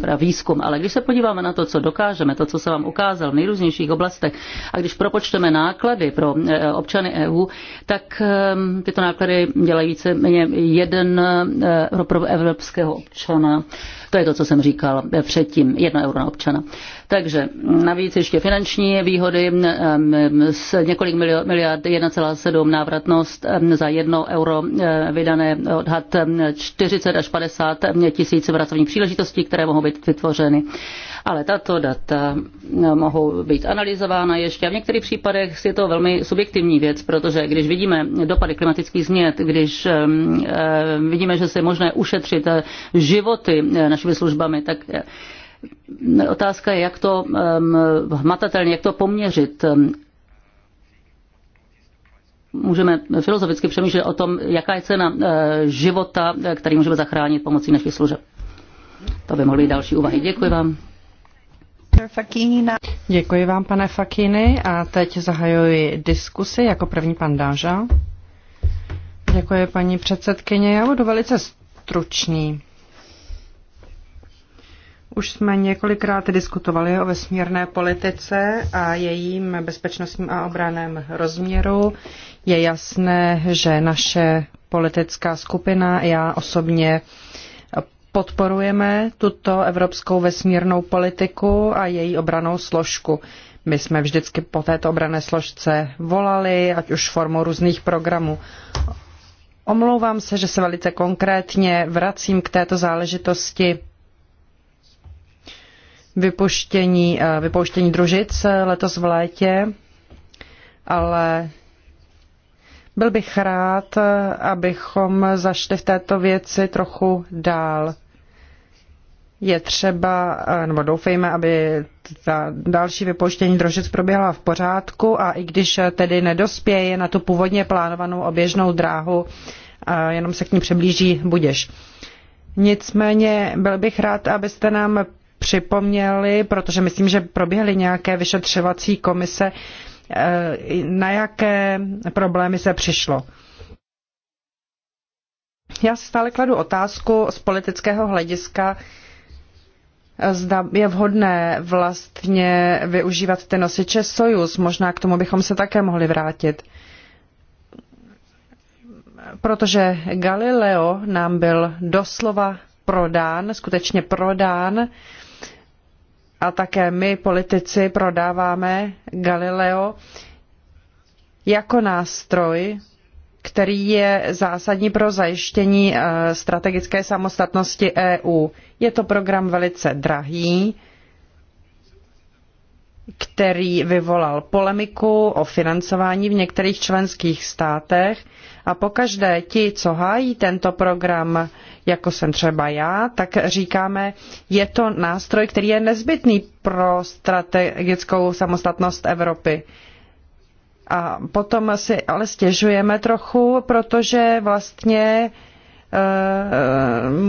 pro výzkum. Ale když se podíváme na to, co dokážeme, to, co se vám ukázal v nejrůznějších oblastech, a když propočteme náklady pro občany EU, tak tyto náklady dělají více méně jeden pro evropského občana. To je to, co jsem říkal říkal předtím, jedno euro na občana. Takže navíc ještě finanční výhody s několik miliard 1,7 návratnost za jedno euro vydané odhad 40 až 50 tisíc pracovních příležitostí, které mohou být vytvořeny ale tato data no, mohou být analyzována ještě a v některých případech je to velmi subjektivní věc, protože když vidíme dopady klimatických změn, když vidíme, že se je možné ušetřit eh, životy eh, našimi službami, tak eh, otázka je, jak to hmatatelně, jak to poměřit můžeme filozoficky přemýšlet o tom, jaká je cena života, který můžeme zachránit pomocí našich služeb. To by mohly být další úvahy. Děkuji vám. Děkuji vám, pane Fakini, a teď zahajuji diskusi jako první pan Dáža. Děkuji, paní předsedkyně. Já budu velice stručný. Už jsme několikrát diskutovali o vesmírné politice a jejím bezpečnostním a obraném rozměru. Je jasné, že naše politická skupina, já osobně, podporujeme tuto evropskou vesmírnou politiku a její obranou složku. My jsme vždycky po této obrané složce volali, ať už formou různých programů. Omlouvám se, že se velice konkrétně vracím k této záležitosti vypuštění, eh, vypouštění družic letos v létě, ale byl bych rád, eh, abychom zašli v této věci trochu dál je třeba, eh, nebo doufejme, aby ta další vypoštění drožic proběhla v pořádku a i když eh, tedy nedospěje na tu původně plánovanou oběžnou dráhu, eh, jenom se k ní přiblíží buděž. Nicméně byl bych rád, abyste nám připomněli, protože myslím, že proběhly nějaké vyšetřovací komise, na jaké problémy se přišlo. Já stále kladu otázku z politického hlediska, zda je vhodné vlastně využívat ty nosiče Sojus. Možná k tomu bychom se také mohli vrátit. Protože Galileo nám byl doslova prodán, skutečně prodán, a také my, politici, prodáváme Galileo jako nástroj, který je zásadní pro zajištění eh, strategické samostatnosti EU. Je to program velice drahý, který vyvolal polemiku o financování v některých členských státech a pokaždé ti, co hájí tento program, jako jsem třeba já, tak říkáme, je to nástroj, který je nezbytný pro strategickou samostatnost Evropy. A potom si ale stěžujeme trochu, protože vlastně eh,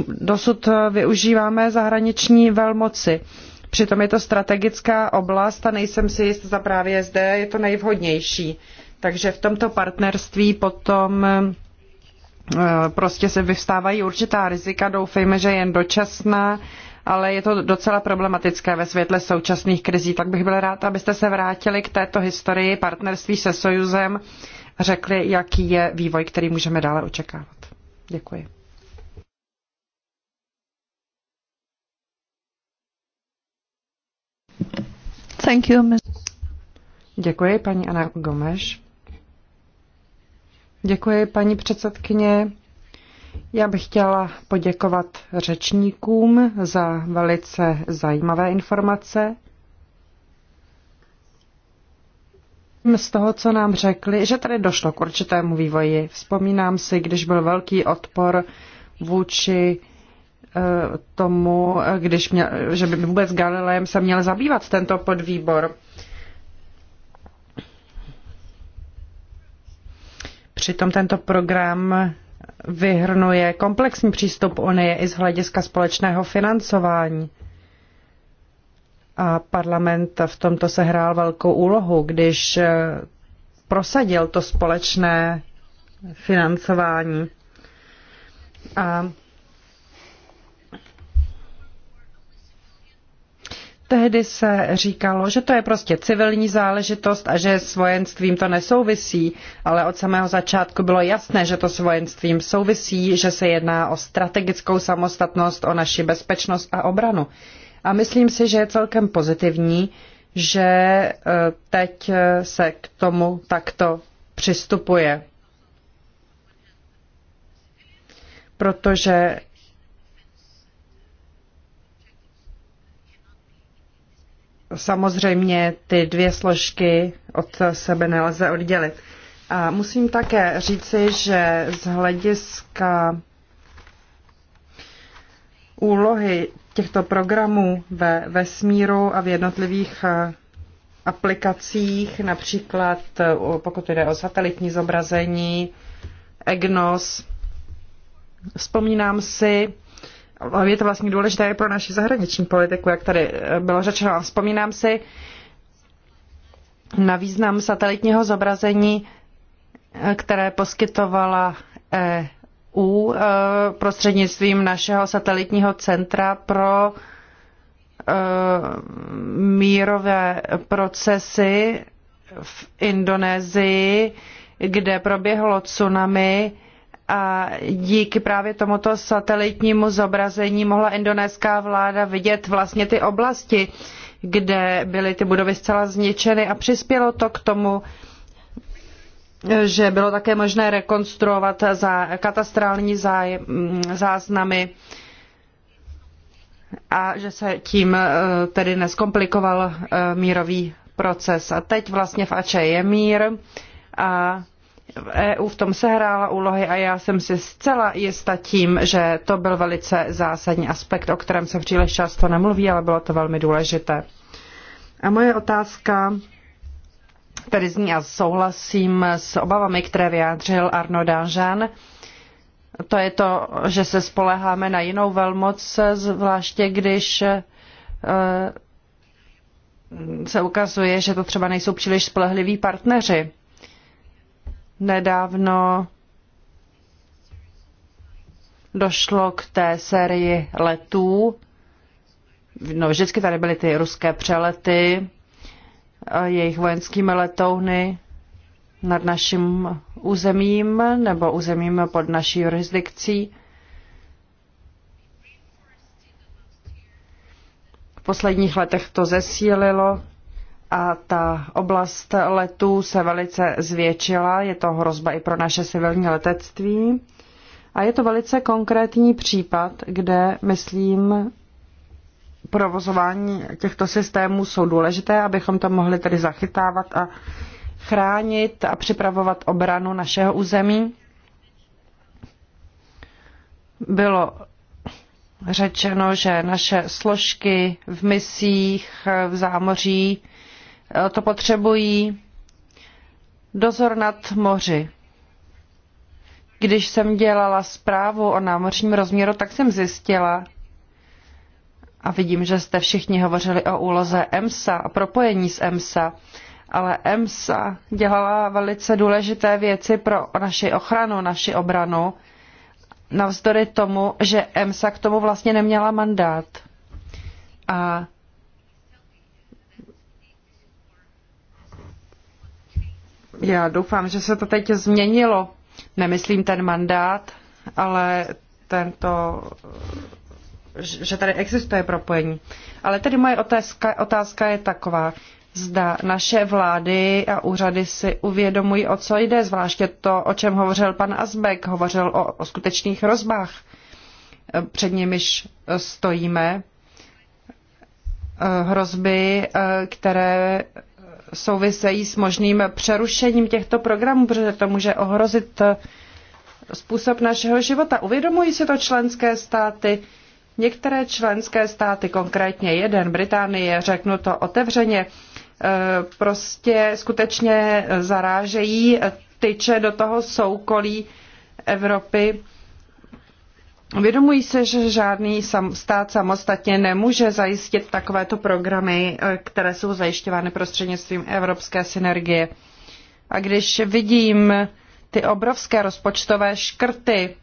dosud využíváme zahraniční velmoci. Přitom je to strategická oblast a nejsem si jist, za právě zde je to nejvhodnější. Takže v tomto partnerství potom eh, prostě se vyvstávají určitá rizika, doufejme, že jen dočasná ale je to docela problematické ve světle současných krizí. Tak bych byl rád, abyste se vrátili k této historii partnerství se Sojuzem a řekli, jaký je vývoj, který můžeme dále očekávat. Děkuji. Thank you, Ms. Děkuji, paní Ana Gomeš. Děkuji, paní předsedkyně. Já bych chtěla poděkovat řečníkům za velice zajímavé informace. Z toho, co nám řekli, že tady došlo k určitému vývoji. Vzpomínám si, když byl velký odpor vůči eh, tomu, když měl, že by vůbec Galilejem se měl zabývat tento podvýbor. Přitom tento program vyhrnuje komplexní přístup Unie i z hlediska společného financování. A parlament v tomto sehrál velkou úlohu, když eh, prosadil to společné financování. A Tehdy se říkalo, že to je prostě civilní záležitost a že s vojenstvím to nesouvisí, ale od samého začátku bylo jasné, že to s vojenstvím souvisí, že se jedná o strategickou samostatnost, o naši bezpečnost a obranu. A myslím si, že je celkem pozitivní, že eh, teď eh, se k tomu takto přistupuje. Protože Samozřejmě ty dvě složky od sebe nelze oddělit. A musím také říci, že z hlediska úlohy těchto programů ve vesmíru a v jednotlivých eh, aplikacích, například eh, pokud jde o satelitní zobrazení, EGNOS. Vzpomínám si, je to vlastně důležité pro naši zahraniční politiku, jak tady eh, bylo řečeno. Vzpomínám si na význam satelitního zobrazení, eh, které poskytovala EU eh, prostřednictvím našeho satelitního centra pro mírové procesy v Indonésii, kde proběhlo tsunami, a díky právě tomuto satelitnímu zobrazení mohla indonéská vláda vidět vlastně ty oblasti, kde byly ty budovy zcela zničeny a přispělo to k tomu, že bylo také možné rekonstruovat za katastrální záznamy a že se tím eh, tedy neskomplikoval eh, mírový proces. A teď vlastně v Ače je mír a v EU v tom sehrála úlohy a já jsem si zcela jista tím, že to byl velice zásadní aspekt, o kterém se příliš často nemluví, ale bylo to velmi důležité. A moje otázka tedy zní a souhlasím s obavami, které vyjádřil Arno Danžan. To je to, že se spoleháme na jinou velmoc, zvláště když eh, se ukazuje, že to třeba nejsou příliš spolehliví partneři nedávno došlo k té sérii letů. No, vždycky tady byly ty ruské přelety, jejich vojenskými letouny nad naším územím nebo územím pod naší jurisdikcí. V posledních letech to zesílilo a ta oblast letů se velice zvětšila. Je to hrozba i pro naše civilní letectví. A je to velice konkrétní případ, kde, myslím, provozování těchto systémů jsou důležité, abychom to mohli tedy zachytávat a chránit a připravovat obranu našeho území. Bylo řečeno, že naše složky v misích v zámoří Eh, to potřebují. Dozor nad moři. Když jsem dělala zprávu o námořním rozměru, tak jsem zjistila, a vidím, že jste všichni hovořili o úloze EMSA a propojení s EMSA, ale EMSA dělala velice důležité věci pro naši ochranu, naši obranu, navzdory tomu, že EMSA k tomu vlastně neměla mandát. A Já doufám, že se to teď změnilo. Nemyslím ten mandát, ale tento, že tady existuje propojení. Ale tedy moje otázka, otázka je taková. Zda naše vlády a úřady si uvědomují, o co jde, zvláště to, o čem hovořil pan Azbek, hovořil o, o skutečných rozbách, před nimiž stojíme, hrozby, eh, které souvisejí s možným přerušením těchto programů, protože to může ohrozit eh, způsob našeho života. Uvědomují si to členské státy? Některé členské státy, konkrétně jeden, Británie, řeknu to otevřeně, eh, prostě skutečně zarážejí tyče do toho soukolí Evropy Vědomují se, že žádný sam, stát samostatně nemůže zajistit takovéto programy, eh, které jsou zajišťovány prostřednictvím evropské synergie. A když vidím ty obrovské rozpočtové škrty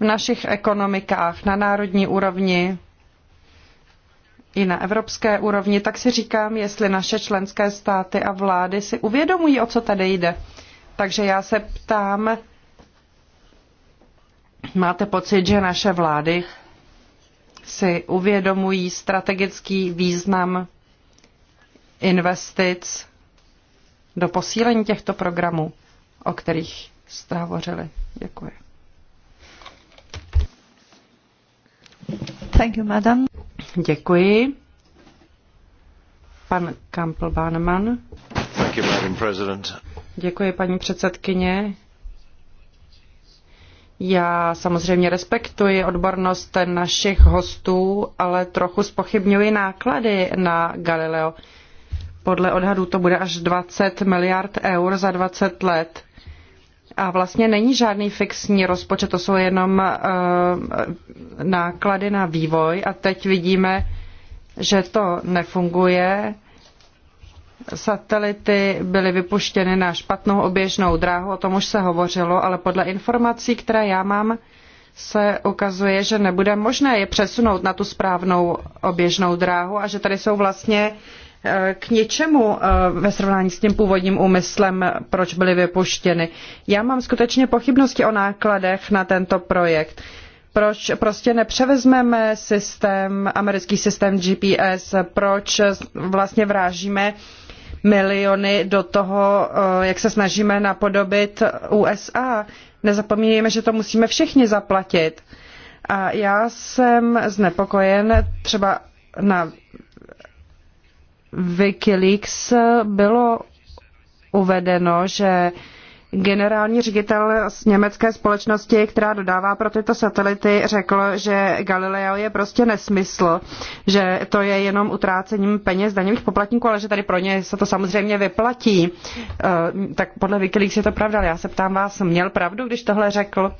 v našich ekonomikách na národní úrovni i na evropské úrovni, tak si říkám, jestli naše členské státy a vlády si uvědomují, o co tady jde. Takže já se ptám, Máte pocit, že naše vlády si uvědomují strategický význam investic do posílení těchto programů, o kterých jste hovořili. Děkuji. Thank you, madam. Děkuji. Pan Kampel Bahnemann. Thank you, madam president. Děkuji, paní předsedkyně. Já samozřejmě respektuji odbornost našich hostů, ale trochu spochybňuji náklady na Galileo. Podle odhadů to bude až 20 miliard eur za 20 let. A vlastně není žádný fixní rozpočet, to jsou jenom uh, náklady na vývoj. A teď vidíme, že to nefunguje. Satelity byly vypuštěny na špatnou oběžnou dráhu, o tom už se hovořilo, ale podle informací, které já mám, se ukazuje, že nebude možné je přesunout na tu správnou oběžnou dráhu a že tady jsou vlastně e, k ničemu e, ve srovnání s tím původním úmyslem, proč byly vypuštěny. Já mám skutečně pochybnosti o nákladech na tento projekt. Proč prostě nepřevezmeme systém, americký systém GPS, proč vlastně vrážíme miliony do toho, eh, jak se snažíme napodobit USA. Nezapomínejme, že to musíme všichni zaplatit. A já jsem znepokojen třeba na Wikileaks bylo uvedeno, že Generální ředitel z německé společnosti, která dodává pro tyto satelity, řekl, že Galileo je prostě nesmysl, že to je jenom utrácením peněz daňových poplatníků, ale že tady pro ně se to samozřejmě vyplatí. E, tak podle Wikileaks je to pravda, já se ptám vás, měl pravdu, když tohle řekl?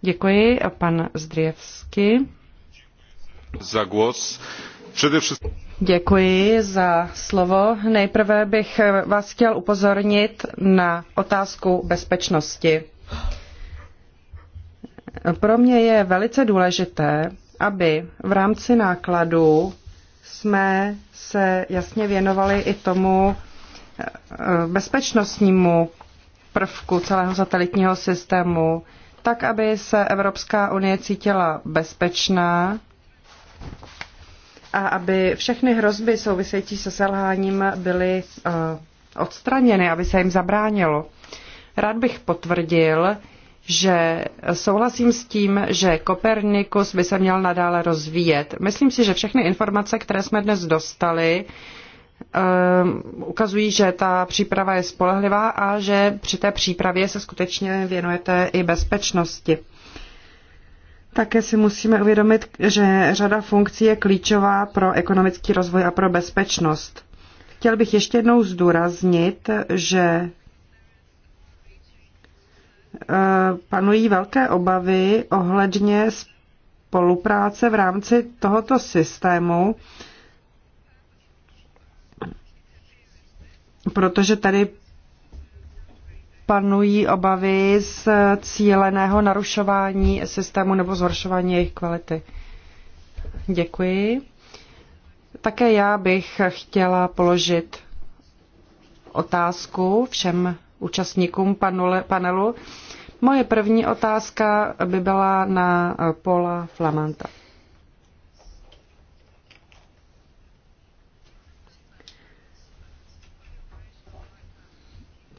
Děkuji, pan Zdrievsky. Za głos. Především Děkuji za slovo. Nejprve bych vás chtěl upozornit na otázku bezpečnosti. Pro mě je velice důležité, aby v rámci nákladů jsme se jasně věnovali i tomu eh, bezpečnostnímu prvku celého satelitního systému, tak aby se Evropská unie cítila bezpečná a aby všechny hrozby související se selháním byly eh, odstraněny, aby se jim zabránilo. Rád bych potvrdil, že souhlasím s tím, že Kopernikus by se měl nadále rozvíjet. Myslím si, že všechny informace, které jsme dnes dostali, eh, ukazují, že ta příprava je spolehlivá a že při té přípravě se skutečně věnujete i bezpečnosti. Také si musíme uvědomit, že řada funkcí je klíčová pro ekonomický rozvoj a pro bezpečnost. Chtěl bych ještě jednou zdůraznit, že e, panují velké obavy ohledně spolupráce v rámci tohoto systému, protože tady panují obavy z cíleného narušování systému nebo zhoršování jejich kvality. Děkuji. Také já bych chtěla položit otázku všem účastníkům panelu. Moje první otázka by byla na Paula Flamanta.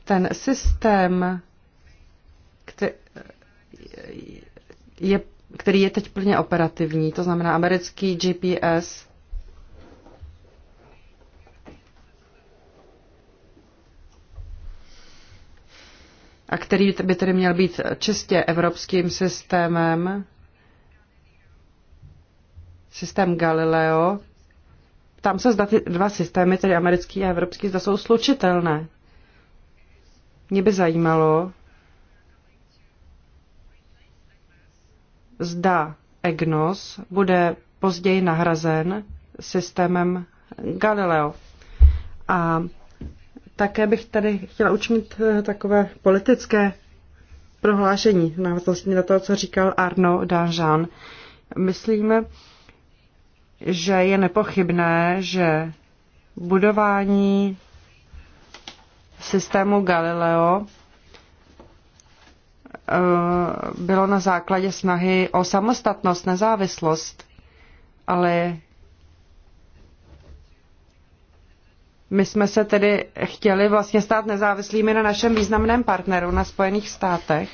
ten systém, který je, který je teď plně operativní, to znamená americký GPS, a který by tedy měl být čistě evropským systémem, systém Galileo. Tam se zda ty dva systémy, tedy americký a evropský, zda jsou slučitelné. Mě by zajímalo, zda EGNOS bude později nahrazen systémem Galileo. A také bych tady chtěla učinit eh, takové politické prohlášení návaznosti na to, co říkal Arno Danjean. Myslíme, že je nepochybné, že budování systému Galileo eh, bylo na základě snahy o samostatnost, nezávislost, ale my jsme se tedy chtěli vlastně stát nezávislými na našem významném partneru, na Spojených státech.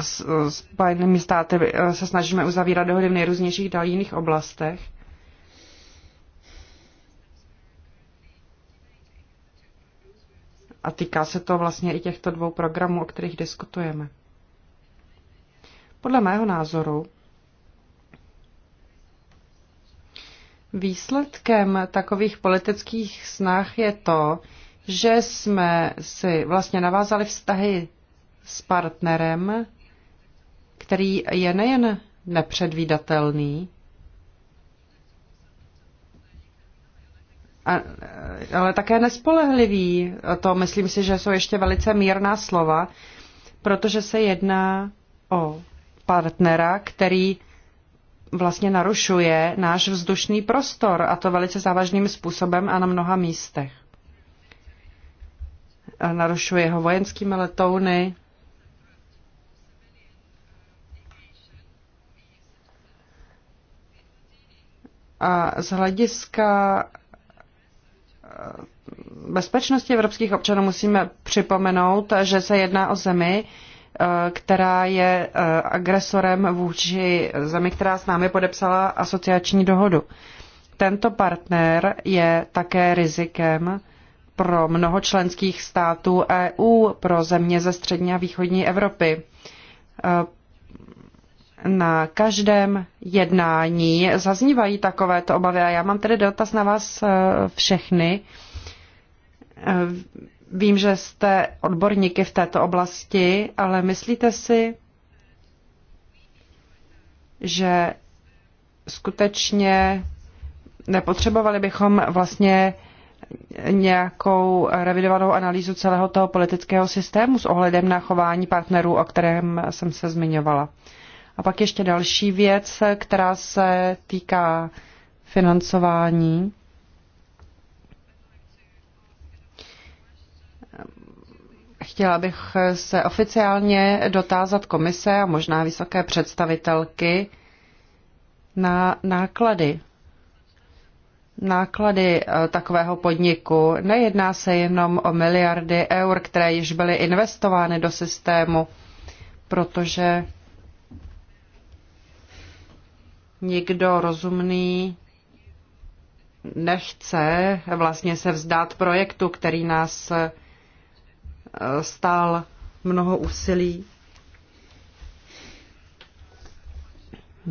S Spojenými státy eh, se snažíme uzavírat dohody v nejrůznějších dalších oblastech. A týká se to vlastně i těchto dvou programů, o kterých diskutujeme. Podle mého názoru výsledkem takových politických snah je to, že jsme si vlastně navázali vztahy s partnerem, který je nejen nepředvídatelný, a, e, ale také nespolehlivý. To myslím si, že jsou ještě velice mírná slova, protože se jedná o partnera, který vlastně narušuje náš vzdušný prostor a to velice závažným způsobem a na mnoha místech. A narušuje ho vojenskými letouny, a z hlediska bezpečnosti evropských občanů musíme připomenout, že se jedná o zemi, eh, která je eh, agresorem vůči zemi, která s námi podepsala asociační dohodu. Tento partner je také rizikem pro mnoho členských států EU, pro země ze střední a východní Evropy. Eh, na každém jednání zaznívají takovéto obavy a já mám tedy dotaz na vás eh, všechny. Eh, vím, že jste odborníky v této oblasti, ale myslíte si, že skutečně nepotřebovali bychom vlastně nějakou revidovanou analýzu celého toho politického systému s ohledem na chování partnerů, o kterém jsem se zmiňovala. A pak ještě další věc, která se týká financování. Chtěla bych se oficiálně dotázat komise a možná vysoké představitelky na náklady. Náklady eh, takového podniku. Nejedná se jenom o miliardy eur, které již byly investovány do systému, protože nikdo rozumný nechce vlastně se vzdát projektu, který nás eh, stál mnoho úsilí.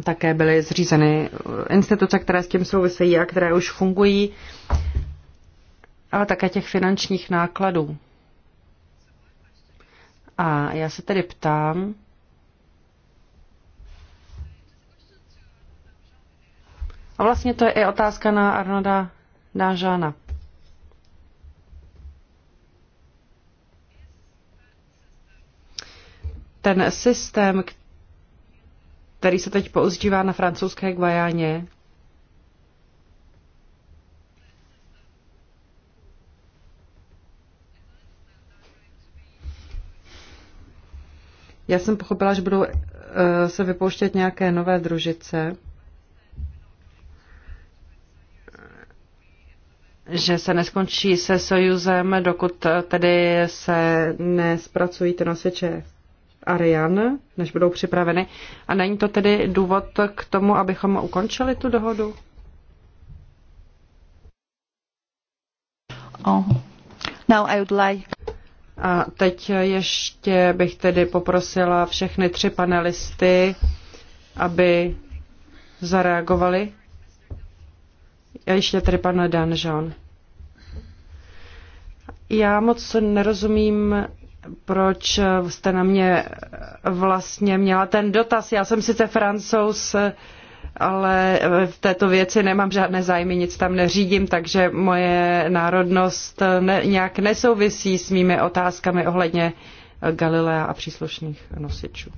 Také byly zřízeny eh, instituce, které s tím souvisejí a které už fungují, ale také těch finančních nákladů. A já se tedy ptám, A vlastně to je i otázka na Arnoda Dážána. Ten systém, který se teď používá na francouzské Guajáně, Já jsem pochopila, že budou eh, se vypouštět nějaké nové družice. že se neskončí se Sojuzem, dokud tedy se nespracují ty nosiče Arian, než budou připraveny. A není to tedy důvod k tomu, abychom ukončili tu dohodu? Oh. Now I would like... A teď ještě bych tedy poprosila všechny tři panelisty, aby zareagovali a ještě tady pan Danžan. Já moc nerozumím, proč jste na mě vlastně měla ten dotaz. Já jsem sice francouz, ale v této věci nemám žádné zájmy, nic tam neřídím, takže moje národnost ne, nějak nesouvisí s mými otázkami ohledně Galilea a příslušných nosičů.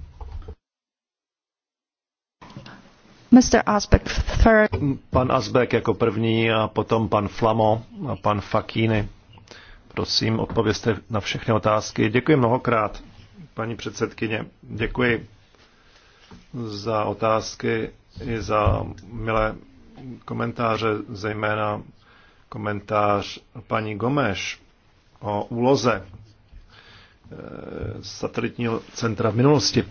Mr. Asbeck Pan Asbeck jako první a potom pan Flamo a pan Fakíny. Prosím, odpovězte na všechny otázky. Děkuji mnohokrát, paní předsedkyně. Děkuji za otázky i za milé komentáře, zejména komentář paní Gomeš o úloze eh, satelitního centra v minulosti.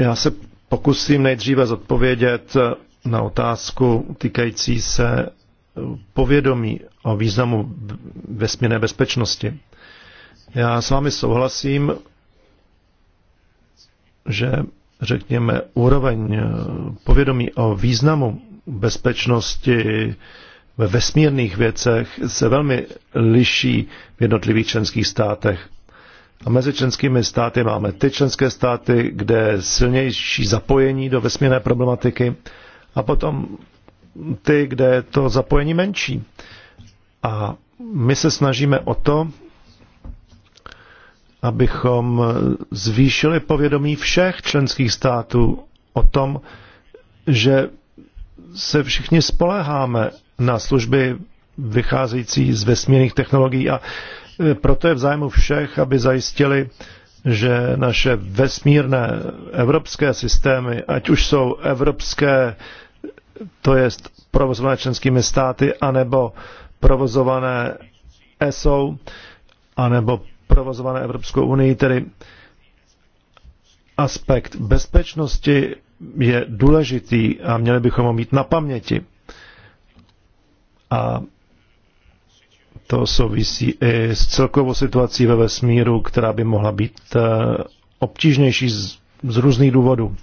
Já se pokusím nejdříve zodpovědět na otázku týkající se povědomí o významu vesmírné bezpečnosti. Já s vámi souhlasím, že řekněme úroveň povědomí o významu bezpečnosti ve vesmírných věcech se velmi liší v jednotlivých členských státech. A mezi členskými státy máme ty členské státy, kde je silnější zapojení do vesmírné problematiky a potom ty, kde je to zapojení menší. A my se snažíme o to, abychom zvýšili povědomí všech členských států o tom, že se všichni spoleháme na služby vycházející z vesmírných technologií a Eh, proto je v zájmu všech, aby zajistili, že naše vesmírné evropské systémy, ať už jsou evropské, to je provozované členskými státy, anebo provozované ESO, anebo provozované Evropskou unii, tedy aspekt bezpečnosti je důležitý a měli bychom ho mít na paměti. A to souvisí i s celkovou situací ve vesmíru, která by mohla být eh, obtížnější z, z různých důvodů.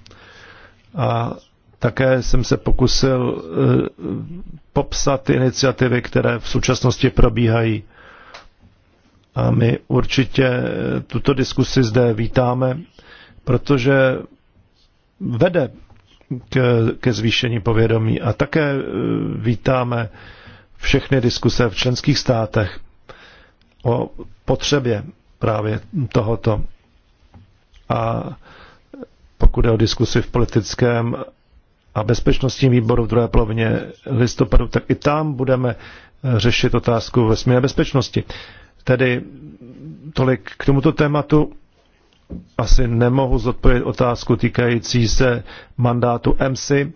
A také jsem se pokusil eh, popsat iniciativy, které v současnosti probíhají. A my určitě eh, tuto diskusi zde vítáme, protože vede ke, ke zvýšení povědomí. A také vítáme všechny diskuse v členských státech o potřebě právě tohoto. A pokud je o diskusi v politickém a bezpečnostním výboru v druhé polovině listopadu, tak i tam budeme řešit otázku vesmírné bezpečnosti. Tedy tolik k tomuto tématu. Asi nemohu zodpovědět otázku týkající se mandátu MSI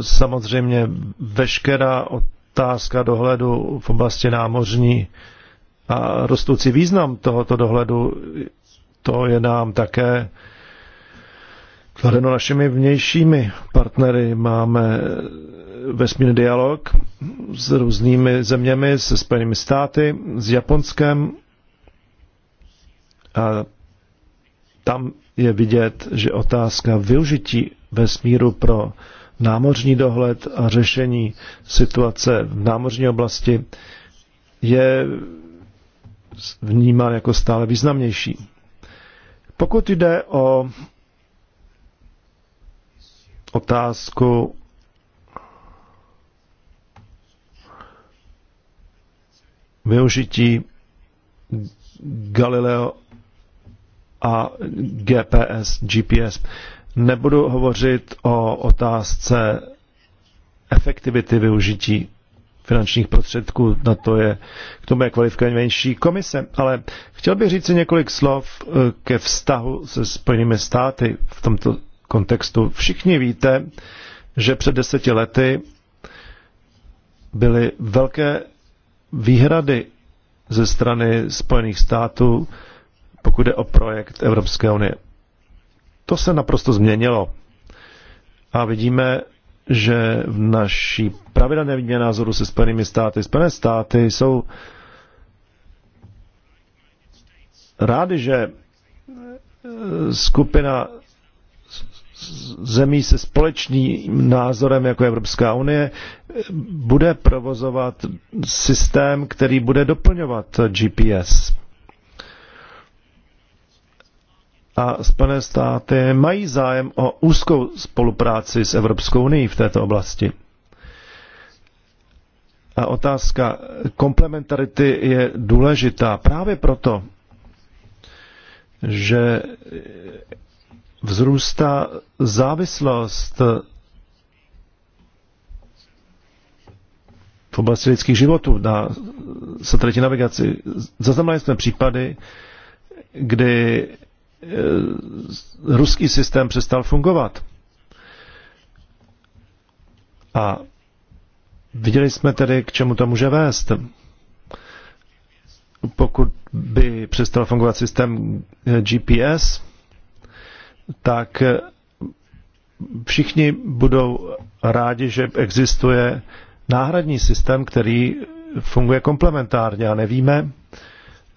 samozřejmě veškerá otázka dohledu v oblasti námořní a rostoucí význam tohoto dohledu, to je nám také kladeno našimi vnějšími partnery. Máme vesmírný dialog s různými zeměmi, se Spojenými státy, s Japonskem a tam je vidět, že otázka využití vesmíru pro námořní dohled a řešení situace v námořní oblasti je vnímán jako stále významnější. Pokud jde o otázku využití Galileo a GPS, GPS. Nebudu hovořit o otázce efektivity využití finančních prostředků, na to je k tomu je kvalifikovanější komise. Ale chtěl bych říct si několik slov eh, ke vztahu se Spojenými státy v tomto kontextu. Všichni víte, že před deseti lety byly velké výhrady ze strany Spojených států, pokud je o projekt Evropské unie. To se naprosto změnilo. A vidíme, že v naší pravidelné výměně názoru se Spojenými státy, Spojené státy jsou rádi, že eh, skupina zemí se společným názorem jako Evropská unie bude provozovat systém, který bude doplňovat GPS. a Spojené státy mají zájem o úzkou spolupráci s Evropskou unii v této oblasti. A otázka komplementarity je důležitá právě proto, že vzrůstá závislost v oblasti lidských životů na satelitní navigaci. Zaznamenali jsme případy, kdy Eh, ruský systém přestal fungovat. A viděli jsme tedy, k čemu to může vést. Pokud by přestal fungovat systém eh, GPS, tak eh, všichni budou rádi, že existuje náhradní systém, který funguje komplementárně a nevíme,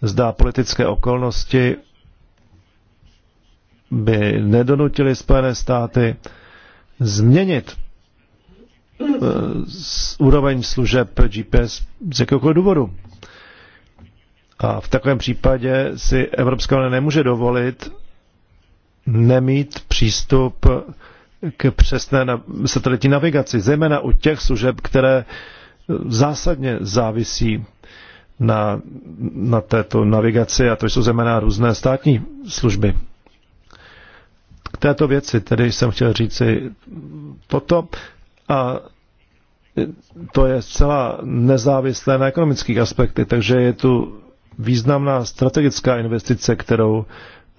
zda politické okolnosti by nedonutili Spojené státy změnit eh, úroveň služeb GPS z jakéhokoliv důvodu. A v takovém případě si Evropská unie nemůže dovolit nemít přístup k přesné satelitní navigaci, zejména u těch služeb, které eh, zásadně závisí na, na této navigaci, a to jsou zejména různé státní služby této věci, tedy jsem chtěl říci toto a to je zcela nezávislé na ekonomických aspekty, takže je tu významná strategická investice, kterou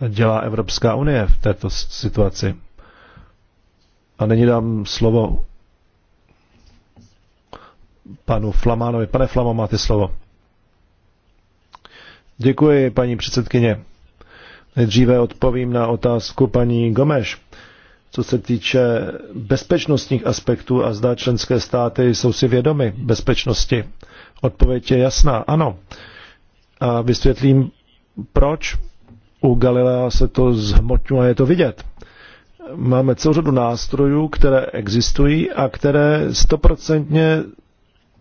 dělá Evropská unie v této situaci. A nyní dám slovo panu Flamánovi. Pane Flamo, máte slovo. Děkuji, paní předsedkyně. Nejdříve odpovím na otázku paní Gomeš, co se týče bezpečnostních aspektů a zda členské státy jsou si vědomy bezpečnosti. Odpověď je jasná, ano. A vysvětlím, proč u Galilea se to zhmotňuje a je to vidět. Máme celou řadu nástrojů, které existují a které stoprocentně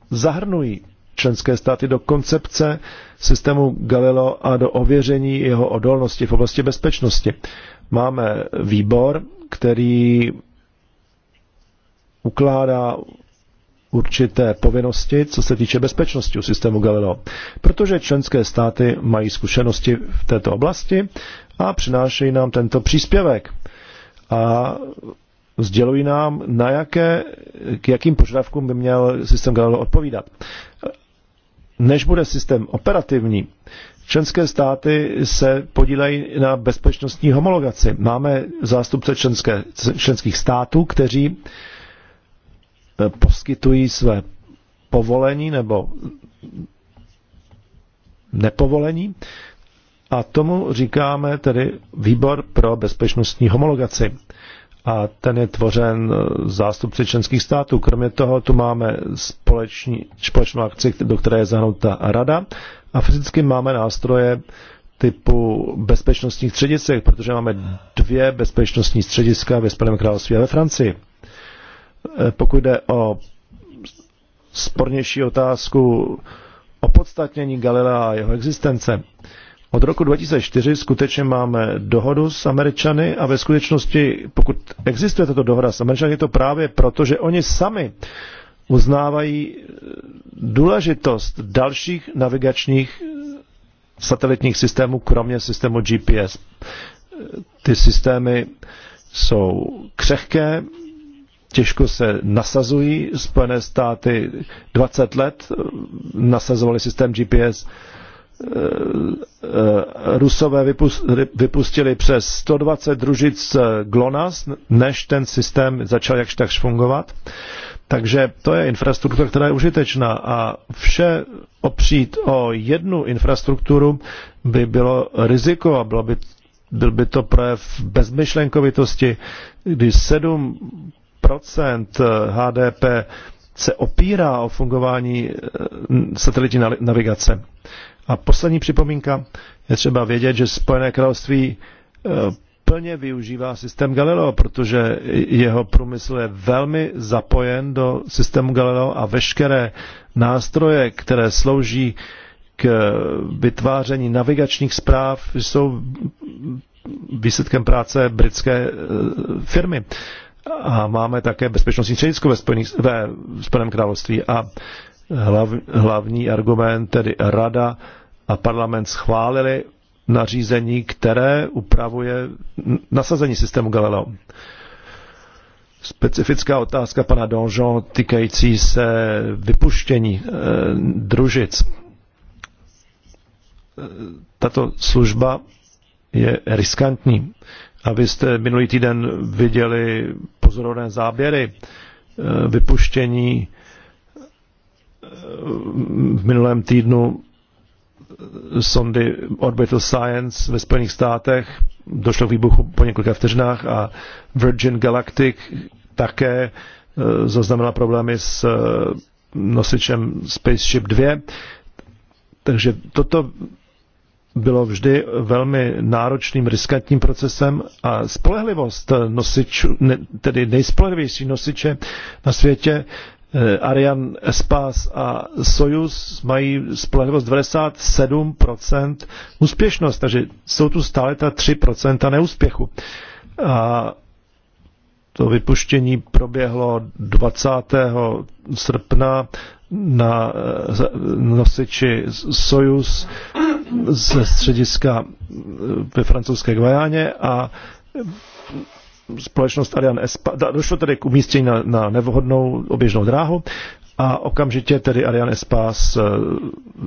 zahrnují členské státy do koncepce systému Galileo a do ověření jeho odolnosti v oblasti bezpečnosti. Máme výbor, který ukládá určité povinnosti, co se týče bezpečnosti u systému Galileo. Protože členské státy mají zkušenosti v této oblasti a přinášejí nám tento příspěvek. A sdělují nám, na jaké, k jakým požadavkům by měl systém Galileo odpovídat než bude systém operativní, členské státy se podílejí na bezpečnostní homologaci. Máme zástupce členské, členských států, kteří eh, poskytují své povolení nebo nepovolení. A tomu říkáme tedy výbor pro bezpečnostní homologaci a ten je tvořen eh, zástupci členských států. Kromě toho tu máme společní, společnou akci, do které je zahrnuta rada a fyzicky máme nástroje typu bezpečnostních středisek, protože máme dvě bezpečnostní střediska ve Spojeném království a ve Francii. Eh, pokud jde o spornější otázku opodstatnění Galilea a jeho existence, od roku 2004 skutečně máme dohodu s Američany a ve skutečnosti, pokud existuje tato dohoda s Američany, je to právě proto, že oni sami uznávají eh, důležitost dalších navigačních eh, satelitních systémů, kromě systému GPS. Eh, ty systémy jsou křehké, těžko se nasazují. Spojené státy 20 let nasazovaly systém GPS Eh, eh, Rusové vypustili přes 120 družic eh, GLONASS, než ten systém začal jakž takž fungovat. Takže to je infrastruktura, která je užitečná a vše opřít o jednu infrastrukturu by bylo riziko a bylo by, byl by to projev bezmyšlenkovitosti, když 7% HDP se opírá o fungování satelitní navigace. A poslední připomínka je třeba vědět, že Spojené království eh, plně využívá systém Galileo, protože jeho průmysl je velmi zapojen do systému Galileo a veškeré nástroje, které slouží k vytváření navigačních zpráv, jsou výsledkem práce britské eh, firmy. A máme také bezpečnostní středisko ve, Spojených, ve Spojeném království. A hlav, hlavní argument, tedy rada, a parlament schválili nařízení, které upravuje nasazení systému Galileo. Specifická otázka pana Donjon týkající se vypuštění e, družic. Eh, tato služba je riskantní. A vy jste minulý týden viděli pozorovné záběry e, vypuštění v minulém týdnu sondy Orbital Science ve Spojených státech. Došlo k výbuchu po několika vteřinách a Virgin Galactic také eh, zaznamenala problémy s eh, nosičem Spaceship 2. Takže toto bylo vždy velmi náročným, riskantním procesem a spolehlivost nosičů, tedy nejspolehlivější nosiče na světě, Eh, Ariane Espace a Soyuz mají spolehlivost 97% úspěšnost, takže jsou tu stále ta 3% neúspěchu. A to vypuštění proběhlo 20. srpna na eh, nosiči Soyuz ze střediska eh, ve francouzské Guajáně a společnost Ariane S, došlo tedy k umístění na, na nevhodnou oběžnou dráhu a okamžitě tedy Ariane Espas eh,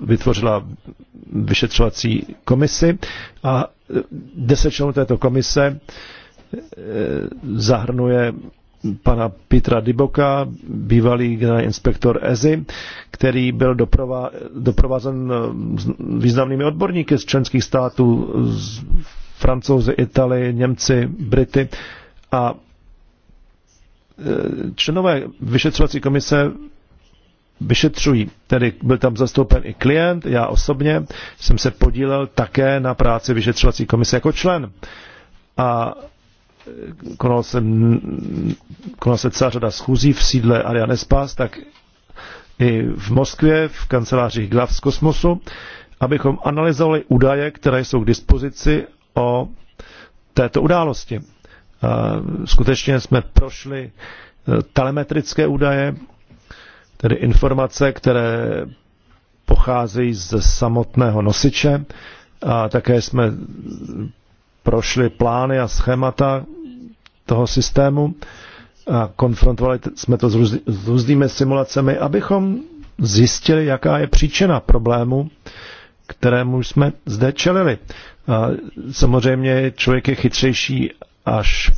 vytvořila vyšetřovací komisi a eh, deset členů této komise eh, zahrnuje pana Petra Diboka, bývalý generální inspektor EZI, který byl doprová, doprovázen významnými odborníky z členských států, z Francouzi, Itali, Němci, Brity a e, členové vyšetřovací komise vyšetřují. Tedy byl tam zastoupen i klient, já osobně jsem se podílel také na práci vyšetřovací komise jako člen. A e, konal se, konal se celá řada schůzí v sídle Ariane Spas, tak i v Moskvě, v kancelářích Glav z kosmosu, abychom analyzovali údaje, které jsou k dispozici o této události skutečně jsme prošli e, telemetrické údaje, tedy informace, které pocházejí ze samotného nosiče a také jsme prošli plány a schémata toho systému a konfrontovali jsme to s, různými simulacemi, abychom zjistili, jaká je příčina problému, kterému jsme zde čelili. A samozřejmě člověk je chytřejší až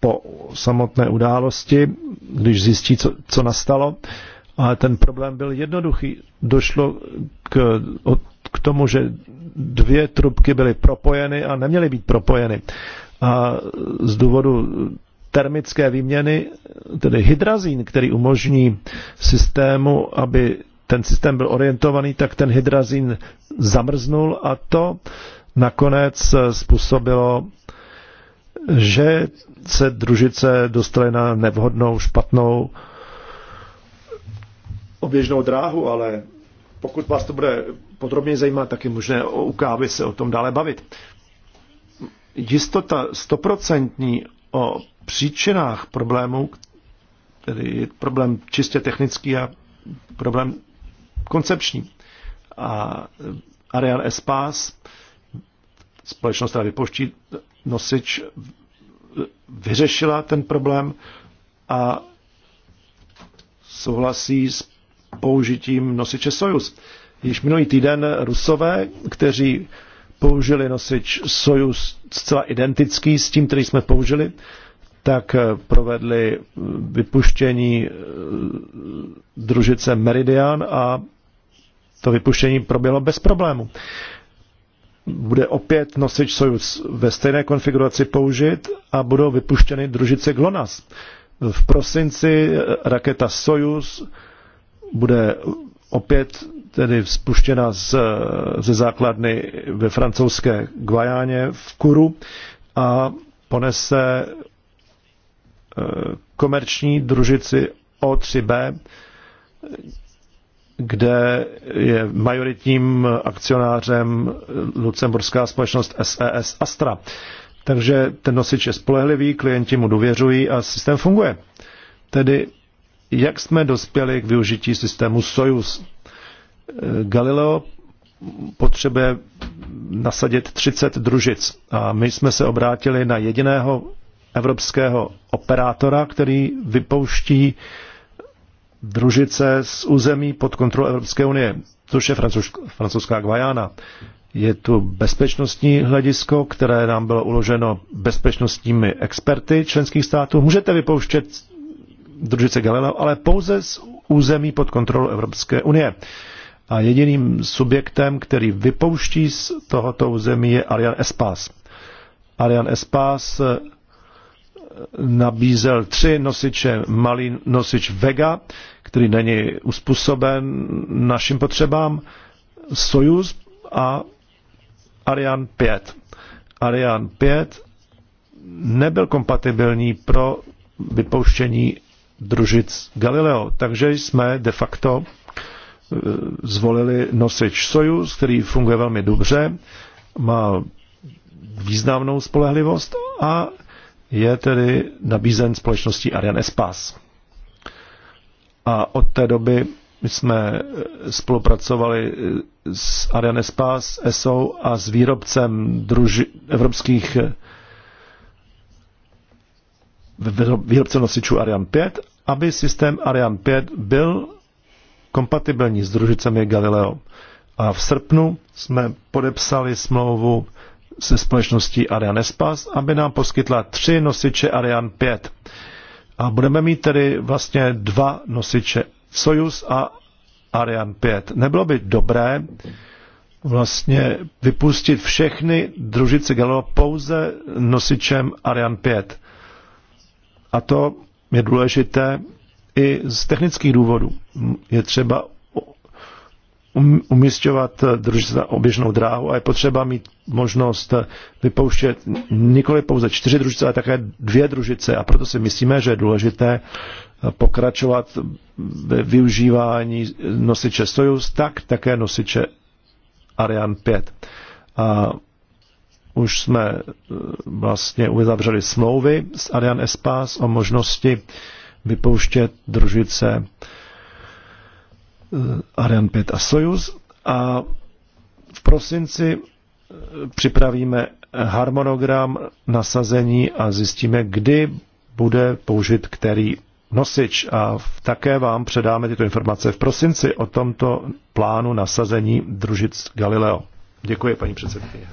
po samotné události, když zjistí, co, co nastalo. Ale ten problém byl jednoduchý. Došlo k, od, k tomu, že dvě trubky byly propojeny a neměly být propojeny. A z důvodu termické výměny, tedy hydrazín, který umožní systému, aby ten systém byl orientovaný, tak ten hydrazín zamrznul a to nakonec způsobilo že se družice dostaly na nevhodnou, špatnou oběžnou dráhu, ale pokud vás to bude podrobně zajímat, tak je možné u kávy se o tom dále bavit. Jistota stoprocentní o příčinách problémů, tedy je problém čistě technický a problém koncepční. A areál ESPAS společnost, která vypouští nosič, vyřešila ten problém a souhlasí s použitím nosiče Sojus. Již minulý týden Rusové, kteří použili nosič Sojus zcela identický s tím, který jsme použili, tak eh, provedli eh, vypuštění eh, družice Meridian a to vypuštění proběhlo bez problému bude opět nosič Sojus ve stejné konfiguraci použit a budou vypuštěny družice GLONASS. V prosinci raketa Sojus bude opět tedy spuštěna z, ze základny ve francouzské Guajáně v Kuru a ponese eh, komerční družici O3B, kde je majoritním akcionářem lucemburská společnost SES e Astra. Takže ten nosič je spolehlivý, klienti mu důvěřují a systém funguje. Tedy jak jsme dospěli k využití systému Soyuz Galileo potřebuje nasadit 30 družic a my jsme se obrátili na jediného evropského operátora, který vypouští družice z území pod kontrolou Evropské unie, což je francouzská Guajana. Je tu bezpečnostní hledisko, které nám bylo uloženo bezpečnostními experty členských států. Můžete vypouštět družice Galileo, ale pouze z území pod kontrolou Evropské unie. A jediným subjektem, který vypouští z tohoto území, je Ariane Espas. Ariane Espas nabízel tři nosiče, malý nosič Vega, který není uspůsoben našim potřebám, Soyuz a Ariane 5. Ariane 5 nebyl kompatibilní pro vypouštění družic Galileo, takže jsme de facto eh, zvolili nosič Soyuz, který funguje velmi dobře, má významnou spolehlivost a je tedy nabízen společností Ariane Espas. A od té doby jsme eh, spolupracovali eh, s Ariane Espas, ESO a s výrobcem druži- evropských eh, výrobcem nosičů Ariane 5, aby systém Ariane 5 byl kompatibilní s družicemi Galileo. A v srpnu jsme podepsali smlouvu se společností Ariane Spas, aby nám poskytla tři nosiče Ariane 5. A budeme mít tedy vlastně dva nosiče Soyuz a Ariane 5. Nebylo by dobré vlastně vypustit všechny družice Galileo pouze nosičem Ariane 5. A to je důležité i z technických důvodů. Je třeba umístěvat družice oběžnou dráhu a je potřeba mít možnost vypouštět nikoli pouze čtyři družice, ale také dvě družice a proto si myslíme, že je důležité pokračovat ve využívání nosiče Soyuz, tak také nosiče Ariane 5. A už jsme eh, vlastně uzavřeli smlouvy s Ariane Espace o možnosti vypouštět družice uh, Eh, Ariane 5 a Soyuz a v prosinci eh, připravíme harmonogram nasazení a zjistíme, kdy bude použit který nosič a také vám předáme tyto informace v prosinci o tomto plánu nasazení družic Galileo. Děkuji, paní předsedkyně.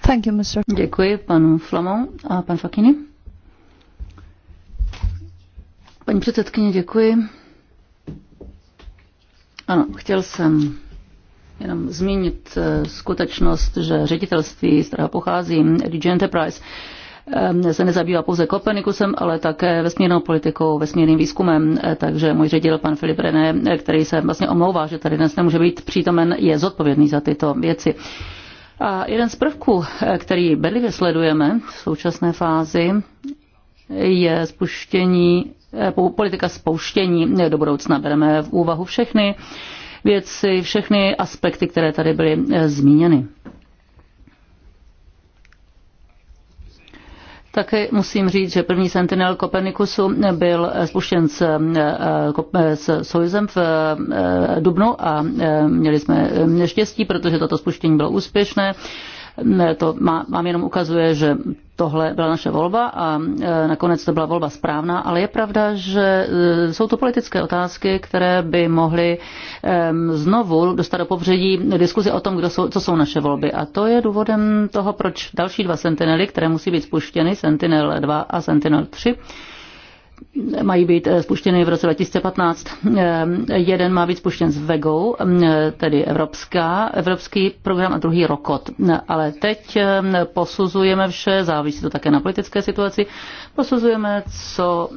Thank you, Mr. Děkuji panu Flamon a pan Fakini. Paní předsedkyně, děkuji. Ano, chtěl jsem jenom zmínit eh, skutečnost, že ředitelství, z kterého pocházím, DG Enterprise, eh, se nezabývá pouze Kopernikusem, ale také vesmírnou politikou, vesmírným výzkumem. Eh, takže můj ředitel, pan Filip René, který se vlastně omlouvá, že tady dnes nemůže být přítomen, je zodpovědný za tyto věci. A jeden z prvků, který bedlivě sledujeme v současné fázi, je spuštění Eh, politika spouštění eh, do budoucna. Bereme v úvahu všechny věci, všechny aspekty, které tady byly eh, zmíněny. Také musím říct, že první sentinel Kopernikusu byl spuštěn s, s Sojuzem v Dubnu a měli jsme štěstí, protože toto spuštění bylo úspěšné to má, vám jenom ukazuje, že tohle byla naše volba a e, nakonec to byla volba správná, ale je pravda, že e, jsou to politické otázky, které by mohly znovu dostat do povředí diskuzi o tom, kdo jsou, co jsou naše volby. A to je důvodem toho, proč další dva sentinely, které musí být spuštěny, Sentinel 2 a Sentinel 3, mají být eh, spuštěny v roce 2015. Eh, jeden má být spuštěn s VEGou, eh, tedy Evropská, Evropský program a druhý ROKOT. Ale teď posuzujeme vše, závisí to také na politické situaci, posuzujeme, co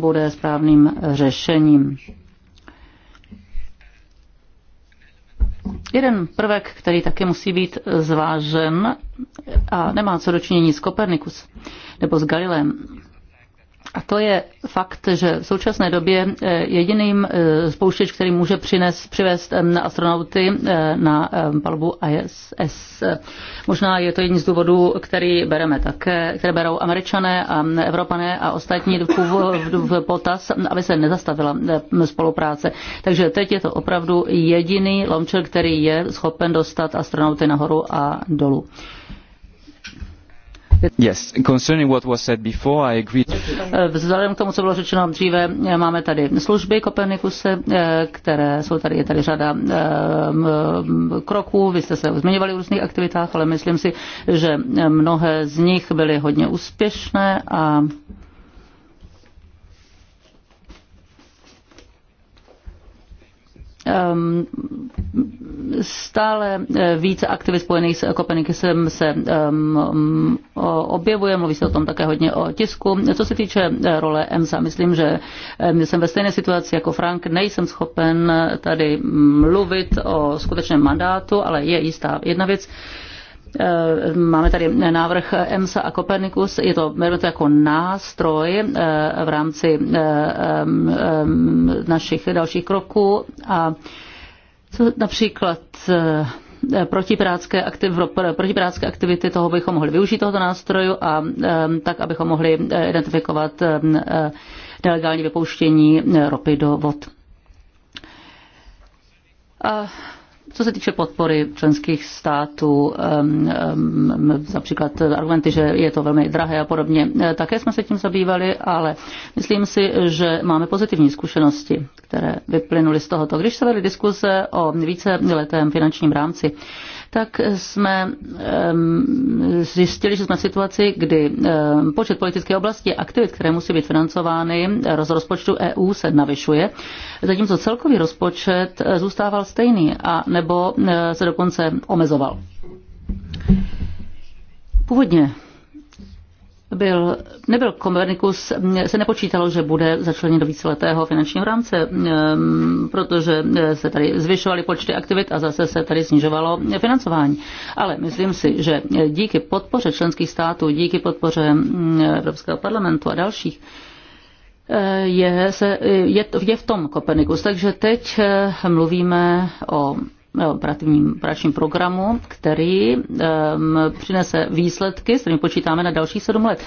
bude správným řešením. Jeden prvek, který také musí být zvážen a nemá co dočinění s Kopernikus nebo s Galilem, a to je fakt, že v současné době eh, jediným spouštěč, eh, který může přines, přivést eh, astronauty na palbu ISS. Možná je to jeden z důvodů, který bereme také, které berou američané a evropané a ostatní v, v, v potaz, aby se nezastavila spolupráce. Takže teď je to opravdu jediný launcher, který je schopen dostat astronauty nahoru a dolů. Vzhledem k tomu, co bylo řečeno dříve, eh, máme tady služby Kopernikuse, eh, které jsou tady, je tady řada eh, kroků, vy jste se zmiňovali v různých aktivitách, ale myslím si, že mnohé z nich byly hodně úspěšné a Um, stále eh, více aktivit spojených s Kopenikisem se um, objevuje, mluví se o tom také hodně o tisku. Co se týče eh, role EMSA, myslím, že eh, jsem ve stejné situaci jako Frank, nejsem schopen tady mm, mluvit o skutečném mandátu, ale je jistá jedna věc, Eh, máme tady návrh EMSA a Copernicus, je to, je to jako nástroj eh, v rámci eh, našich dalších kroků a co například protiprácké aktiv, protiprácké aktivity, toho bychom mohli využít tohoto nástroju a tak, abychom mohli identifikovat nelegální vypouštění ropy do vod. A co se týče podpory členských států, například argumenty, že je to velmi drahé a podobně, eh, také jsme se tím zabývali, ale myslím si, že máme pozitivní zkušenosti, které vyplynuly z tohoto. Když se vedly diskuze o více letém finančním rámci, tak jsme zjistili, že jsme v situaci, kdy počet politické oblasti aktivit, které musí být financovány z rozpočtu EU, se navyšuje, zatímco celkový rozpočet eh, zůstával stejný a nebo nebo eh, se dokonce omezoval. Původně byl, nebyl Komernikus, eh, se nepočítalo, že bude začleněn do víceletého finančního rámce, eh, protože se tady zvyšovaly počty aktivit a zase se tady snižovalo financování. Ale myslím si, že díky podpoře členských států, díky podpoře mm, Evropského parlamentu a dalších, je, se, je, je v tom Kopernikus. Takže teď mluvíme o operativním operačním programu, který přinese výsledky, s kterými počítáme na dalších sedm let.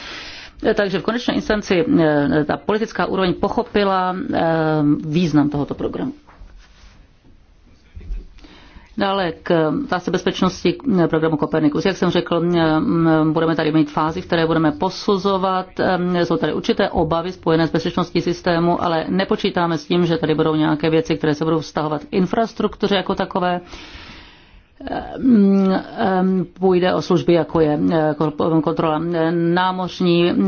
E, takže v konečné instanci e, ta politická úroveň pochopila e, význam tohoto programu. Dále k otázce bezpečnosti programu Kopernikus. Jak jsem řekl, budeme tady mít fázi, které budeme posuzovat. Jsou tady určité obavy spojené s bezpečností systému, ale nepočítáme s tím, že tady budou nějaké věci, které se budou vztahovat k infrastruktuře jako takové. Ehm, ehm, půjde o služby, jako je eh, kontrola námořní ehm,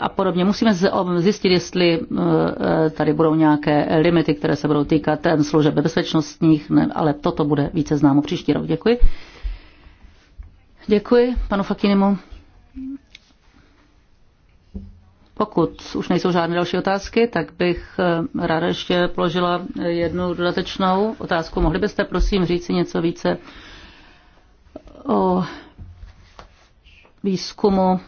a podobně. Musíme zjistit, jestli eh, tady budou nějaké limity, které se budou týkat služeb bezpečnostních, ale toto bude více známo příští rok. Děkuji. Děkuji panu Fakinimu. Pokud už nejsou žádné další otázky, tak bych eh, ráda ještě položila eh, jednu dodatečnou otázku. Mohli byste prosím říci něco více o výzkumu,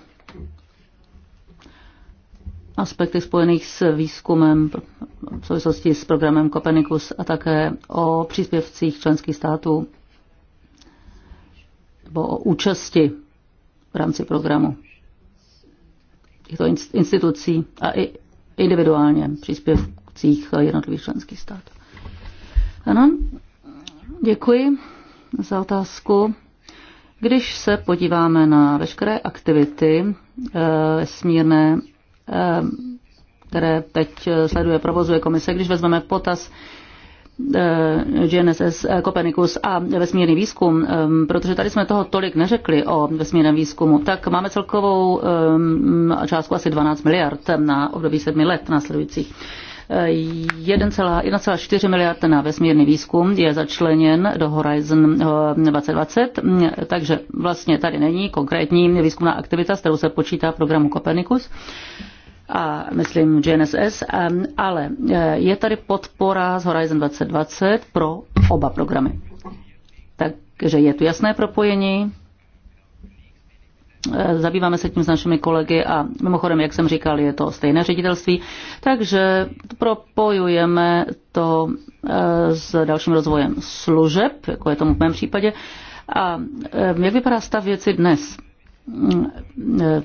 aspekty spojených s výzkumem v souvislosti s programem Copernicus a také o příspěvcích členských států nebo o účasti v rámci programu těchto institucí a i individuálně příspěvcích jednotlivých členských států. Ano, děkuji za otázku. Když se podíváme na veškeré aktivity eh, vesmírné, eh, které teď sleduje, provozuje komise, když vezmeme potaz Eh, GNSS eh, Copernicus a vesmírný výzkum, protože tady jsme toho tolik neřekli o vesmírném výzkumu, tak máme celkovou částku asi 12 miliard na období sedmi let následujících. 1,4 eh, miliard na vesmírný výzkum je začleněn do Horizon 2020, mm, takže vlastně tady není konkrétní výzkumná aktivita, s kterou se počítá programu Copernicus a myslím GNSS, ale e, je tady podpora z Horizon 2020 pro oba programy. Takže je tu jasné propojení, e, Zabýváme se tím s našimi kolegy a mimochodem, jak jsem říkal, je to stejné ředitelství, takže propojujeme to e, s dalším rozvojem služeb, jako je tomu v mém případě. A jak vypadá stav věci dnes?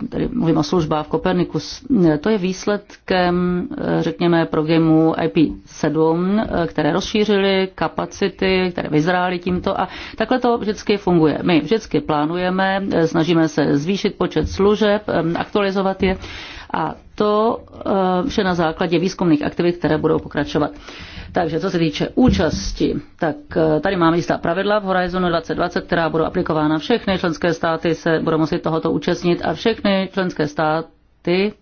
tady mluvím o službách Kopernikus, to je výsledkem, řekněme, programu IP7, které rozšířily kapacity, které vyzrály tímto a takhle to vždycky funguje. My vždycky plánujeme, snažíme se zvýšit počet služeb, aktualizovat je a to eh, vše na základě výzkumných aktivit, které budou pokračovat. Takže co se týče účasti, tak eh, tady máme jistá pravidla v Horizonu 2020, která budou aplikována. Všechny členské státy se budou muset tohoto účastnit a všechny členské státy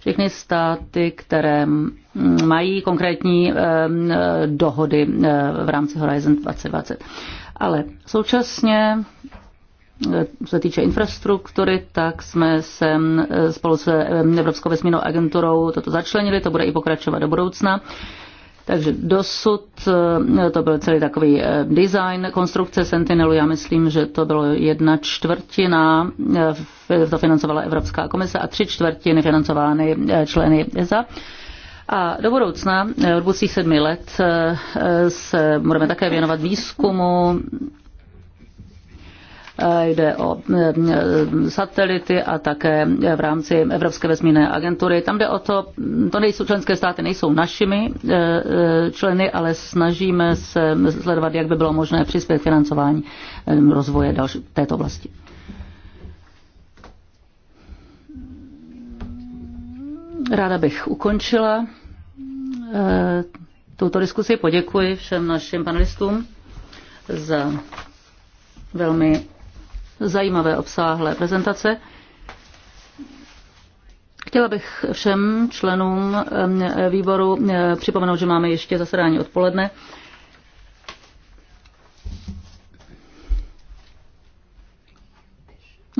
všechny státy, které mm, mají konkrétní eh, dohody eh, v rámci Horizon 2020. Ale současně co se týče infrastruktury, tak jsme se spolu s Evropskou vesmírnou agenturou toto začlenili, to bude i pokračovat do budoucna. Takže dosud eh, to byl celý takový eh, design konstrukce Sentinelu. Já myslím, že to bylo jedna čtvrtina, eh, to financovala Evropská komise a tři čtvrtiny financovány členy ESA. A do budoucna, od budoucích sedmi let, se budeme také věnovat výzkumu Eh, jde o eh, eh, satelity a také v rámci Evropské vesmírné agentury. Tam jde o to, to nejsou členské státy, nejsou našimi členy, ale snažíme se sledovat, jak by bylo možné přispět financování rozvoje další, této oblasti. Ráda bych ukončila tuto diskusi. Poděkuji všem našim panelistům za velmi zajímavé obsáhlé prezentace. Chtěla bych všem členům výboru připomenout, že máme ještě zasedání odpoledne.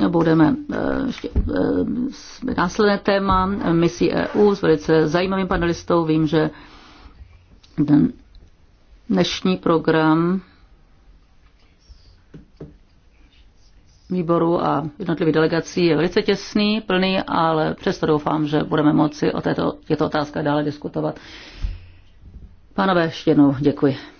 budeme eh, ještě eh, následné téma misí EU s velice zajímavým panelistou. Vím, že ten dnešní program výboru a jednotlivých delegací je velice těsný, plný, ale přesto doufám, že budeme moci o této, těchto otázkách dále diskutovat. Pánové, ještě jednou děkuji.